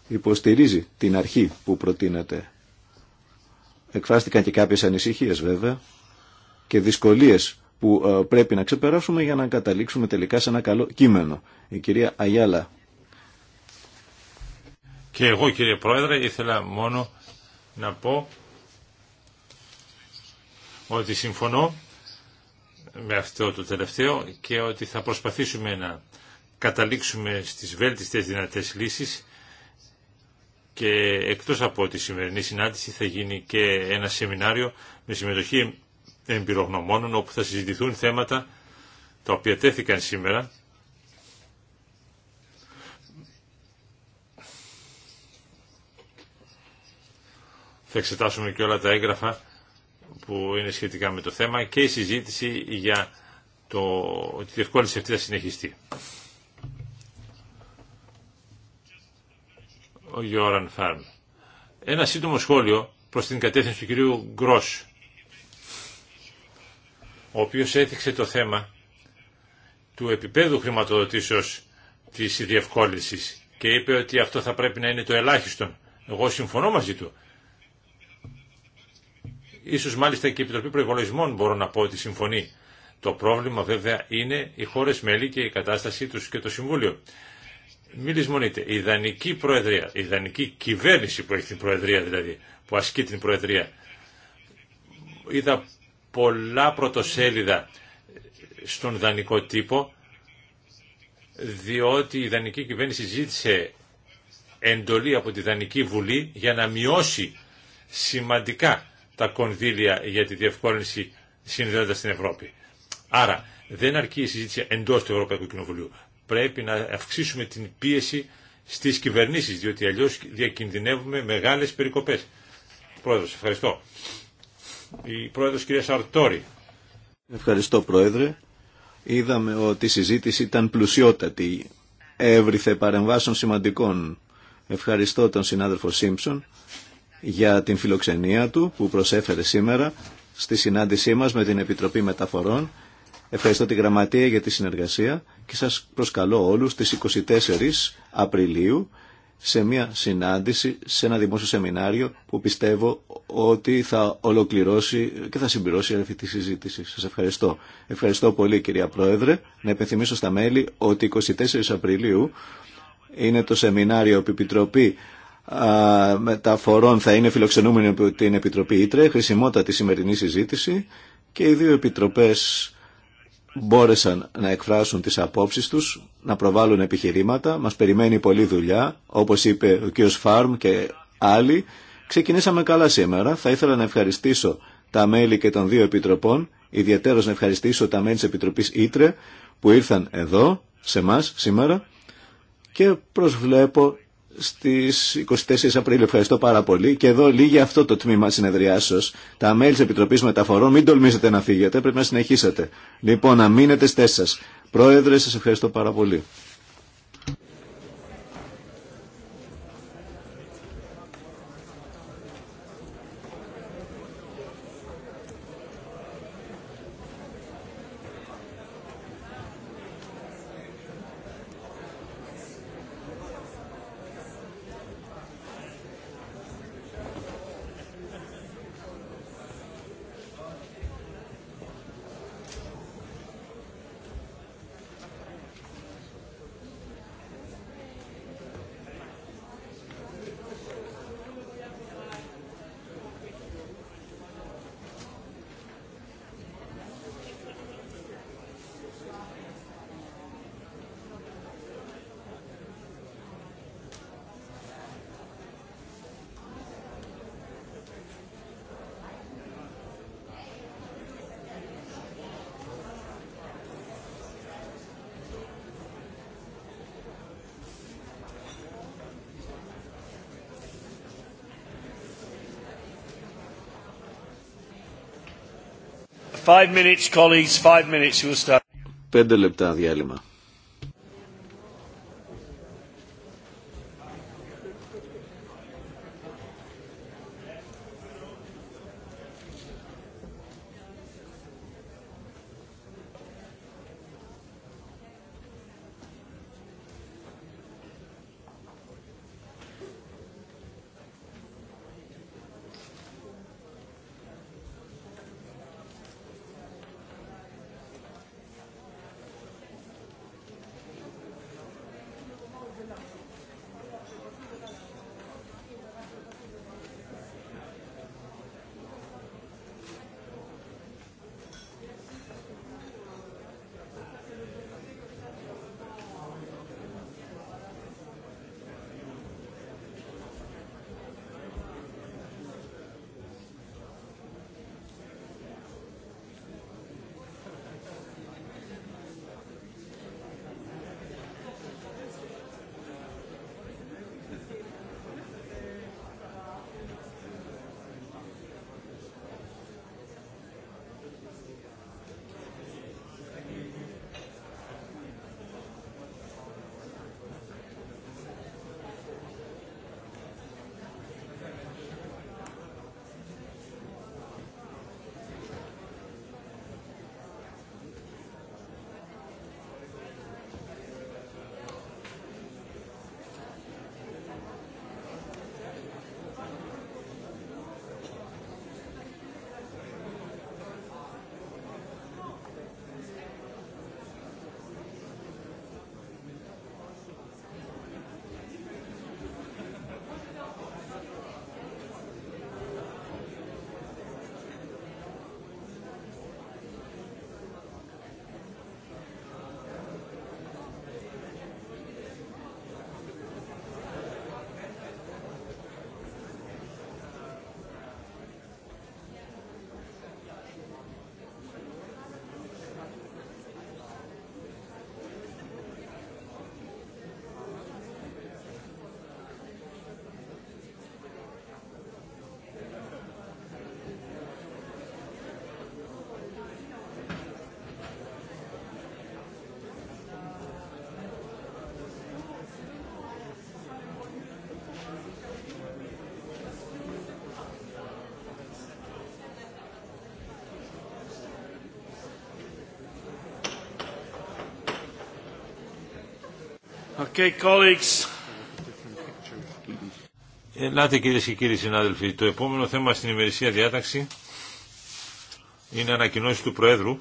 υποστηρίζει την αρχή που προτείνεται. Εκφράστηκαν και κάποιες ανησυχίες βέβαια και δυσκολίες που ε, πρέπει να ξεπεράσουμε για να καταλήξουμε τελικά σε ένα καλό κείμενο. Η κυρία Αγιάλα. Και εγώ κύριε Πρόεδρε ήθελα μόνο να πω ότι συμφωνώ με αυτό το τελευταίο και ότι θα προσπαθήσουμε να καταλήξουμε στις βέλτιστες δυνατές λύσεις και εκτός από τη σημερινή συνάντηση θα γίνει και ένα σεμινάριο με συμμετοχή εμπειρογνωμόνων όπου θα συζητηθούν θέματα τα οποία τέθηκαν σήμερα θα εξετάσουμε και όλα τα έγγραφα που είναι σχετικά με το θέμα και η συζήτηση για το, ότι διευκόλυνση αυτή θα συνεχιστεί. Ο Γιώραν Φάρμ. Ένα σύντομο σχόλιο προς την κατεύθυνση του κυρίου Γκρός ο οποίος έθιξε το θέμα του επίπεδου χρηματοδοτήσεως της διευκόλυνσης και είπε ότι αυτό θα πρέπει να είναι το ελάχιστον. Εγώ συμφωνώ μαζί του. Ίσως μάλιστα και η Επιτροπή Προϋπολογισμών μπορώ να πω ότι συμφωνεί. Το πρόβλημα βέβαια είναι οι χώρες μέλη και η κατάστασή τους και το Συμβούλιο. Μην λησμονείτε, η ιδανική προεδρία, η ιδανική κυβέρνηση που έχει την προεδρία δηλαδή, που ασκεί την προεδρία, πολλά πρωτοσέλιδα στον δανεικό τύπο, διότι η δανεική κυβέρνηση ζήτησε εντολή από τη δανεική Βουλή για να μειώσει σημαντικά τα κονδύλια για τη διευκόλυνση συνδέοντα στην Ευρώπη. Άρα δεν αρκεί η συζήτηση εντό του Ευρωπαϊκού Κοινοβουλίου. Πρέπει να αυξήσουμε την πίεση στι κυβερνήσει, διότι αλλιώ διακινδυνεύουμε μεγάλε περικοπέ. Πρόεδρο, ευχαριστώ. Η πρόεδρος κυρία Σαρτόρη. Ευχαριστώ πρόεδρε. Είδαμε ότι η συζήτηση ήταν πλουσιότατη. Έβριθε παρεμβάσεων σημαντικών. Ευχαριστώ τον συνάδελφο Σίμψον για την φιλοξενία του που προσέφερε σήμερα στη συνάντησή μας με την Επιτροπή Μεταφορών. Ευχαριστώ τη Γραμματεία για τη συνεργασία και σας προσκαλώ όλους στις 24 Απριλίου σε μια συνάντηση, σε ένα δημόσιο σεμινάριο που πιστεύω ότι θα ολοκληρώσει και θα συμπληρώσει αυτή τη συζήτηση. Σας ευχαριστώ. Ευχαριστώ πολύ κυρία Πρόεδρε. Να υπενθυμίσω στα μέλη ότι 24 Απριλίου είναι το σεμινάριο που η Επιτροπή Μεταφορών θα είναι φιλοξενούμενη από την Επιτροπή Ήτρε. Χρησιμότατη σημερινή συζήτηση και οι δύο επιτροπές μπόρεσαν να εκφράσουν τις απόψεις τους, να προβάλλουν επιχειρήματα. Μας περιμένει πολλή δουλειά, όπως είπε ο κ. Φάρμ και άλλοι. Ξεκινήσαμε καλά σήμερα. Θα ήθελα να ευχαριστήσω τα μέλη και των δύο επιτροπών, ιδιαίτερα να ευχαριστήσω τα μέλη της Επιτροπής Ήτρε που ήρθαν εδώ, σε εμά σήμερα και προσβλέπω στις 24 Απριλίου. Ευχαριστώ πάρα πολύ. Και εδώ λίγη αυτό το τμήμα συνεδριάσεως. Τα μέλη της Επιτροπής Μεταφορών, μην τολμήσετε να φύγετε, πρέπει να συνεχίσετε. Λοιπόν, να μείνετε στι. Πρόεδρε, σας ευχαριστώ πάρα πολύ. Five minutes, colleagues, five minutes. We'll start. Πέντε λεπτά διάλειμμα. Okay, Ελάτε κυρίε και κύριοι συνάδελφοι. Το επόμενο θέμα στην ημερησία διάταξη είναι ανακοινώσει του Προέδρου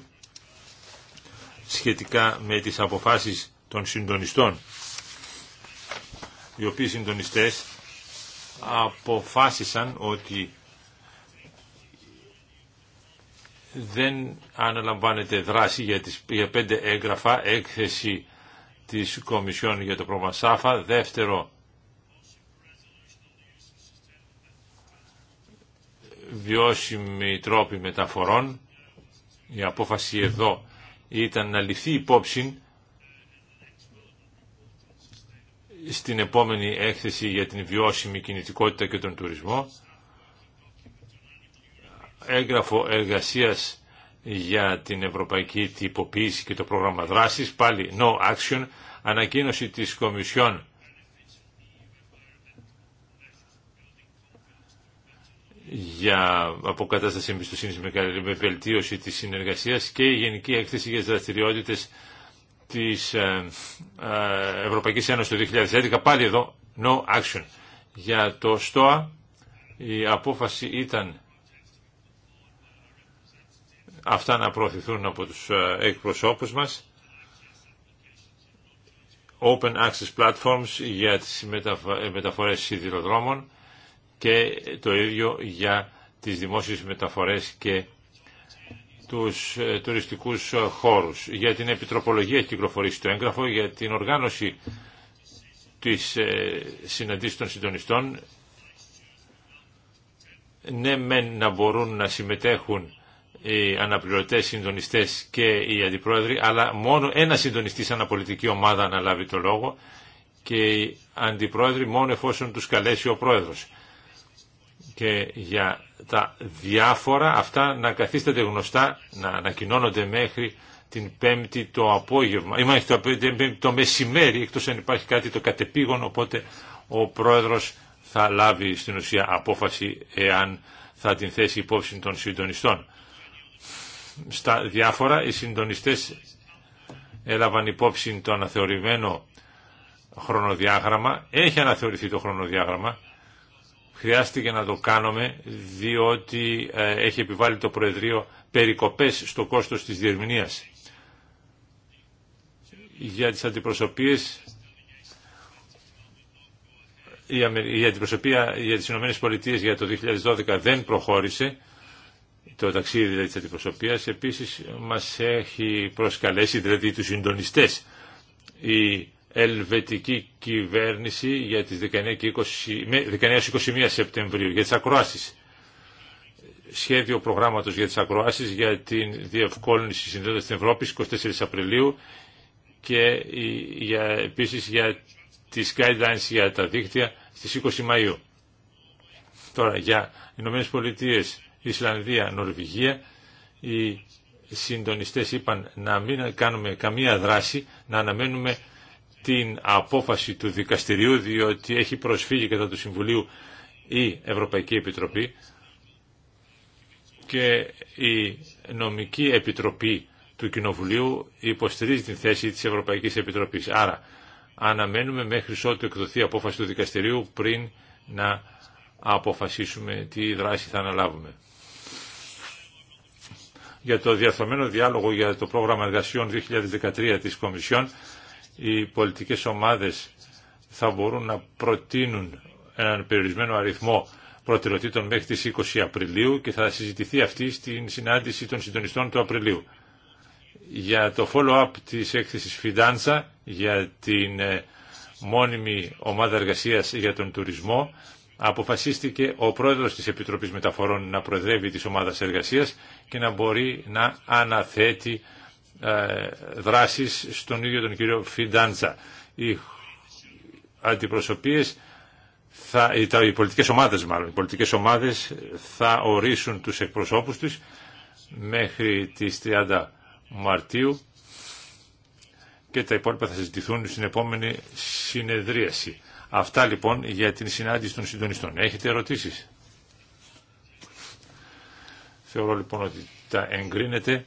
σχετικά με τις αποφάσεις των συντονιστών οι οποίοι συντονιστές αποφάσισαν ότι δεν αναλαμβάνεται δράση για, τις, για πέντε έγγραφα έκθεση της Κομισιόν για το Προμασάφα, ΣΑΦΑ. Δεύτερο, βιώσιμοι τρόποι μεταφορών. Η απόφαση εδώ ήταν να ληφθεί υπόψη στην επόμενη έκθεση για την βιώσιμη κινητικότητα και τον τουρισμό. Έγγραφο εργασίας για την ευρωπαϊκή τυποποίηση και το πρόγραμμα δράσης, πάλι no action, ανακοίνωση της Κομισιόν για αποκατάσταση εμπιστοσύνη με βελτίωση της συνεργασίας και η Γενική Έκθεση για τις δραστηριότητες της ε, ε, Ευρωπαϊκής Ένωσης το 2011, πάλι εδώ, no action. Για το ΣΤΟΑ η απόφαση ήταν αυτά να προωθηθούν από τους ε, εκπροσώπους μας. Open Access Platforms για τις ε, μεταφορές σιδηροδρόμων και το ίδιο για τις δημόσιες μεταφορές και τους ε, τουριστικούς χώρους. Για την επιτροπολογία έχει κυκλοφορήσει το έγγραφο, για την οργάνωση της συναντήσεων των συντονιστών. Ναι, μεν να μπορούν να συμμετέχουν οι αναπληρωτές συντονιστές και οι αντιπρόεδροι, αλλά μόνο ένα συντονιστής αναπολιτική ομάδα να λάβει το λόγο και οι αντιπρόεδροι μόνο εφόσον τους καλέσει ο πρόεδρος. Και για τα διάφορα αυτά να καθίσταται γνωστά, να ανακοινώνονται μέχρι την πέμπτη το απόγευμα, ή μάλιστα το μεσημέρι, εκτός αν υπάρχει κάτι το κατεπήγον, οπότε ο πρόεδρος θα λάβει στην ουσία απόφαση εάν θα την θέσει υπόψη των συντονιστών. Στα διάφορα, οι συντονιστές έλαβαν υπόψη το αναθεωρημένο χρονοδιάγραμμα. Έχει αναθεωρηθεί το χρονοδιάγραμμα. Χρειάστηκε να το κάνουμε διότι ε, έχει επιβάλει το Προεδρείο περικοπές στο κόστος της διερμηνίας. Για τις αντιπροσωπείες η αντιπροσωπεία για τις ΗΠΑ για το 2012 δεν προχώρησε το ταξίδι δηλαδή, της αντιπροσωπείας επίσης μας έχει προσκαλέσει, δηλαδή τους συντονιστές. Η ελβετική κυβέρνηση για τις 19 21 Σεπτεμβρίου για τις ακροάσεις. Σχέδιο προγράμματος για τις ακροάσεις για την διευκόλυνση συνδέοντας στην Ευρώπη 24 Απριλίου και για, επίσης για τις guidelines για τα δίκτυα στις 20 Μαΐου. Τώρα για Ηνωμένες Πολιτείες Ισλανδία, Νορβηγία. Οι συντονιστές είπαν να μην κάνουμε καμία δράση, να αναμένουμε την απόφαση του δικαστηριού, διότι έχει προσφύγει κατά του Συμβουλίου η Ευρωπαϊκή Επιτροπή και η νομική επιτροπή του Κοινοβουλίου υποστηρίζει την θέση της Ευρωπαϊκής Επιτροπής. Άρα αναμένουμε μέχρι ότου εκδοθεί απόφαση του δικαστηρίου πριν να αποφασίσουμε τι δράση θα αναλάβουμε για το διαρθωμένο διάλογο για το πρόγραμμα εργασιών 2013 της Κομισιόν οι πολιτικές ομάδες θα μπορούν να προτείνουν έναν περιορισμένο αριθμό προτεραιοτήτων μέχρι τις 20 Απριλίου και θα συζητηθεί αυτή στην συνάντηση των συντονιστών του Απριλίου. Για το follow-up της έκθεσης Φιντάντσα για την ε, μόνιμη ομάδα εργασίας για τον τουρισμό αποφασίστηκε ο πρόεδρος της Επιτροπής Μεταφορών να προεδρεύει της ομάδας εργασίας και να μπορεί να αναθέτει ε, δράσεις στον ίδιο τον κύριο Φιντάντζα. Οι αντιπροσωπείες, θα, οι πολιτικές ομάδες μάλλον, οι πολιτικές ομάδες θα ορίσουν τους εκπροσώπους τους μέχρι τις 30 Μαρτίου και τα υπόλοιπα θα συζητηθούν στην επόμενη συνεδρίαση. Αυτά λοιπόν για την συνάντηση των συντονιστών. Έχετε ερωτήσεις. Θεωρώ λοιπόν ότι τα εγκρίνεται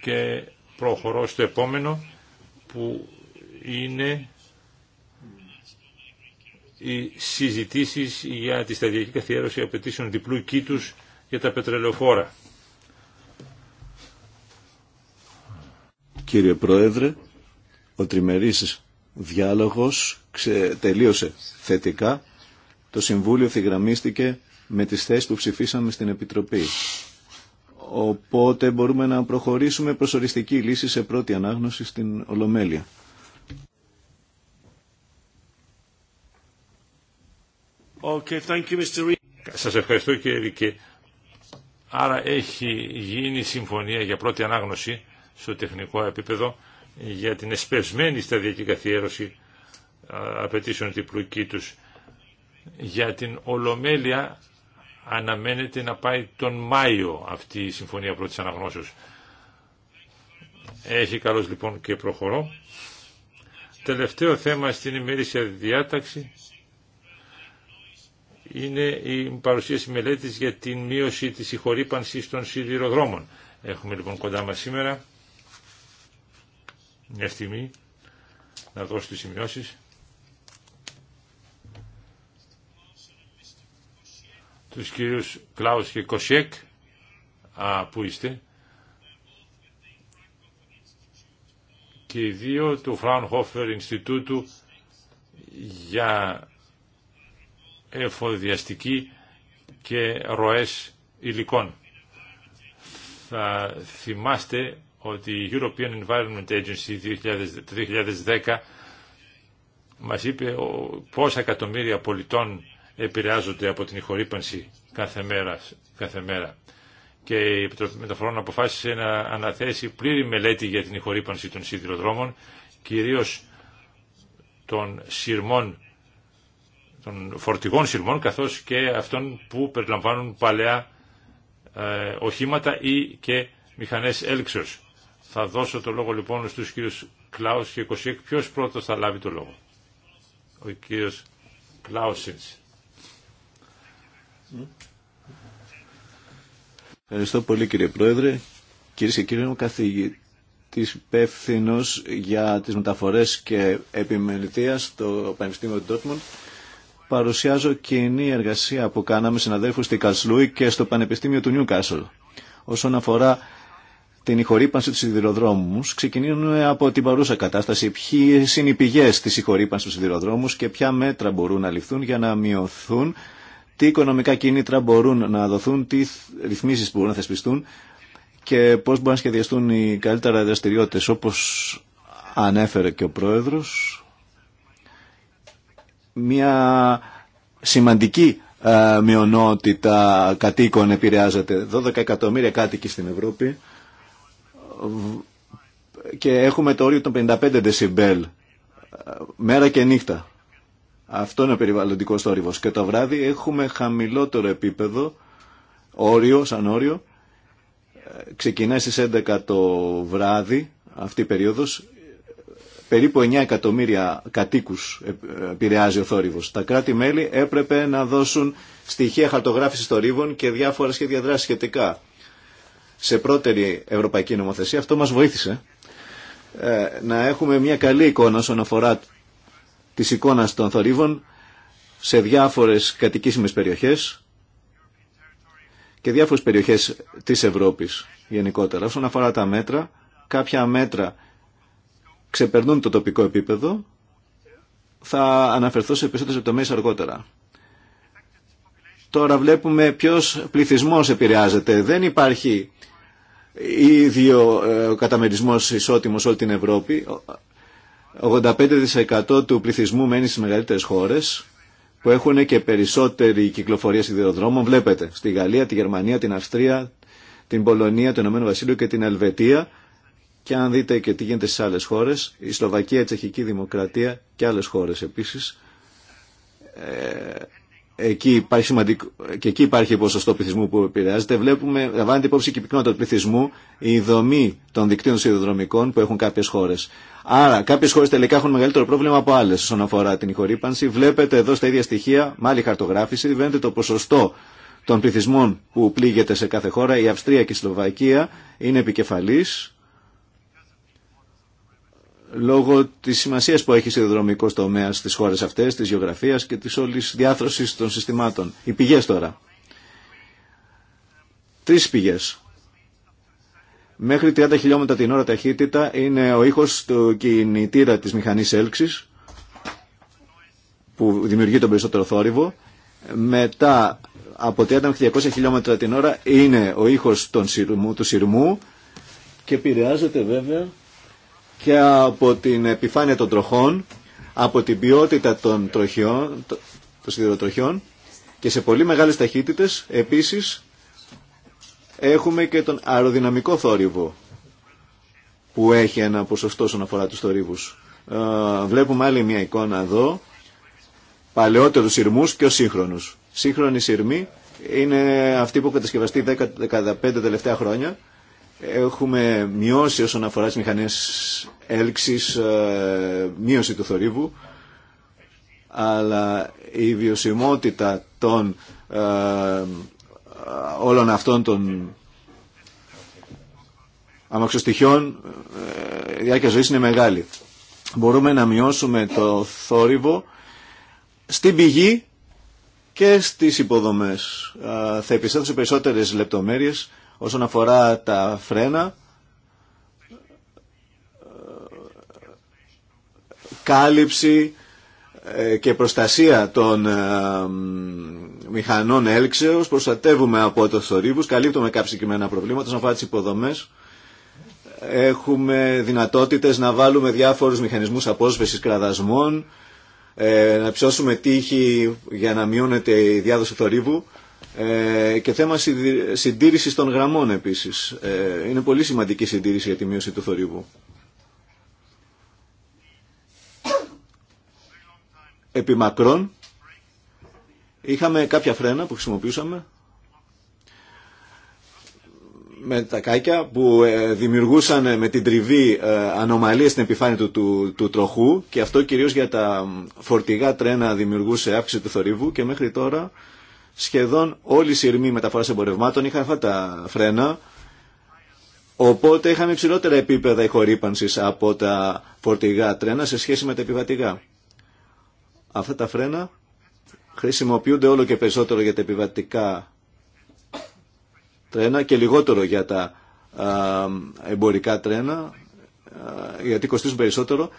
και προχωρώ στο επόμενο που είναι οι συζητήσεις για τη σταδιακή καθιέρωση απαιτήσεων διπλού κήτους για τα πετρελαιοφόρα. Κύριε Πρόεδρε, ο τριμερής διάλογος τελείωσε θετικά. Το Συμβούλιο θυγραμμίστηκε με τις θέσεις που ψηφίσαμε στην Επιτροπή. Οπότε μπορούμε να προχωρήσουμε προς οριστική λύση σε πρώτη ανάγνωση στην Ολομέλεια. Okay, thank you, Mr. Σας ευχαριστώ κύριε Ρίκε. Άρα έχει γίνει συμφωνία για πρώτη ανάγνωση στο τεχνικό επίπεδο για την εσπευσμένη σταδιακή καθιέρωση απαιτήσεων διπλού κήτους για την Ολομέλεια αναμένεται να πάει τον Μάιο αυτή η συμφωνία πρώτης αναγνώσεως. Έχει καλώς λοιπόν και προχωρώ. Τελευταίο θέμα στην ημερήσια διάταξη είναι η παρουσίαση μελέτης για την μείωση της συγχωρήπανση των σιδηροδρόμων. Έχουμε λοιπόν κοντά μας σήμερα μια στιγμή να δώσω τις σημειώσεις. τους κυρίους Κλάους και Κοσιέκ, που είστε, και οι δύο του Fraunhofer Ινστιτούτου για εφοδιαστική και ροές υλικών. Θα θυμάστε ότι η European Environment Agency το 2010 μας είπε πόσα εκατομμύρια πολιτών επηρεάζονται από την ηχορύπανση κάθε μέρα, Και η Επιτροπή Μεταφορών αποφάσισε να αναθέσει πλήρη μελέτη για την ηχορύπανση των σιδηροδρόμων, κυρίως των σειρμών, των φορτηγών σειρμών, καθώς και αυτών που περιλαμβάνουν παλαιά ε, οχήματα ή και μηχανές Έλξεω. Θα δώσω το λόγο λοιπόν στους κύριους Κλάους και 26. Ποιος πρώτος θα λάβει το λόγο. Ο κύριος Κλάουσενς. Ευχαριστώ πολύ κύριε Πρόεδρε. Κυρίε και κύριοι, είμαι καθηγητή υπεύθυνο για τι μεταφορέ και επιμελητία στο Πανεπιστήμιο Ντότμοντ. Παρουσιάζω κοινή εργασία που κάναμε συναδέλφου στη Καλσλούη και στο Πανεπιστήμιο του Νιούκασλ. Όσον αφορά την ηχορύπανση του σιδηροδρόμου, ξεκινούμε από την παρούσα κατάσταση. Ποιε είναι οι πηγέ τη ηχορύπανση του σιδηροδρόμου και ποια μέτρα μπορούν να ληφθούν για να μειωθούν τι οικονομικά κίνητρα μπορούν να δοθούν, τι ρυθμίσεις μπορούν να θεσπιστούν και πώς μπορούν να σχεδιαστούν οι καλύτερα δραστηριότητες όπως ανέφερε και ο Πρόεδρος. Μια σημαντική ε, μειονότητα κατοίκων επηρεάζεται. 12 εκατομμύρια κάτοικοι στην Ευρώπη και έχουμε το όριο των 55 δεσιμπέλ ε, μέρα και νύχτα. Αυτό είναι ο περιβαλλοντικό θόρυβο. Και το βράδυ έχουμε χαμηλότερο επίπεδο, όριο, σαν όριο. Ξεκινάει στι 11 το βράδυ αυτή η περίοδο. Περίπου 9 εκατομμύρια κατοίκου ε, επηρεάζει ο θόρυβο. Τα κράτη-μέλη έπρεπε να δώσουν στοιχεία χαρτογράφηση θορύβων και διάφορα σχέδια δράση σχετικά. Σε πρώτερη ευρωπαϊκή νομοθεσία αυτό μα βοήθησε ε, να έχουμε μια καλή εικόνα όσον αφορά της εικόνας των θορύβων σε διάφορες κατοικήσιμες περιοχές και διάφορες περιοχές της Ευρώπης γενικότερα. Όσον αφορά τα μέτρα, κάποια μέτρα ξεπερνούν το τοπικό επίπεδο, θα αναφερθώ σε περισσότερες λεπτομέρειες αργότερα. Τώρα βλέπουμε ποιος πληθυσμός επηρεάζεται. Δεν υπάρχει ίδιο ε, καταμερισμός ισότιμος όλη την Ευρώπη. 85% του πληθυσμού μένει στις μεγαλύτερες χώρες που έχουν και περισσότερη κυκλοφορία σιδηροδρόμων. Βλέπετε, στη Γαλλία, τη Γερμανία, την Αυστρία, την Πολωνία, το Ηνωμένο Βασίλειο και την Ελβετία. Και αν δείτε και τι γίνεται στις άλλες χώρες, η Σλοβακία, η Τσεχική Δημοκρατία και άλλες χώρες επίσης. Ε, εκεί υπάρχει σημαντικό, και εκεί υπάρχει ποσοστό πληθυσμού που επηρεάζεται. Βλέπουμε, λαμβάνεται υπόψη και η πυκνότητα του πληθυσμού, η δομή των δικτύων σιδηροδρομικών που έχουν κάποιες χώρες. Άρα, κάποιε χώρε τελικά έχουν μεγαλύτερο πρόβλημα από άλλε όσον αφορά την ηχορύπανση. Βλέπετε εδώ στα ίδια στοιχεία, με άλλη χαρτογράφηση, βλέπετε το ποσοστό των πληθυσμών που πλήγεται σε κάθε χώρα. Η Αυστρία και η Σλοβακία είναι επικεφαλής λόγω τη σημασία που έχει σιδηροδρομικό τομέα στι χώρε αυτέ, τη γεωγραφία και τη όλη διάθρωση των συστημάτων. Οι πηγέ τώρα. Τρει πηγέ Μέχρι 30 χιλιόμετρα την ώρα ταχύτητα είναι ο ήχος του κινητήρα της μηχανής έλξης που δημιουργεί τον περισσότερο θόρυβο. Μετά από 30 200 χιλιόμετρα την ώρα είναι ο ήχος του σειρμού και επηρεάζεται βέβαια και από την επιφάνεια των τροχών, από την ποιότητα των τροχιών, των σιδηροτροχιών και σε πολύ μεγάλες ταχύτητες επίσης Έχουμε και τον αεροδυναμικό θόρυβο που έχει ένα ποσοστό όσον αφορά τους θορύβους. Ε, βλέπουμε άλλη μια εικόνα εδώ, παλαιότερους σειρμούς και ο σύγχρονους. Σύγχρονοι σειρμοί είναι αυτοί που κατασκευαστει 10-15 τελευταία χρόνια. Έχουμε μειώσει όσον αφορά τις μηχανές έλξης, ε, μείωση του θορύβου, αλλά η βιωσιμότητα των ε, όλων αυτών των αμαξοστοιχειών ε, η διάρκεια ζωής είναι μεγάλη. Μπορούμε να μειώσουμε το θόρυβο στην πηγή και στις υποδομές. Ε, θα επιστρέψω σε περισσότερες λεπτομέρειες όσον αφορά τα φρένα. Ε, κάλυψη, ε, και προστασία των ε, μηχανών έλξεως, προστατεύουμε από το θορύβους, καλύπτουμε κάποια συγκεκριμένα προβλήματα, να αφορά τις Έχουμε δυνατότητες να βάλουμε διάφορους μηχανισμούς απόσβεσης κραδασμών, ε, να ψώσουμε τύχη για να μειώνεται η διάδοση θορύβου και θέμα συντήρησης των γραμμών επίσης. Είναι πολύ σημαντική συντήρηση για τη μείωση του θορύβου. μακρόν, είχαμε κάποια φρένα που χρησιμοποιούσαμε με τα κάκια που ε, δημιουργούσαν ε, με την τριβή ε, ανομαλίες στην επιφάνεια του, του, τροχού και αυτό κυρίως για τα φορτηγά τρένα δημιουργούσε αύξηση του θορύβου και μέχρι τώρα σχεδόν όλοι οι σειρμοί μεταφοράς εμπορευμάτων είχαν αυτά τα φρένα οπότε είχαμε υψηλότερα επίπεδα ηχορύπανσης από τα φορτηγά τρένα σε σχέση με τα επιβατηγά. Αυτά τα φρένα χρησιμοποιούνται όλο και περισσότερο για τα επιβατικά τρένα και λιγότερο για τα εμπορικά τρένα γιατί κοστίζουν περισσότερο.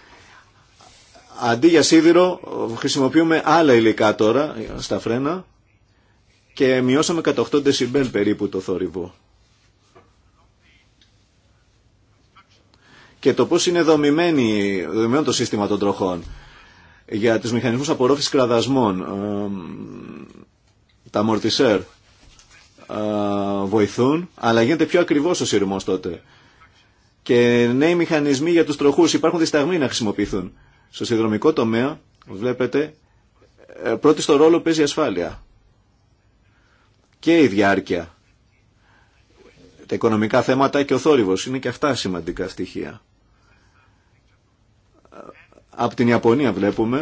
Αντί για σίδηρο χρησιμοποιούμε άλλα υλικά τώρα στα φρένα και μειώσαμε κατά 8 περίπου το θόρυβο. Και το πώς είναι δομημένο το σύστημα των τροχών για τους μηχανισμούς απορρόφησης κραδασμών. Ε, τα μορτισέρ ε, βοηθούν, αλλά γίνεται πιο ακριβώς ο σύρμος τότε. Και νέοι μηχανισμοί για τους τροχούς υπάρχουν δισταγμοί να χρησιμοποιηθούν. Στο συνδρομικό τομέα, βλέπετε, ε, πρώτη στο ρόλο παίζει η ασφάλεια. Και η διάρκεια. Τα οικονομικά θέματα και ο θόρυβος είναι και αυτά σημαντικά στοιχεία. Από την Ιαπωνία βλέπουμε,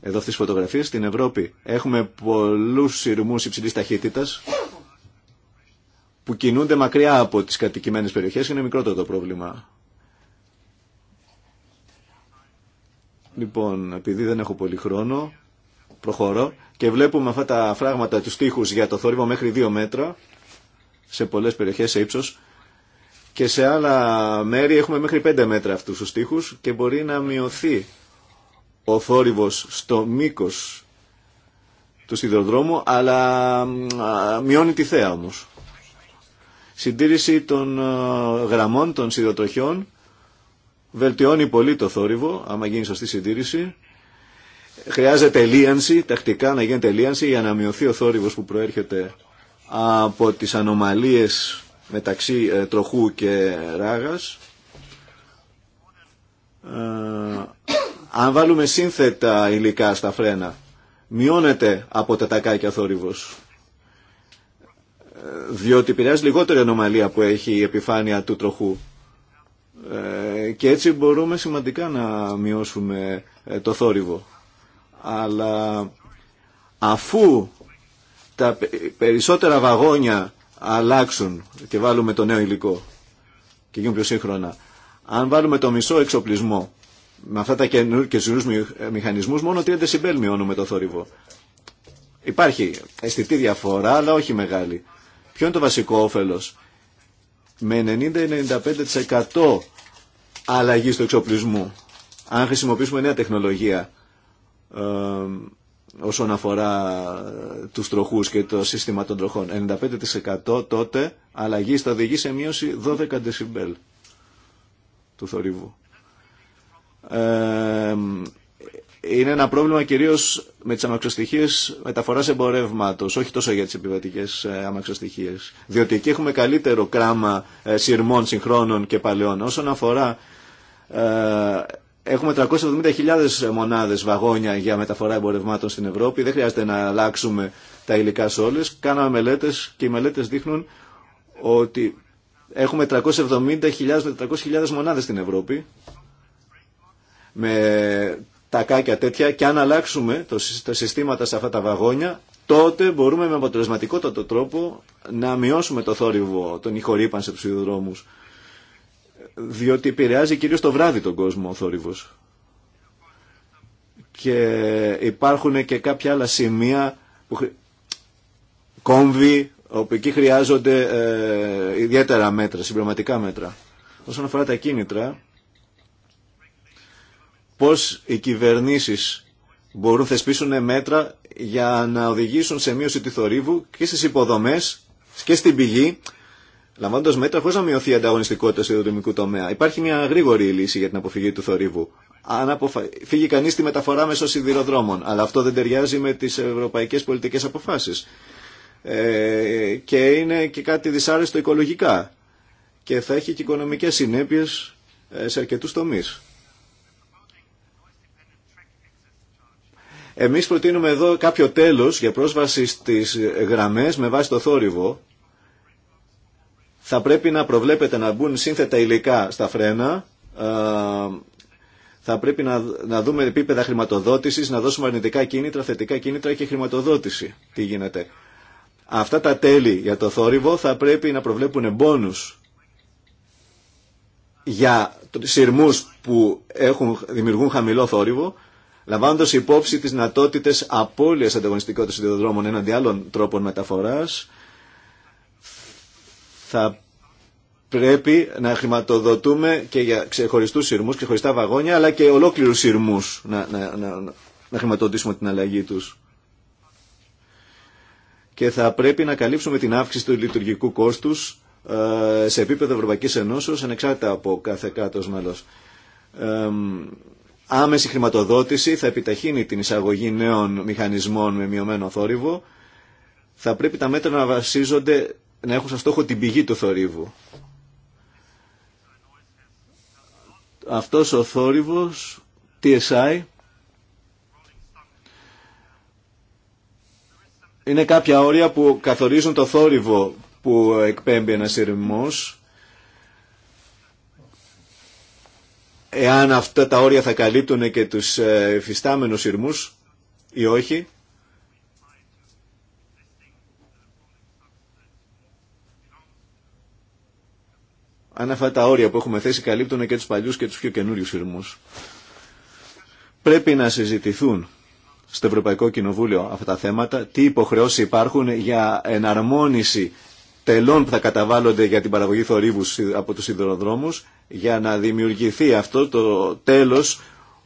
εδώ αυτές τις φωτογραφίες, στην Ευρώπη έχουμε πολλούς σειρμούς υψηλής ταχύτητας που κινούνται μακριά από τις κατοικημένες περιοχές, είναι μικρότερο το πρόβλημα. Λοιπόν, επειδή δεν έχω πολύ χρόνο, προχωρώ και βλέπουμε αυτά τα φράγματα του στίχους για το θόρυβο μέχρι 2 μέτρα σε πολλές περιοχές σε ύψος και σε άλλα μέρη έχουμε μέχρι 5 μέτρα αυτούς τους στίχους και μπορεί να μειωθεί ο θόρυβος στο μήκος του σιδηροδρόμου, αλλά μειώνει τη θέα όμως. Συντήρηση των γραμμών, των σιδηροτροχιών, βελτιώνει πολύ το θόρυβο, άμα γίνει σωστή συντήρηση. Χρειάζεται ελίανση, τακτικά να γίνεται ελίανση για να μειωθεί ο θόρυβος που προέρχεται από τις ανομαλίες μεταξύ ε, τροχού και ράγας. Ε, αν βάλουμε σύνθετα υλικά στα φρένα, μειώνεται από τα τακάκια θόρυβος. Ε, διότι επηρεάζει λιγότερη ανομαλία που έχει η επιφάνεια του τροχού. Και έτσι μπορούμε σημαντικά να μειώσουμε το θόρυβο. Αλλά αφού τα περισσότερα βαγόνια αλλάξουν και βάλουμε το νέο υλικό και γίνουν πιο σύγχρονα. Αν βάλουμε το μισό εξοπλισμό με αυτά τα καινούργια ε, μηχανισμούς μόνο 30 δεσιμπέλ μειώνουμε το θόρυβο. Υπάρχει αισθητή διαφορά αλλά όχι μεγάλη. Ποιο είναι το βασικό όφελος. Με 90-95% αλλαγή του εξοπλισμού αν χρησιμοποιήσουμε νέα τεχνολογία ε, όσον αφορά ε, τους τροχούς και το σύστημα των τροχών. 95% τότε αλλαγή θα οδηγεί σε μείωση 12 δεσιμπέλ του θορύβου. Ε, είναι ένα πρόβλημα κυρίως με τις αμαξοστοιχίες μεταφοράς εμπορεύματος, όχι τόσο για τις επιβατικές ε, αμαξοστοιχίες. Διότι εκεί έχουμε καλύτερο κράμα σειρμών συγχρόνων και παλαιών. Όσον αφορά Έχουμε 370.000 μονάδες βαγόνια για μεταφορά εμπορευμάτων στην Ευρώπη. Δεν χρειάζεται να αλλάξουμε τα υλικά σε όλες. Κάναμε μελέτες και οι μελέτες δείχνουν ότι έχουμε 370.000 με 400.000 μονάδες στην Ευρώπη με τα κάκια τέτοια και αν αλλάξουμε το, τα συστήματα σε αυτά τα βαγόνια τότε μπορούμε με αποτελεσματικότατο τρόπο να μειώσουμε το θόρυβο, τον ηχορύπανση του σιδηροδρόμους διότι επηρεάζει κυρίως το βράδυ τον κόσμο ο θόρυβος. Και υπάρχουν και κάποια άλλα σημεία, που... κόμβοι, όπου εκεί χρειάζονται ε, ιδιαίτερα μέτρα, συμπληρωματικά μέτρα. Όσον αφορά τα κίνητρα, πώς οι κυβερνήσεις μπορούν να θεσπίσουν μέτρα για να οδηγήσουν σε μείωση του θορύβου και στις υποδομές και στην πηγή λαμβάνοντα μέτρα χωρί να μειωθεί η ανταγωνιστικότητα του ιδιωτικού τομέα. Υπάρχει μια γρήγορη λύση για την αποφυγή του θορύβου. Αν αποφα... φύγει κανεί τη μεταφορά μέσω σιδηροδρόμων, αλλά αυτό δεν ταιριάζει με τι ευρωπαϊκέ πολιτικέ αποφάσει. Ε, και είναι και κάτι δυσάρεστο οικολογικά. Και θα έχει και οικονομικέ συνέπειε ε, σε αρκετού τομεί. Εμείς προτείνουμε εδώ κάποιο τέλος για πρόσβαση στις γραμμές με βάση το θόρυβο θα πρέπει να προβλέπετε να μπουν σύνθετα υλικά στα φρένα, θα πρέπει να, να δούμε επίπεδα χρηματοδότησης, να δώσουμε αρνητικά κίνητρα, θετικά κίνητρα και χρηματοδότηση. Τι γίνεται. Αυτά τα τέλη για το θόρυβο θα πρέπει να προβλέπουν μπόνους για σειρμούς που έχουν, δημιουργούν χαμηλό θόρυβο, λαμβάνοντα υπόψη τις δυνατότητε απώλειας ανταγωνιστικότητας των έναντι άλλων τρόπων μεταφοράς, θα πρέπει να χρηματοδοτούμε και για ξεχωριστού σειρμού, ξεχωριστά βαγόνια, αλλά και ολόκληρου σειρμού να, να, χρηματοδοτήσουμε την αλλαγή του. Και θα πρέπει να καλύψουμε την αύξηση του λειτουργικού κόστου ε, σε επίπεδο Ευρωπαϊκή Ενώσεω, ανεξάρτητα από κάθε κράτο μέλο. άμεση χρηματοδότηση θα επιταχύνει την εισαγωγή νέων μηχανισμών με μειωμένο θόρυβο. Θα πρέπει τα μέτρα να βασίζονται να έχω σαν στόχο την πηγή του θορύβου. Αυτός ο θόρυβος, TSI, είναι κάποια όρια που καθορίζουν το θόρυβο που εκπέμπει ένας ερημός. Εάν αυτά τα όρια θα καλύπτουν και τους ε, φυστάμενους ηρμούς ή όχι, αν αυτά τα όρια που έχουμε θέσει καλύπτουν και τους παλιούς και τους πιο καινούριους φυρμούς. Πρέπει να συζητηθούν στο Ευρωπαϊκό Κοινοβούλιο αυτά τα θέματα, τι υποχρεώσεις υπάρχουν για εναρμόνιση τελών που θα καταβάλλονται για την παραγωγή θορύβου από τους σιδηροδρόμους, για να δημιουργηθεί αυτό το τέλος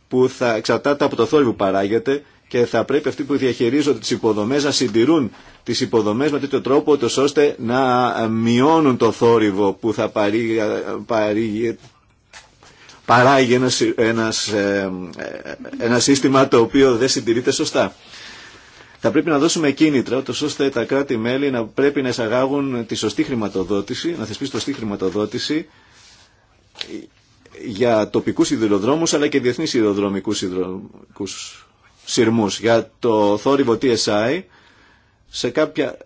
που θα εξαρτάται από το θόρυβο που παράγεται και θα πρέπει αυτοί που διαχειρίζονται τις υποδομές να συντηρούν τις υποδομές με τέτοιο τρόπο ώστε να μειώνουν το θόρυβο που θα παράγει ε, ε, ένα σύστημα το οποίο δεν συντηρείται σωστά. Θα πρέπει να δώσουμε κίνητρα, ώστε τα κράτη-μέλη να πρέπει να εισαγάγουν τη σωστή χρηματοδότηση, να θεσπίσουν σωστή χρηματοδότηση για τοπικούς ιδεροδρόμους αλλά και διεθνείς ιδεροδρομικούς σιδηροδρομικούς σειρμούς. Για το θόρυβο TSI, σε κάποια...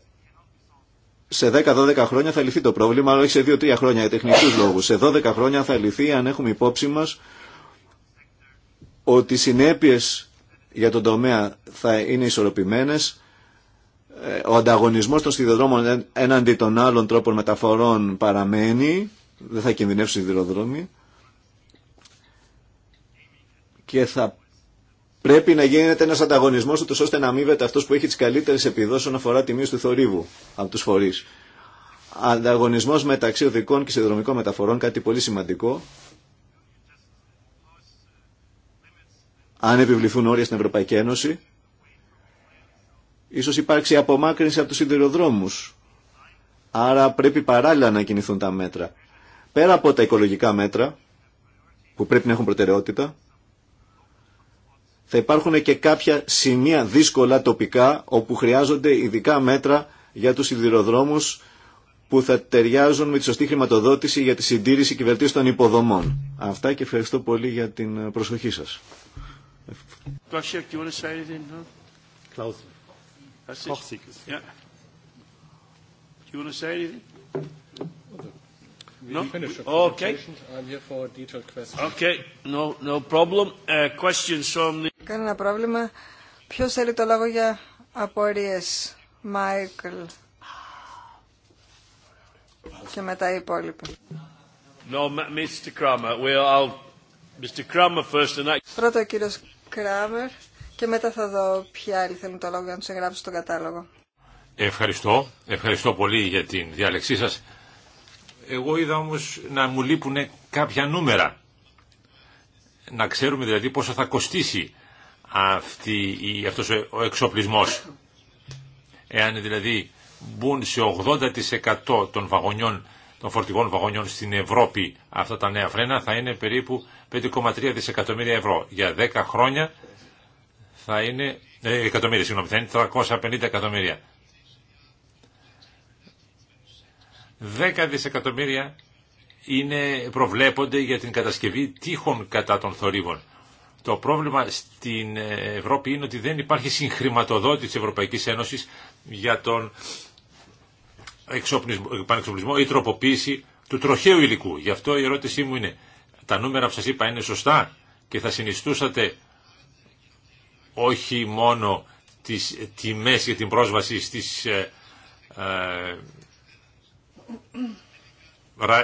Σε 10-12 χρόνια θα λυθεί το πρόβλημα, αλλά όχι σε 2-3 χρόνια για τεχνικούς λόγους. Σε 12 χρόνια θα λυθεί αν έχουμε υπόψη μας ότι οι συνέπειες για τον τομέα θα είναι ισορροπημένες, ε, ο ανταγωνισμός των σιδηροδρόμων έναντι των άλλων τρόπων μεταφορών παραμένει, δεν θα κινδυνεύσουν οι σιδηροδρόμοι και θα Πρέπει να γίνεται ένα ανταγωνισμό, ούτω ώστε να αμείβεται αυτό που έχει τι καλύτερε επιδόσει όσον αφορά τη μείωση του θορύβου από του φορεί. Ανταγωνισμό μεταξύ οδικών και συνδρομικών μεταφορών, κάτι πολύ σημαντικό. Αν επιβληθούν όρια στην Ευρωπαϊκή Ένωση, ίσω υπάρξει απομάκρυνση από του σιδηροδρόμου. Άρα πρέπει παράλληλα να κινηθούν τα μέτρα. Πέρα από τα οικολογικά μέτρα, που πρέπει να έχουν προτεραιότητα, θα υπάρχουν και κάποια σημεία δύσκολα τοπικά όπου χρειάζονται ειδικά μέτρα για τους σιδηροδρόμους που θα ταιριάζουν με τη σωστή χρηματοδότηση για τη συντήρηση και βελτίωση των υποδομών. Αυτά και ευχαριστώ πολύ για την προσοχή σας. Okay. No, no problem. Uh, questions from κανένα πρόβλημα. Ποιος θέλει το λόγο για απορίες, Μάικλ και μετά οι υπόλοιποι. No, Mr. Kramer. Well, Mr. Kramer first and I... Πρώτα ο κύριος Κράμερ και μετά θα δω ποιοι άλλοι θέλουν το λόγο για να τους εγγράψω στον κατάλογο. Ευχαριστώ. Ευχαριστώ πολύ για την διάλεξή σας. Εγώ είδα όμως να μου λείπουν κάποια νούμερα. Να ξέρουμε δηλαδή πόσο θα κοστίσει αυτή, αυτός ο εξοπλισμός. Εάν δηλαδή μπουν σε 80% των, βαγονιών, των φορτηγών βαγονιών στην Ευρώπη αυτά τα νέα φρένα θα είναι περίπου 5,3 δισεκατομμύρια ευρώ. Για 10 χρόνια θα είναι, ε, εκατομμύρια, συγγνώμη, θα είναι 350 εκατομμύρια. 10 δισεκατομμύρια είναι, προβλέπονται για την κατασκευή τείχων κατά των θορύβων. Το πρόβλημα στην ε, Ευρώπη είναι ότι δεν υπάρχει συγχρηματοδότηση της Ευρωπαϊκής Ένωσης για τον του τροχαίου υλικού. Γι' αυτό η ερώτησή μου είναι, τα νούμερα που σας είπα είναι σωστά και θα συνιστούσατε όχι μόνο τις τιμές για την πρόσβαση στις, ε,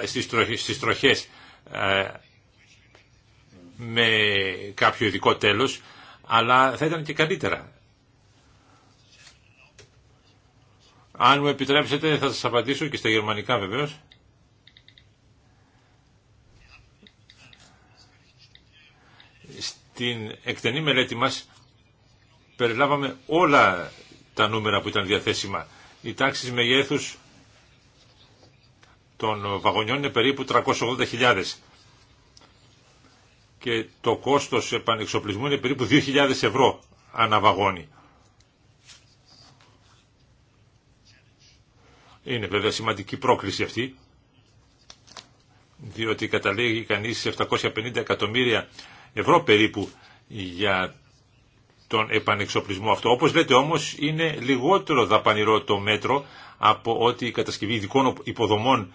ε στις, τροχές, στις ε, με κάποιο ειδικό τέλος, αλλά θα ήταν και καλύτερα. Αν μου επιτρέψετε θα σας απαντήσω και στα γερμανικά βεβαίως. Στην εκτενή μελέτη μας περιλάβαμε όλα τα νούμερα που ήταν διαθέσιμα. Οι τάξεις μεγέθους των βαγονιών είναι περίπου 380.000 και το κόστος επανεξοπλισμού είναι περίπου 2.000 ευρώ αναβαγώνει. Είναι βέβαια σημαντική πρόκληση αυτή, διότι καταλήγει κανείς σε 750 εκατομμύρια ευρώ περίπου για τον επανεξοπλισμό αυτό. Όπως λέτε όμως είναι λιγότερο δαπανηρό το μέτρο από ότι η κατασκευή ειδικών υποδομών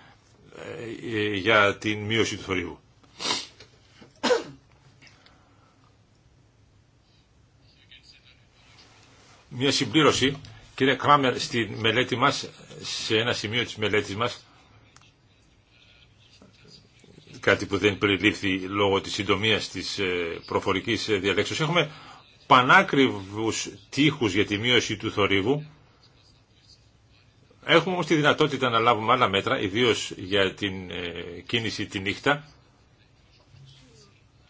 ε, ε, για την μείωση του θορύβου. μια συμπλήρωση, κύριε Κράμερ, στη μελέτη μας, σε ένα σημείο της μελέτης μας, κάτι που δεν περιλήφθη λόγω της συντομίας της ε, προφορικής ε, διαλέξεως, έχουμε πανάκριβους τείχους για τη μείωση του θορύβου. Έχουμε όμως τη δυνατότητα να λάβουμε άλλα μέτρα, ιδίως για την ε, κίνηση τη νύχτα.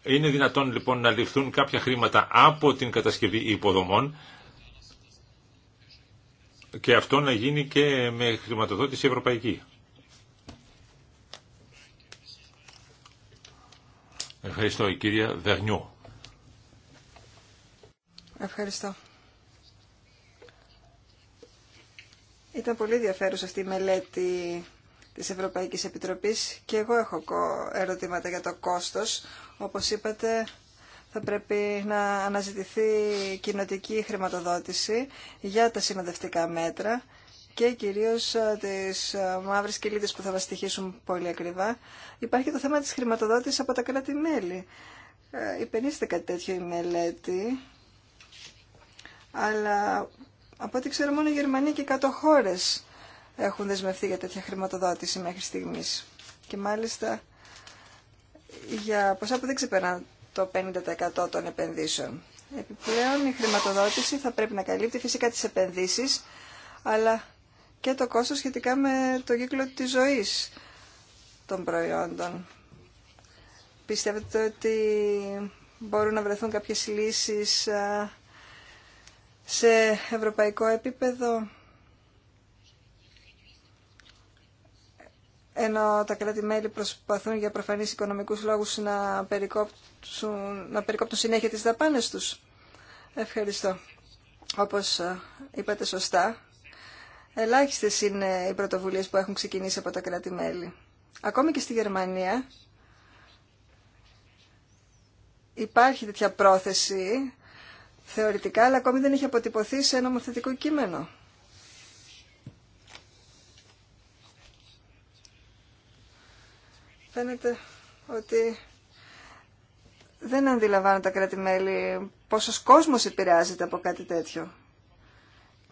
Είναι δυνατόν λοιπόν να ληφθούν κάποια χρήματα από την κατασκευή υποδομών και αυτό να γίνει και με χρηματοδότηση ευρωπαϊκή. Ευχαριστώ, η κυρία Δερνιού. Ευχαριστώ. Ήταν πολύ ενδιαφέρουσα αυτή η μελέτη της Ευρωπαϊκής Επιτροπής και εγώ έχω ερωτήματα για το κόστος. Όπως είπατε, θα πρέπει να αναζητηθεί κοινοτική χρηματοδότηση για τα συνοδευτικά μέτρα και κυρίως ε, τις ε, μαύρες κυλίδες που θα μας στοιχήσουν πολύ ακριβά. Υπάρχει το θέμα της χρηματοδότησης από τα κράτη-μέλη. Ε, υπενήστε κάτι τέτοιο η μελέτη, αλλά από ό,τι ξέρω μόνο οι Γερμανία και κάτω χώρες έχουν δεσμευτεί για τέτοια χρηματοδότηση μέχρι στιγμής. Και μάλιστα για ποσά που δεν ξεπερνά το 50% των επενδύσεων. Επιπλέον η χρηματοδότηση θα πρέπει να καλύπτει φυσικά τις επενδύσεις, αλλά και το κόστος σχετικά με το κύκλο της ζωής των προϊόντων. Πιστεύετε ότι μπορούν να βρεθούν κάποιες λύσεις σε ευρωπαϊκό επίπεδο, ενώ τα κράτη-μέλη προσπαθούν για προφανείς οικονομικούς λόγους να περικόπτουν να περικόπτουν συνέχεια τις δαπάνες τους. Ευχαριστώ. Όπως ε, είπατε σωστά, ελάχιστες είναι οι πρωτοβουλίες που έχουν ξεκινήσει από τα κράτη-μέλη. Ακόμη και στη Γερμανία υπάρχει τέτοια πρόθεση θεωρητικά, αλλά ακόμη δεν έχει αποτυπωθεί σε ένα νομοθετικό κείμενο. Φαίνεται ότι δεν αντιλαμβάνουν τα κράτη-μέλη πόσος κόσμος επηρεάζεται από κάτι τέτοιο.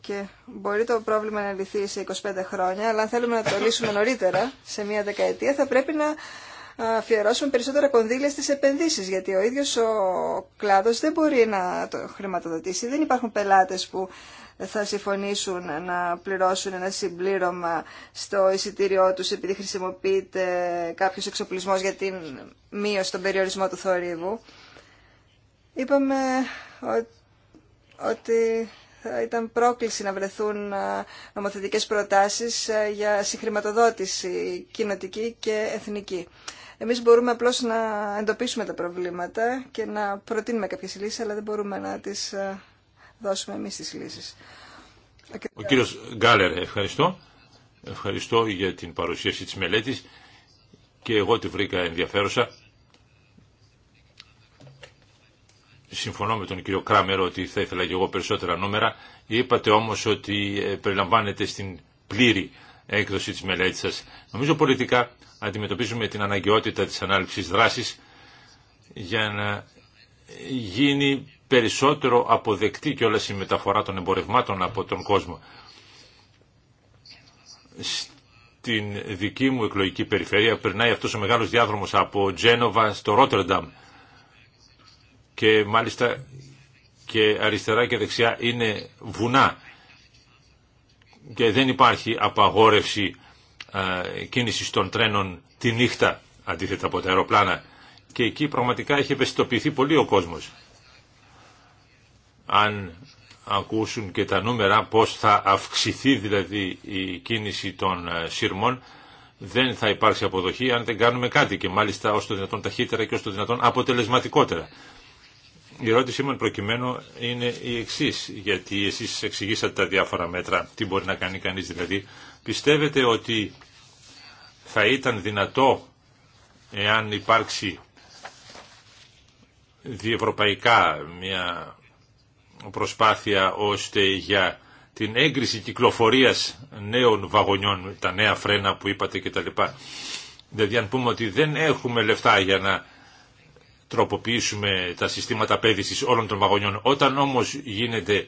Και μπορεί το πρόβλημα να λυθεί σε 25 χρόνια, αλλά αν θέλουμε να το λύσουμε νωρίτερα, σε μία δεκαετία, θα πρέπει να αφιερώσουμε περισσότερα κονδύλια στις επενδύσεις, γιατί ο ίδιος ο κλάδος δεν μπορεί να το χρηματοδοτήσει. Δεν υπάρχουν πελάτες που θα συμφωνήσουν να πληρώσουν ένα συμπλήρωμα στο εισιτήριό τους επειδή χρησιμοποιείται κάποιος εξοπλισμός για την μείωση, των περιορισμών του θορύβου. Είπαμε ότι θα ήταν πρόκληση να βρεθούν νομοθετικές προτάσεις για συγχρηματοδότηση κοινοτική και εθνική. Εμείς μπορούμε απλώς να εντοπίσουμε τα προβλήματα και να προτείνουμε κάποιες λύσεις, αλλά δεν μπορούμε να τις δώσουμε εμείς τις λύσεις. Ο κύριος Γκάλερ, ευχαριστώ. Ευχαριστώ για την παρουσίαση της μελέτης και εγώ τη βρήκα ενδιαφέρουσα. Συμφωνώ με τον κύριο Κράμερ ότι θα ήθελα και εγώ περισσότερα νούμερα. Είπατε όμως ότι ε, περιλαμβάνεται στην πλήρη έκδοση της μελέτης σας. Νομίζω πολιτικά αντιμετωπίζουμε την αναγκαιότητα της ανάληψης δράσης για να γίνει περισσότερο αποδεκτή και όλα η μεταφορά των εμπορευμάτων από τον κόσμο. Στην δική μου εκλογική περιφέρεια περνάει αυτός ο μεγάλος διάδρομος από Τζένοβα στο Ρότερνταμ και μάλιστα και αριστερά και δεξιά είναι βουνά και δεν υπάρχει απαγόρευση κίνησης των τρένων τη νύχτα αντίθετα από τα αεροπλάνα και εκεί πραγματικά έχει ευαισθητοποιηθεί πολύ ο κόσμος αν ακούσουν και τα νούμερα πώς θα αυξηθεί δηλαδή η κίνηση των ε, σύρμων δεν θα υπάρξει αποδοχή αν δεν κάνουμε κάτι και μάλιστα ως το δυνατόν ταχύτερα και ως το δυνατόν αποτελεσματικότερα. Η ερώτησή μου προκειμένου είναι η εξή, γιατί εσείς εξηγήσατε τα διάφορα μέτρα, τι μπορεί να κάνει κανείς δηλαδή. Πιστεύετε ότι θα ήταν δυνατό εάν υπάρξει διευρωπαϊκά μια προσπάθεια ώστε για την έγκριση κυκλοφορίας νέων βαγονιών, τα νέα φρένα που είπατε κτλ. Δηλαδή αν πούμε ότι δεν έχουμε λεφτά για να τροποποιήσουμε τα συστήματα πέδησης όλων των βαγονιών, όταν όμως γίνεται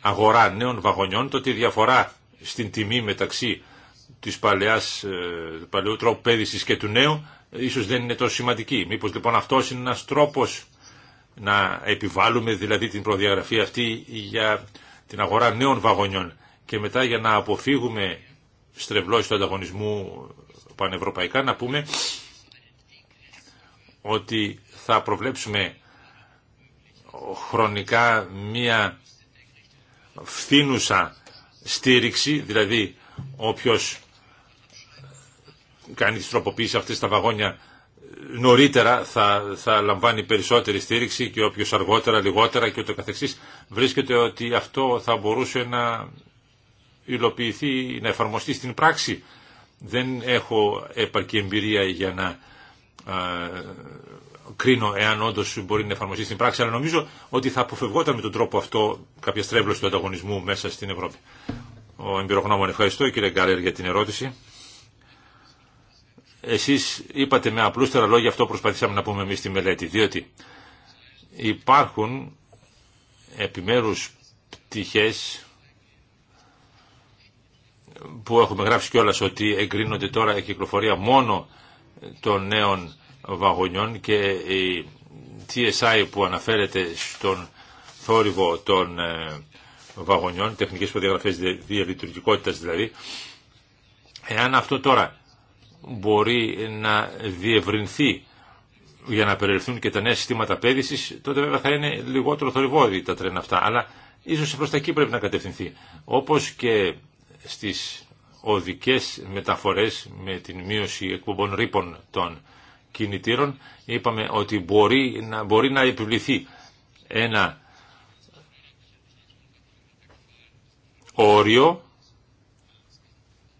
αγορά νέων βαγονιών, τότε η διαφορά στην τιμή μεταξύ της παλαιάς, ε, του παλαιού τρόπου πέδησης και του νέου ίσως δεν είναι τόσο σημαντική. Μήπως λοιπόν αυτός είναι ένας τρόπος να επιβάλλουμε δηλαδή την προδιαγραφή αυτή για την αγορά νέων βαγονιών και μετά για να αποφύγουμε στρεβλώσεις του ανταγωνισμού πανευρωπαϊκά να πούμε ότι θα προβλέψουμε χρονικά μία φθήνουσα στήριξη, δηλαδή όποιος κάνει τις τροποποίησεις αυτές τα βαγόνια νωρίτερα θα, θα λαμβάνει περισσότερη στήριξη και όποιος αργότερα, λιγότερα και ούτω καθεξής βρίσκεται ότι αυτό θα μπορούσε να υλοποιηθεί, να εφαρμοστεί στην πράξη. Δεν έχω επαρκή εμπειρία για να κρίνω εάν όντω μπορεί να εφαρμοστεί στην πράξη, αλλά νομίζω ότι θα αποφευγόταν με τον τρόπο αυτό κάποια στρέβλωση του ανταγωνισμού μέσα στην Ευρώπη. Ο εμπειρογνώμων ευχαριστώ, κύριε Γκάλερ, για την ερώτηση. Εσείς είπατε με απλούστερα λόγια αυτό προσπαθήσαμε να πούμε εμείς στη μελέτη, διότι υπάρχουν επιμέρους πτυχές που έχουμε γράψει κιόλας ότι εγκρίνονται τώρα η κυκλοφορία μόνο των νέων βαγονιών και η TSI που αναφέρεται στον θόρυβο των ε, βαγονιών, τεχνικές προδιαγραφές διαλειτουργικότητας δηλαδή, εάν αυτό τώρα μπορεί να διευρυνθεί για να περιληφθούν και τα νέα συστήματα πέδησης, τότε βέβαια θα είναι λιγότερο θορυβόδη τα τρένα αυτά. Αλλά ίσως προς τα εκεί πρέπει να κατευθυνθεί. Όπως και στις οδικές μεταφορές με την μείωση εκπομπών ρήπων των κινητήρων, είπαμε ότι μπορεί να, μπορεί να επιβληθεί ένα όριο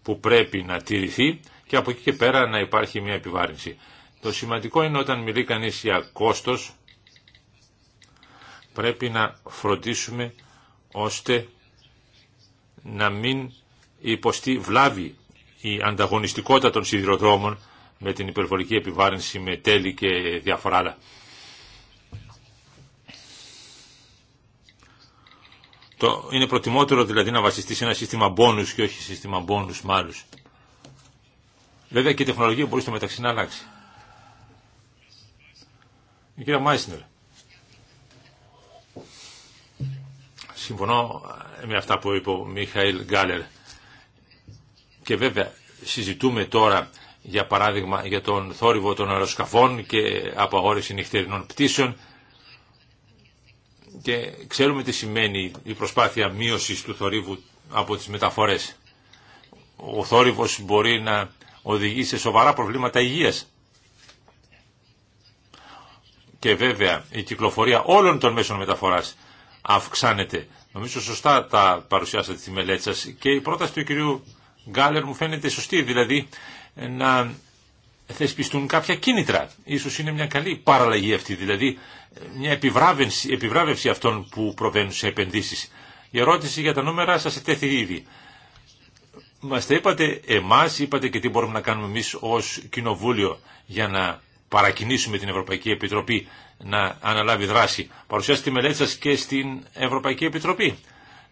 που πρέπει να τηρηθεί και από εκεί και πέρα να υπάρχει μια επιβάρυνση. Το σημαντικό είναι όταν μιλεί κανείς για κόστος πρέπει να φροντίσουμε ώστε να μην υποστεί βλάβη η ανταγωνιστικότητα των σιδηροδρόμων με την υπερβολική επιβάρυνση με τέλη και διάφορα άλλα. Το, είναι προτιμότερο δηλαδή να βασιστεί σε ένα σύστημα μπόνους και όχι σύστημα μπόνους μάλους. Βέβαια και η τεχνολογία μπορεί στο μεταξύ να αλλάξει. Η κυρία Μάισνερ. Συμφωνώ με αυτά που είπε ο Μιχαήλ Γκάλερ. Και βέβαια συζητούμε τώρα για παράδειγμα για τον θόρυβο των αεροσκαφών και απαγόρευση νυχτερινών πτήσεων και ξέρουμε τι σημαίνει η προσπάθεια μείωσης του θορύβου από τις μεταφορές. Ο θόρυβος μπορεί να οδηγεί σε σοβαρά προβλήματα υγείας. Και βέβαια η κυκλοφορία όλων των μέσων μεταφοράς αυξάνεται. Νομίζω σωστά τα παρουσιάσατε τη μελέτη σας και η πρόταση του κυρίου Γκάλερ μου φαίνεται σωστή, δηλαδή να θεσπιστούν κάποια κίνητρα. Ίσως είναι μια καλή παραλλαγή αυτή, δηλαδή μια επιβράβευση, επιβράβευση αυτών που προβαίνουν σε επενδύσεις. Η ερώτηση για τα νούμερα σας ετέθη ήδη. Μας τα είπατε εμάς, είπατε και τι μπορούμε να κάνουμε εμείς ως κοινοβούλιο για να παρακινήσουμε την Ευρωπαϊκή Επιτροπή να αναλάβει δράση. Παρουσιάστε τη μελέτη σας και στην Ευρωπαϊκή Επιτροπή.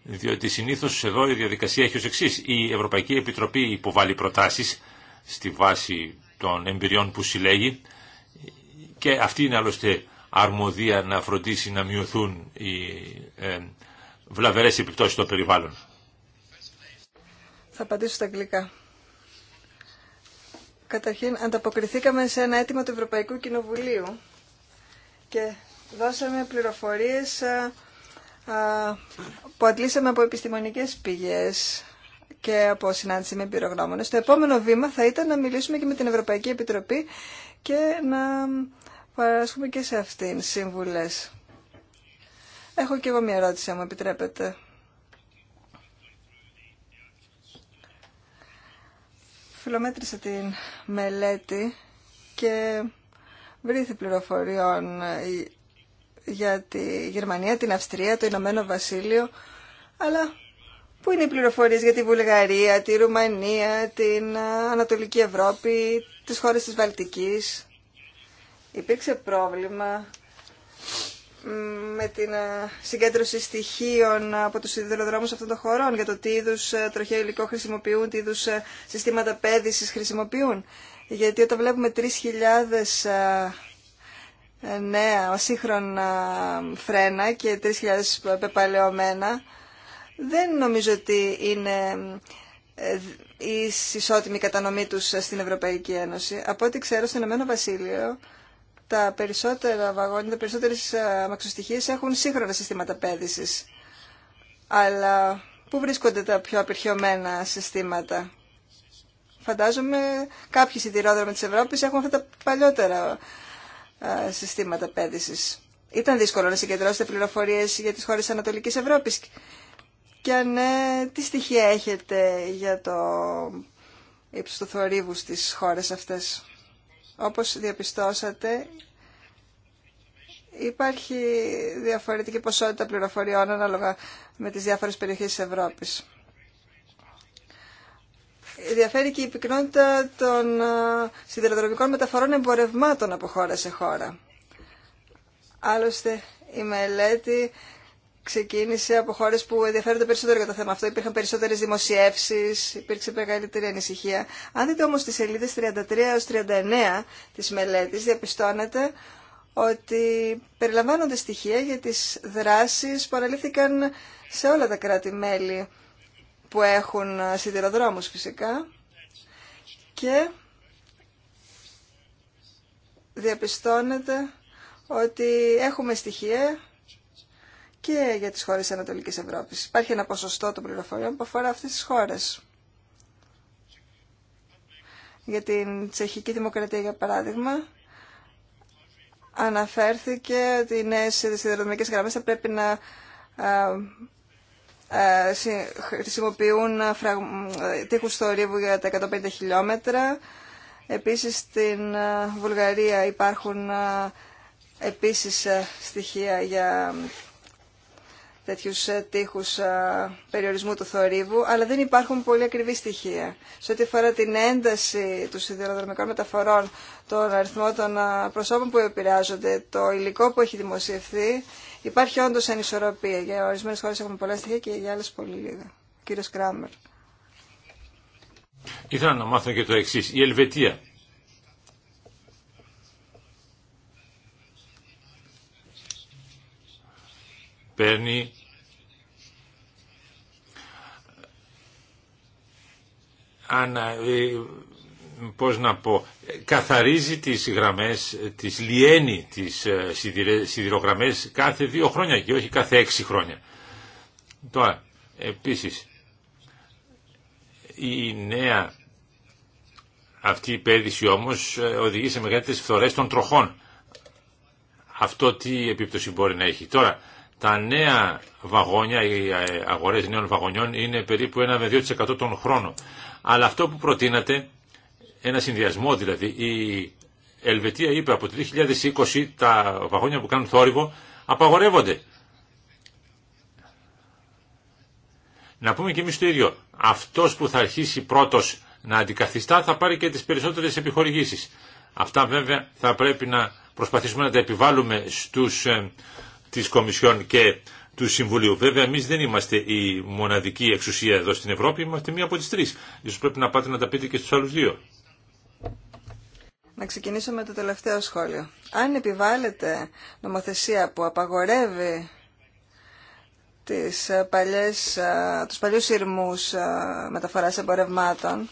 Διότι συνήθως εδώ η διαδικασία έχει ως εξής. Η Ευρωπαϊκή Επιτροπή υποβάλλει προτάσεις στη βάση των εμπειριών που συλλέγει και αυτή είναι άλλωστε αρμοδία να φροντίσει να μειωθούν οι ε, βλαβερές επιπτώσεις των περιβάλλων. Θα απαντήσω στα αγγλικά. Καταρχήν, ανταποκριθήκαμε σε ένα αίτημα του Ευρωπαϊκού Κοινοβουλίου και δώσαμε πληροφορίες που αντλήσαμε από επιστημονικές πηγές και από συνάντηση με εμπειρογνώμονες. Το επόμενο βήμα θα ήταν να μιλήσουμε και με την Ευρωπαϊκή Επιτροπή και να παράσχουμε και σε αυτήν σύμβουλες. Έχω και εγώ μια ερώτηση, αν μου επιτρέπετε. Φιλομέτρησα την μελέτη και βρήθη πληροφοριών ε, για τη Γερμανία, την Αυστρία, το Ηνωμένο Βασίλειο, αλλά πού είναι οι πληροφορίες για τη Βουλγαρία, τη Ρουμανία, την ε, Ανατολική Ευρώπη, τις χώρες της Βαλτικής. Υπήρξε πρόβλημα με την ε, συγκέντρωση στοιχείων από τους σιδηροδρόμους αυτών των χωρών για το τι είδου ε, τροχαίο υλικό χρησιμοποιούν, τι είδου ε, συστήματα πέδησης χρησιμοποιούν. Γιατί όταν βλέπουμε 3.000 νέα σύγχρονα φρένα και 3.000 πεπαλαιωμένα, δεν νομίζω ότι είναι η ισότιμη κατανομή τους στην Ευρωπαϊκή Ένωση. Από ό,τι ξέρω, στον Ηνωμένο Βασίλειο τα περισσότερα βαγόνια, τα περισσότερες ε, αμαξοστοιχίε έχουν σύγχρονα συστήματα πέδησης. Αλλά πού βρίσκονται τα πιο απερχιωμένα συστήματα. Φαντάζομαι κάποιοι σιδηρόδρομοι τη Ευρώπης έχουν αυτά τα παλιότερα ε, συστήματα πέδησης. Ήταν δύσκολο να συγκεντρώσετε πληροφορίε για τις χώρες Ανατολική Ανατολικής Και αν ναι, τι στοιχεία έχετε για το ύψο του θορύβου στις χώρες αυτές. Όπως διαπιστώσατε, υπάρχει διαφορετική ποσότητα πληροφοριών ανάλογα με τις διάφορες περιοχές της Ευρώπης. Διαφέρει και η πυκνότητα των ε, σιδηροδρομικών μεταφορών εμπορευμάτων από χώρα σε χώρα. Άλλωστε, η μελέτη ξεκίνησε από χώρε που ενδιαφέρονται περισσότερο για το θέμα αυτό. Υπήρχαν περισσότερε δημοσιεύσει, υπήρξε μεγαλύτερη ανησυχία. Αν δείτε όμω τι σελίδε 33 έω 39 τη μελέτη, διαπιστώνεται ότι περιλαμβάνονται στοιχεία για τις δράσεις που αναλύθηκαν σε όλα τα κράτη-μέλη που έχουν σιδηροδρόμους φυσικά και διαπιστώνεται ότι έχουμε στοιχεία και για τις χώρες της Ανατολικής Ευρώπης. Υπάρχει ένα ποσοστό των πληροφοριών που αφορά αυτές τις χώρες. Για την Τσεχική Δημοκρατία, για παράδειγμα, αναφέρθηκε ότι οι νέες σιδηροδρομικές γραμμές θα πρέπει να χρησιμοποιούν τείχους θορύβου για τα 150 χιλιόμετρα. Επίσης στην Βουλγαρία υπάρχουν επίσης στοιχεία για τέτοιου ε, τείχου ε, περιορισμού του θορύβου, αλλά δεν υπάρχουν πολύ ακριβή στοιχεία. Σε ό,τι αφορά την ένταση του σιδηροδρομικών μεταφορών, τον αριθμό των ε, προσώπων που επηρεάζονται, το υλικό που έχει δημοσιευθεί, υπάρχει όντως ανισορροπία. Για ορισμένες χώρες έχουμε πολλά στοιχεία και για άλλες πολύ λίγα. Κύριο Κράμερ. Ήθελα να μάθω και το εξή. Η Ελβετία παίρνει ανα, ε, πώς να πω, καθαρίζει τις γραμμές, τις λιένει τις ε, σιδηρογραμμές κάθε δύο χρόνια και όχι κάθε έξι χρόνια. Τώρα, επίσης, η νέα αυτή η πέδηση όμως ε, οδηγεί σε μεγαλύτερες φθορές των τροχών. Αυτό τι επίπτωση μπορεί να έχει. Τώρα, τα νέα βαγόνια, οι ε, αγορές νέων βαγονιών είναι περίπου 1 με 2% τον χρόνο. Αλλά αυτό που προτείνατε, ένα συνδυασμό δηλαδή, η Ελβετία είπε από το 2020 τα βαγόνια που κάνουν θόρυβο απαγορεύονται. Να πούμε και εμείς το ίδιο. Αυτός που θα αρχίσει πρώτος να αντικαθιστά θα πάρει και τις περισσότερες επιχορηγήσεις. Αυτά βέβαια θα πρέπει να προσπαθήσουμε να τα επιβάλλουμε στους ε, της Κομισιόν και του Συμβουλίου. Βέβαια, εμεί δεν είμαστε η μοναδική εξουσία εδώ στην Ευρώπη, είμαστε μία από τι τρει. σω πρέπει να πάτε να τα πείτε και στου άλλου δύο. Να ξεκινήσω με το τελευταίο σχόλιο. Αν επιβάλλεται νομοθεσία που απαγορεύει τις ε, παλιές, ε, τους παλιούς σύρμους ε, μεταφοράς εμπορευμάτων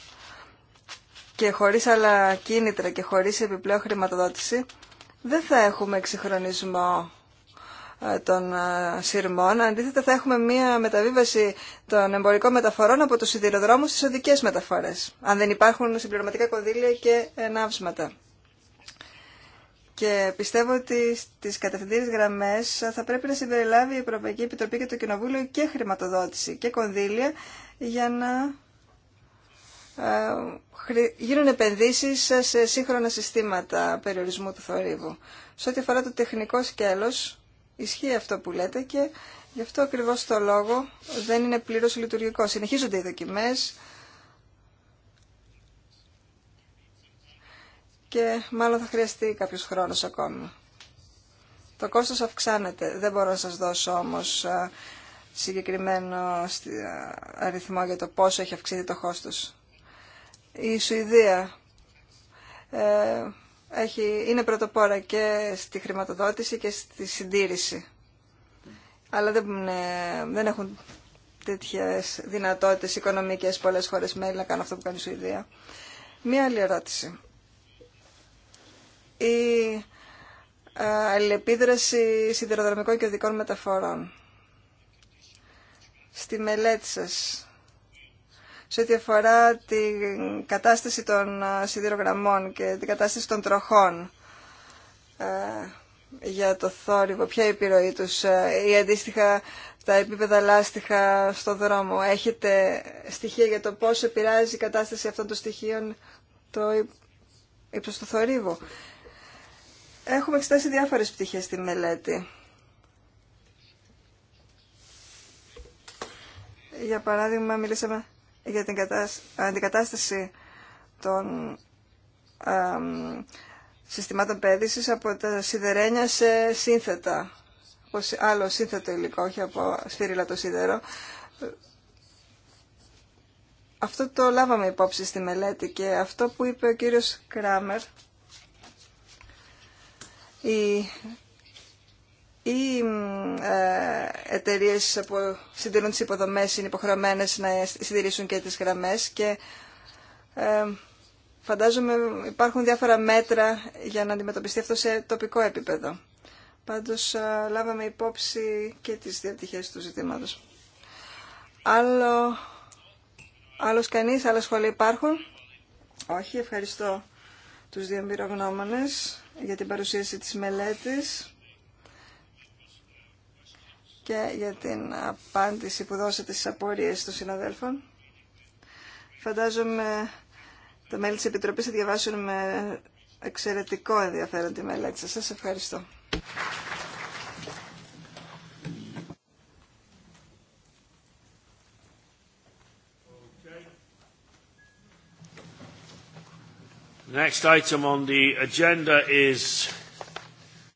και χωρίς άλλα κίνητρα και χωρίς επιπλέον χρηματοδότηση, δεν θα έχουμε εξυγχρονισμό ε, των ε, σειρμών. Αντίθετα θα έχουμε μία μεταβίβαση των εμπορικών μεταφορών από τους σιδηροδρόμους στις οδικές μεταφορές, αν δεν υπάρχουν συμπληρωματικά κονδύλια και ενάψματα. Και πιστεύω ότι στις κατευθυντήριε γραμμές θα πρέπει να συμπεριλάβει η Ευρωπαϊκή Επιτροπή και το Κοινοβούλιο και χρηματοδότηση και κονδύλια για να ε, γίνουν επενδύσεις σε σύγχρονα συστήματα περιορισμού του θορύβου. Σε ό,τι αφορά το τεχνικό σκέλος, Ισχύει αυτό που λέτε και γι' αυτό ακριβώς το λόγο δεν είναι πλήρως λειτουργικό. Συνεχίζονται οι δοκιμές και μάλλον θα χρειαστεί κάποιος χρόνος ακόμη. Το κόστος αυξάνεται. Δεν μπορώ να σας δώσω όμως συγκεκριμένο αριθμό για το πόσο έχει αυξηθεί το κόστος. Η Σουηδία ε, έχει, είναι πρωτοπόρα και στη χρηματοδότηση και στη συντήρηση. Αλλά δεν, ε, δεν έχουν τέτοιες δυνατότητες οικονομικές πολλές χώρες μέλη να κάνουν αυτό που κάνει η Σουηδία. Μία άλλη ερώτηση. Η ε, αλληλεπίδραση σιδηροδρομικών και οδικών μεταφορών. Στη μελέτη σας σε ό,τι αφορά την κατάσταση των σιδηρογραμμών και την κατάσταση των τροχών ε, για το θόρυβο, ποια επιρροή τους ε, ή αντίστοιχα τα επίπεδα λάστιχα στο δρόμο. Έχετε στοιχεία για το πώς επηρεάζει η κατάσταση αυτών των στοιχείων το ύψος του θορύβου. Έχουμε εξετάσει διάφορες πτυχές στη μελέτη. Για παράδειγμα, μιλήσαμε για την αντικατάσταση των συστημάτων παίδησης από τα σιδερένια σε σύνθετα, όπως άλλο σύνθετο υλικό, όχι από σφύριλα το σίδερο. Αυτό το λάβαμε υπόψη στη μελέτη και αυτό που είπε ο κύριος Κράμερ, οι ε, εταιρείε που συντηρούν τι υποδομέ είναι υποχρεωμένες να συντηρήσουν και τι γραμμέ. και ε, φαντάζομαι υπάρχουν διάφορα μέτρα για να αντιμετωπιστεί αυτό σε τοπικό επίπεδο. Πάντως ε, λάβαμε υπόψη και τις διατυχές του ζητήματο. Άλλο... Άλλος κανείς, άλλα σχόλια υπάρχουν. Όχι, ευχαριστώ τους δύο εμπειρογνώμονες για την παρουσίαση της μελέτης και για την απάντηση που δώσατε στις απορίες των συναδέλφων. Φαντάζομαι τα μέλη της Επιτροπής θα διαβάσουν με εξαιρετικό ενδιαφέρον τη μελέτη σας. Σας ευχαριστώ. Next item on the agenda is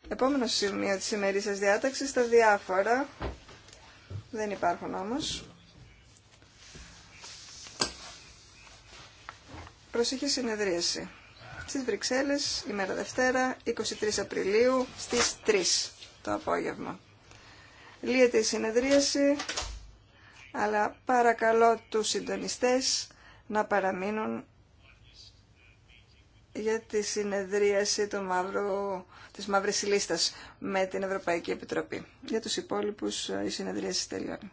Επόμενο σημείο της σας διάταξης, τα διάφορα. Δεν υπάρχουν όμως. Προσοχή συνεδρίαση. Στις Βρυξέλλες, ημέρα Δευτέρα, 23 Απριλίου, στις 3 το απόγευμα. Λύεται η συνεδρίαση, αλλά παρακαλώ τους συντονιστές να παραμείνουν για τη συνεδρίαση του μαύρου, της μαύρης λίστας με την Ευρωπαϊκή Επιτροπή. Για τους υπόλοιπους ε, η συνεδρίαση τελειώνει.